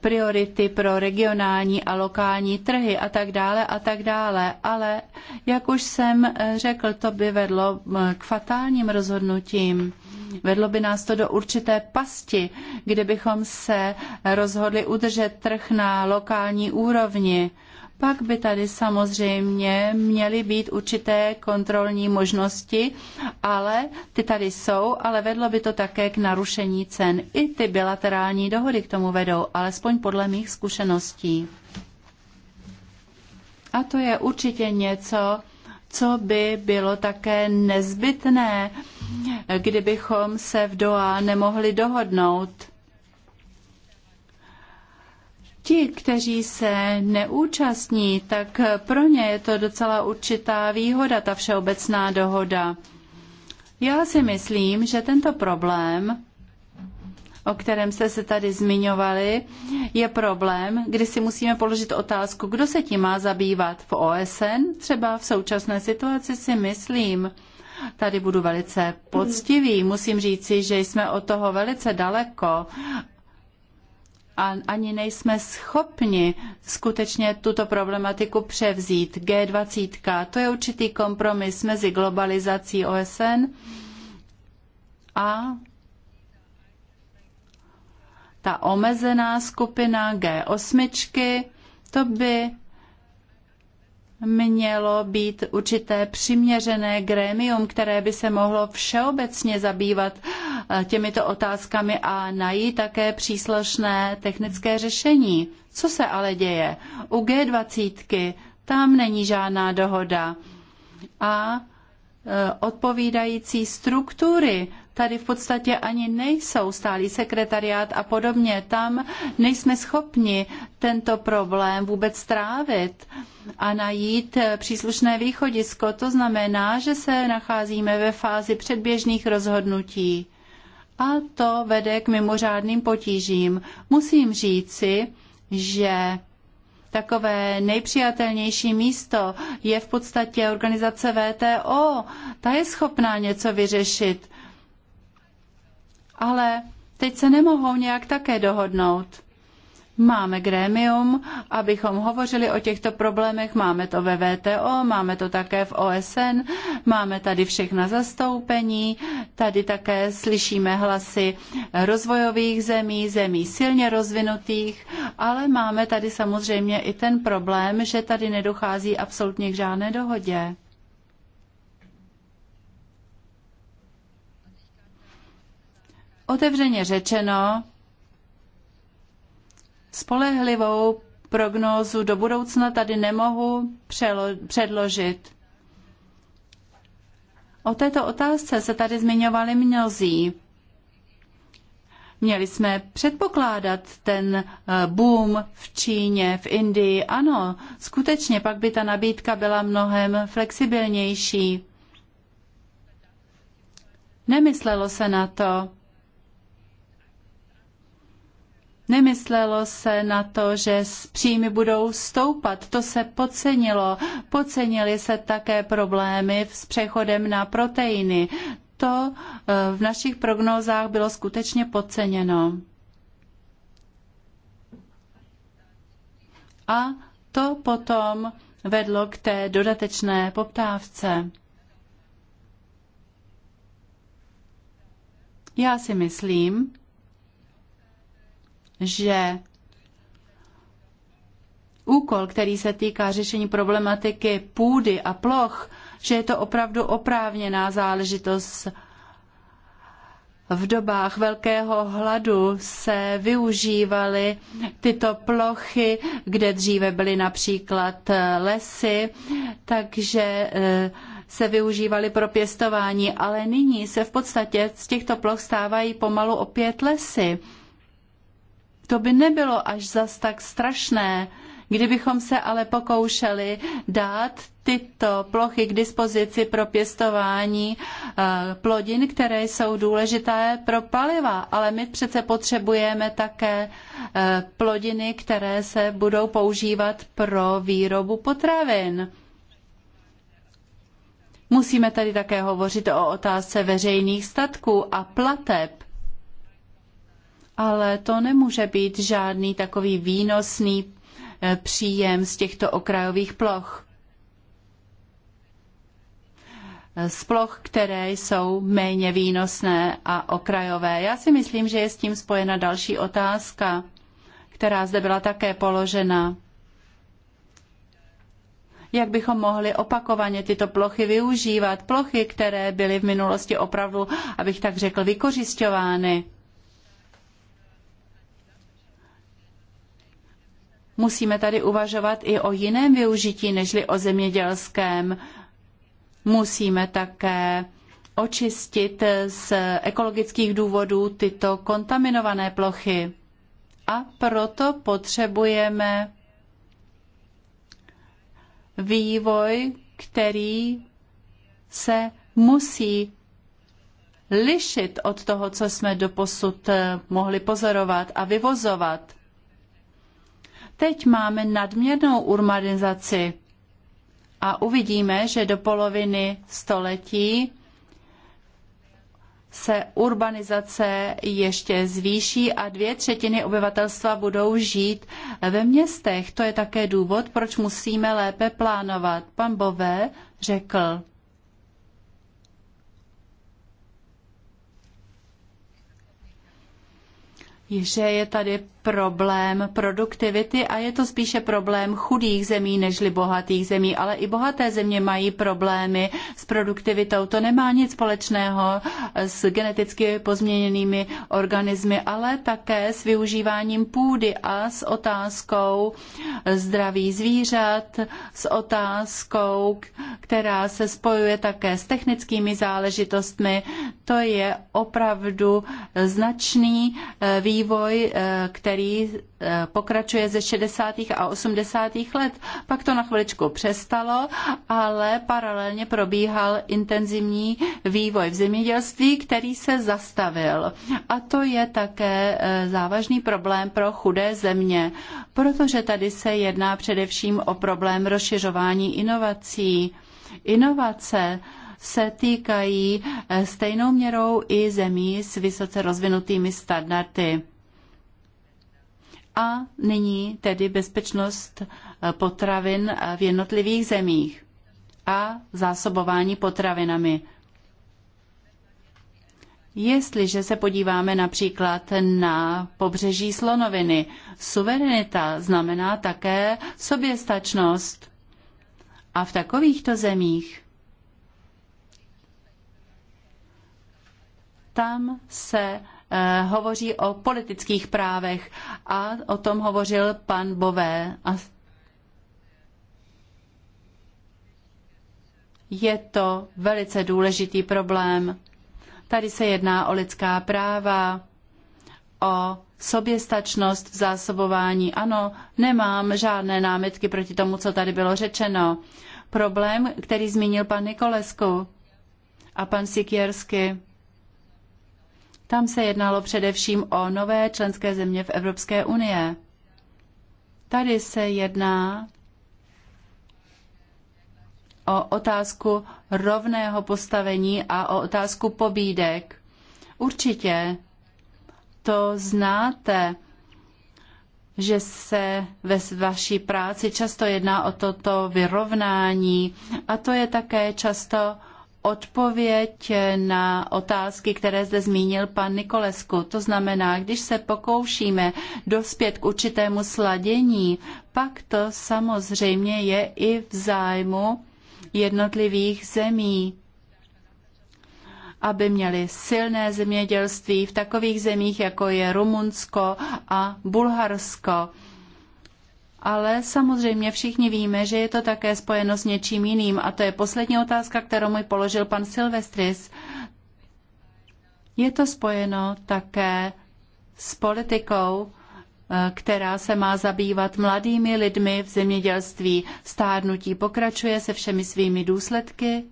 priority pro regionální a lokální trhy a tak dále a tak dále. Ale jak už jsem řekl, to by vedlo k fatálním rozhodnutím. Vedlo by nás to do určité pasti, kdybychom se rozhodli udržet trh na lokální úrovni. Pak by tady samozřejmě měly být určité kontrolní možnosti, ale ty tady jsou, ale vedlo by to také k narušení cen. I ty bilaterální dohody k tomu vedou, alespoň podle mých zkušeností. A to je určitě něco, co by bylo také nezbytné kdybychom se v Doha nemohli dohodnout. Ti, kteří se neúčastní, tak pro ně je to docela určitá výhoda, ta všeobecná dohoda. Já si myslím, že tento problém o kterém jste se tady zmiňovali, je problém, kdy si musíme položit otázku, kdo se tím má zabývat v OSN. Třeba v současné situaci si myslím, Tady budu velice poctivý. Musím říci, že jsme od toho velice daleko a ani nejsme schopni skutečně tuto problematiku převzít. G20, to je určitý kompromis mezi globalizací OSN a ta omezená skupina G8, to by mělo být určité přiměřené grémium, které by se mohlo všeobecně zabývat eh, těmito otázkami a najít také příslušné technické řešení. Co se ale děje? U G20 tam není žádná dohoda. A eh, odpovídající struktury tady v podstatě ani nejsou stálý sekretariát a podobně. Tam nejsme schopni tento problém vůbec trávit a najít příslušné východisko. To znamená, že se nacházíme ve fázi předběžných rozhodnutí. A to vede k mimořádným potížím. Musím říci, že takové nejpřijatelnější místo je v podstatě organizace VTO. Ta je schopná něco vyřešit ale teď se nemohou nějak také dohodnout. Máme grémium, abychom hovořili o těchto problémech, máme to ve VTO, máme to také v OSN, máme tady všechna zastoupení, tady také slyšíme hlasy rozvojových zemí, zemí silně rozvinutých, ale máme tady samozřejmě i ten problém, že tady nedochází absolutně k žádné dohodě. Otevřeně řečeno, spolehlivou prognózu do budoucna tady nemohu předložit. O této otázce se tady zmiňovali mnozí. Měli jsme předpokládat ten eh, boom v Číně, v Indii. Ano, skutečně pak by ta nabídka byla mnohem flexibilnější. Nemyslelo se na to. Nemyslelo se na to, že příjmy budou stoupat. To se podcenilo. Podcenily se také problémy s přechodem na proteiny. To eh, v našich prognózách bylo skutečně podceněno. A to potom vedlo k té dodatečné poptávce. Já si myslím, že úkol, který se týká řešení problematiky půdy a ploch, že je to opravdu oprávněná záležitost. V dobách velkého hladu se využívaly tyto plochy, kde dříve byly například eh, lesy, takže eh, se využívaly pro pěstování, ale nyní se v podstatě z těchto ploch stávají pomalu opět lesy. To by nebylo až zas tak strašné, Kdybychom se ale pokoušeli dát tyto plochy k dispozici pro pěstování eh, plodin, které jsou důležité pro paliva, ale my přece potřebujeme také eh, plodiny, které se budou používat pro výrobu potravin. Musíme tady také hovořit o otázce veřejných statků a plateb ale to nemůže být žádný takový výnosný eh, příjem z těchto okrajových ploch. Eh, z ploch, které jsou méně výnosné a okrajové. Já si myslím, že je s tím spojena další otázka, která zde byla také položena. Jak bychom mohli opakovaně tyto plochy využívat? Plochy, které byly v minulosti opravdu, abych tak řekl, vykořišťovány. Musíme tady uvažovat i o jiném využití nežli o zemědělském. Musíme také očistit z ekologických důvodů tyto kontaminované plochy. A proto potřebujeme vývoj, který se musí lišit od toho, co jsme doposud mohli pozorovat a vyvozovat. Teď máme nadměrnou urbanizaci a uvidíme, že do poloviny století se urbanizace ještě zvýší a dvě třetiny obyvatelstva budou žít ve městech. To je také důvod, proč musíme lépe plánovat. Pan Bové řekl. že je tady problém produktivity a je to spíše problém chudých zemí nežli bohatých zemí, ale i bohaté země mají problémy s produktivitou. To nemá nic společného s geneticky pozměněnými organismy, ale také s využíváním půdy a s otázkou zdraví zvířat, s otázkou, která se spojuje také s technickými záležitostmi. To je opravdu značný eh, vývoj, eh, který který eh, pokračuje ze 60. a 80. let. Pak to na chviličku přestalo, ale paralelně probíhal intenzivní vývoj v zemědělství, který se zastavil. A to je také eh, závažný problém pro chudé země, protože tady se jedná především o problém rozšiřování inovací. Inovace se týkají eh, stejnou měrou i zemí s vysoce rozvinutými standardy a nyní tedy bezpečnost eh, potravin eh, v jednotlivých zemích a zásobování potravinami. Jestliže se podíváme například na pobřeží slonoviny, suverenita znamená také soběstačnost. A v takovýchto zemích tam se Eh, hovoří o politických právech a o tom hovořil pan Bové. A je to velice důležitý problém. Tady se jedná o lidská práva, o soběstačnost v zásobování. Ano, nemám žádné námitky proti tomu, co tady bylo řečeno. Problém, který zmínil pan Nikolesku a pan Sikiersky, tam se jednalo především o nové členské země v Evropské unie. Tady se jedná o otázku rovného postavení a o otázku pobídek. Určitě to znáte, že se ve vaší práci často jedná o toto vyrovnání a to je také často odpověď na otázky, které zde zmínil pan Nikolesku. To znamená, když se pokoušíme dospět k určitému sladění, pak to samozřejmě je i v zájmu jednotlivých zemí aby měli silné zemědělství v takových zemích, jako je Rumunsko a Bulharsko ale samozřejmě všichni víme, že je to také spojeno s něčím jiným. A to je poslední otázka, kterou mi položil pan Silvestris. Je to spojeno také s politikou, eh, která se má zabývat mladými lidmi v zemědělství. Stárnutí pokračuje se všemi svými důsledky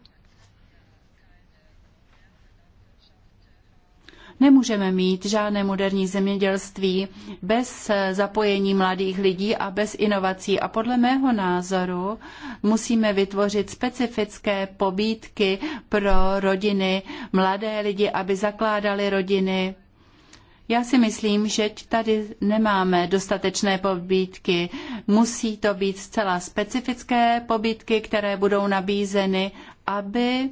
Nemůžeme mít žádné moderní zemědělství bez zapojení mladých lidí a bez inovací. A podle mého názoru musíme vytvořit specifické pobídky pro rodiny, mladé lidi, aby zakládali rodiny, já si myslím, že tady nemáme dostatečné pobídky. Musí to být zcela specifické pobídky, které budou nabízeny, aby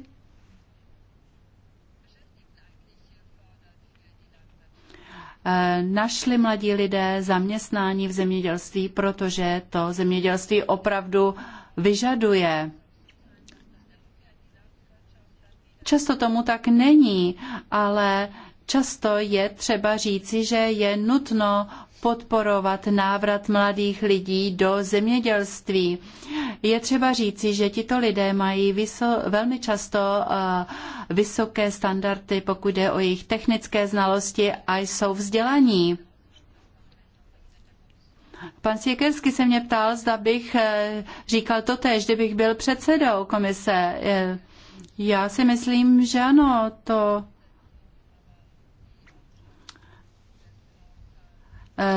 Eh, našli mladí lidé zaměstnání v zemědělství, protože to zemědělství opravdu vyžaduje. Často tomu tak není, ale často je třeba říci, že je nutno podporovat návrat mladých lidí do zemědělství. Je třeba říci, že tito lidé mají vyso, velmi často uh, vysoké standardy, pokud jde o jejich technické znalosti a jsou vzdělaní. Pan Siekersky se mě ptal, zda bych eh, říkal to tež, kdybych byl předsedou komise. Eh, já si myslím, že ano, to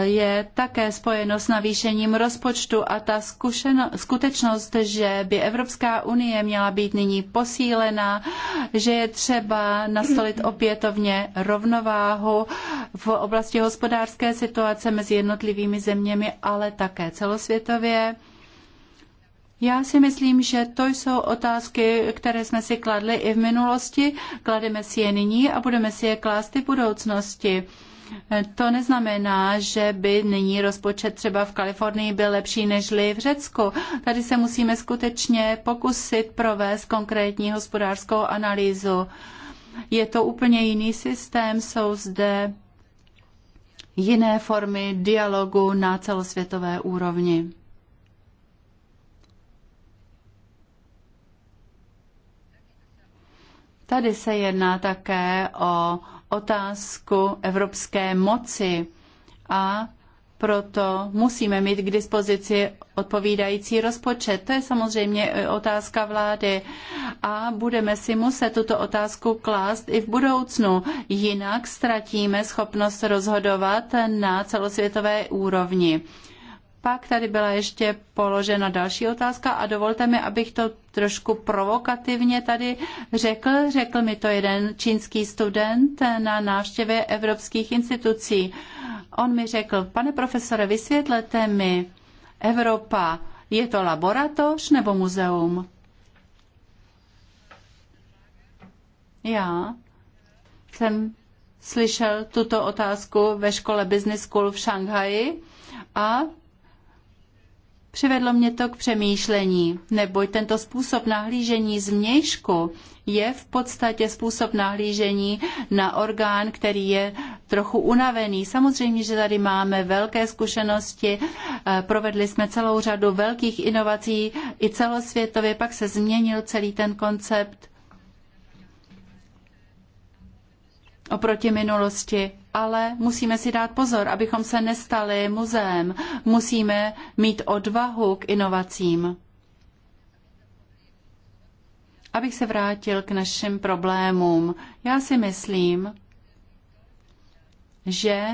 je také spojeno s navýšením rozpočtu a ta zkušeno, skutečnost, že by Evropská unie měla být nyní posílena, že je třeba nastolit opětovně rovnováhu v oblasti hospodářské situace mezi jednotlivými zeměmi, ale také celosvětově. Já si myslím, že to jsou otázky, které jsme si kladli i v minulosti, klademe si je nyní a budeme si je klást i v budoucnosti. To neznamená, že by nyní rozpočet třeba v Kalifornii byl lepší nežli v Řecku. Tady se musíme skutečně pokusit provést konkrétní hospodářskou analýzu. Je to úplně jiný systém, jsou zde jiné formy dialogu na celosvětové úrovni. Tady se jedná také o otázku evropské moci a proto musíme mít k dispozici odpovídající rozpočet. To je samozřejmě otázka vlády a budeme si muset tuto otázku klást i v budoucnu. Jinak ztratíme schopnost rozhodovat na celosvětové úrovni. Pak tady byla ještě položena další otázka a dovolte mi, abych to trošku provokativně tady řekl. Řekl mi to jeden čínský student na návštěvě evropských institucí. On mi řekl, pane profesore, vysvětlete mi, Evropa, je to laboratoř nebo muzeum? Já jsem slyšel tuto otázku ve škole Business School v Šanghaji a Přivedlo mě to k přemýšlení, neboť tento způsob nahlížení změšku je v podstatě způsob nahlížení na orgán, který je trochu unavený. Samozřejmě, že tady máme velké zkušenosti, eh, provedli jsme celou řadu velkých inovací i celosvětově, pak se změnil celý ten koncept oproti minulosti ale musíme si dát pozor, abychom se nestali muzeem. Musíme mít odvahu k inovacím. Abych se vrátil k našim problémům, já si myslím, že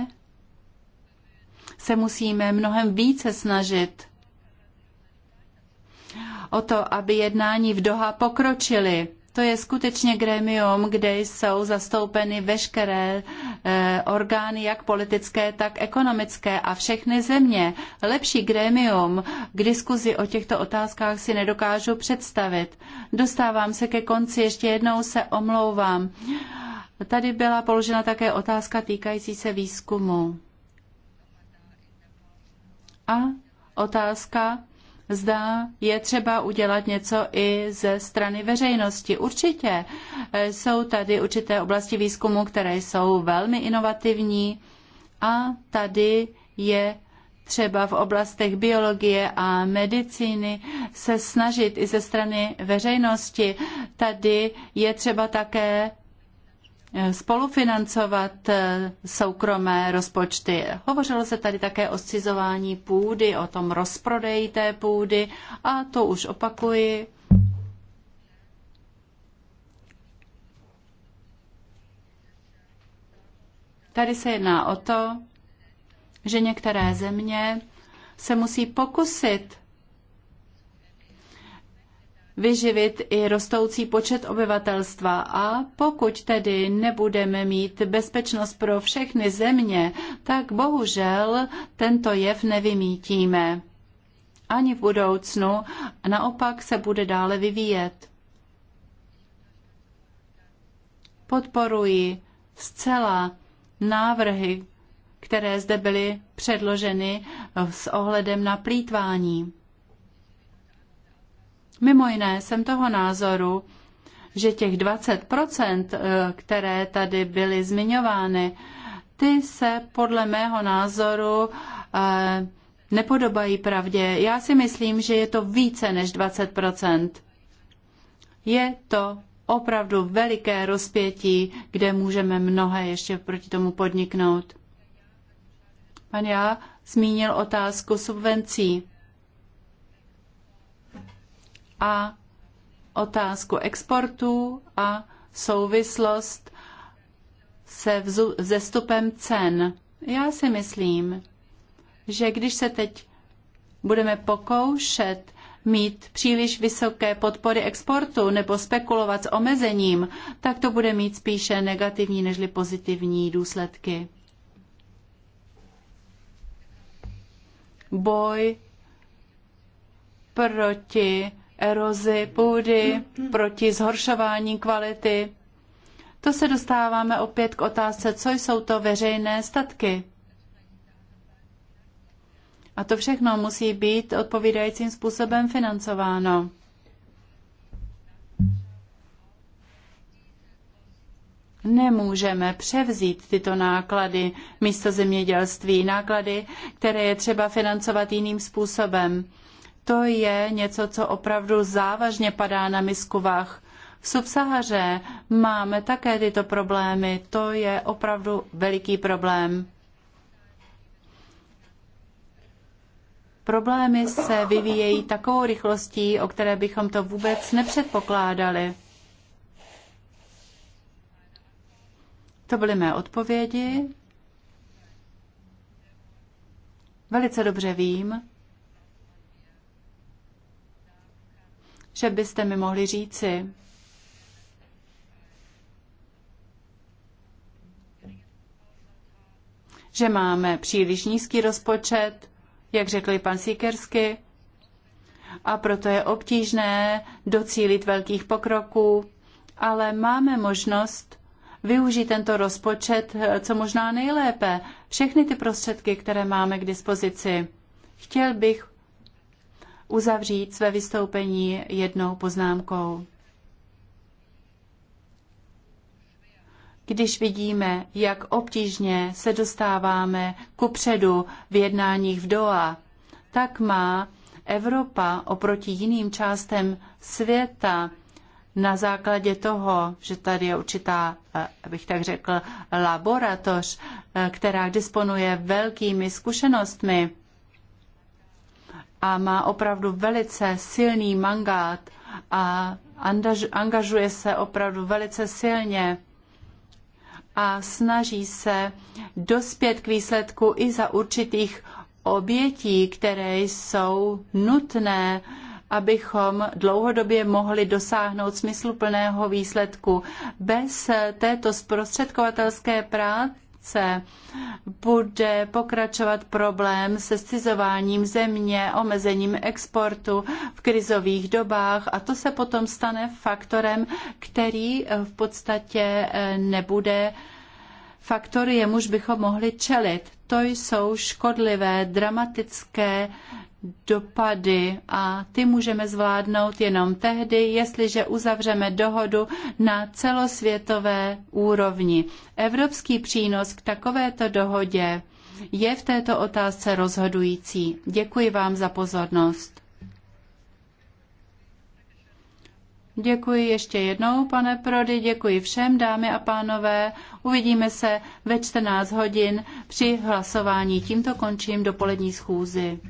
se musíme mnohem více snažit o to, aby jednání v Doha pokročily. To je skutečně gremium, kde jsou zastoupeny veškeré Eh, orgány, jak politické, tak ekonomické a všechny země, lepší grémium k diskuzi o těchto otázkách si nedokážu představit. Dostávám se ke konci, ještě jednou se omlouvám. Tady byla položena také otázka týkající se výzkumu. A otázka zda je třeba udělat něco i ze strany veřejnosti. Určitě eh, jsou tady určité oblasti výzkumu, které jsou velmi inovativní a tady je třeba v oblastech biologie a medicíny se snažit i ze strany veřejnosti. Tady je třeba také spolufinancovat eh, soukromé rozpočty. Hovořilo se tady také o scizování půdy, o tom rozprodeji té půdy a to už opakuji. Tady se jedná o to, že některé země se musí pokusit vyživit i rostoucí počet obyvatelstva. A pokud tedy nebudeme mít bezpečnost pro všechny země, tak bohužel tento jev nevymítíme. Ani v budoucnu, naopak se bude dále vyvíjet. Podporuji zcela návrhy, které zde byly předloženy s ohledem na plítvání. Mimo jiné jsem toho názoru, že těch 20%, eh, které tady byly zmiňovány, ty se podle mého názoru eh, nepodobají pravdě. Já si myslím, že je to více než 20%. Je to opravdu veliké rozpětí, kde můžeme mnohé ještě proti tomu podniknout. Pan Já zmínil otázku subvencí a otázku exportu a souvislost se vzestupem cen. Já si myslím, že když se teď budeme pokoušet mít příliš vysoké podpory exportu nebo spekulovat s omezením, tak to bude mít spíše negativní nežli pozitivní důsledky. Boj proti erozi půdy, mm-hmm. proti zhoršování kvality. To se dostáváme opět k otázce, co jsou to veřejné statky. A to všechno musí být odpovídajícím způsobem financováno. Nemůžeme převzít tyto náklady místo zemědělství, náklady, které je třeba financovat jiným způsobem. To je něco, co opravdu závažně padá na miskuvách. V subsahaře máme také tyto problémy. To je opravdu veliký problém. Problémy se vyvíjejí takovou rychlostí, o které bychom to vůbec nepředpokládali. To byly mé odpovědi. Velice dobře vím, že byste mi mohli říci. že máme příliš nízký rozpočet, jak řekli pan Sikersky, a proto je obtížné docílit velkých pokroků, ale máme možnost využít tento rozpočet eh, co možná nejlépe, všechny ty prostředky, které máme k dispozici. Chtěl bych uzavřít své vystoupení jednou poznámkou. Když vidíme, jak obtížně se dostáváme ku předu v jednáních v Doha, tak má Evropa oproti jiným částem světa na základě toho, že tady je určitá, abych eh, tak řekl, laboratoř, eh, která disponuje velkými zkušenostmi, a má opravdu velice silný mangát a angažuje se opravdu velice silně a snaží se dospět k výsledku i za určitých obětí, které jsou nutné, abychom dlouhodobě mohli dosáhnout smysluplného výsledku. Bez této zprostředkovatelské práce jurisdikce, bude pokračovat problém se scizováním země, omezením exportu v krizových dobách a to se potom stane faktorem, který eh, v podstatě eh, nebude faktory, jemuž bychom mohli čelit. To jsou škodlivé, dramatické dopady a ty můžeme zvládnout jenom tehdy, jestliže uzavřeme dohodu na celosvětové úrovni. Evropský přínos k takovéto dohodě je v této otázce rozhodující. Děkuji vám za pozornost. Děkuji ještě jednou, pane Prody, děkuji všem, dámy a pánové. Uvidíme se ve 14 hodin při hlasování. Tímto končím dopolední schůzi.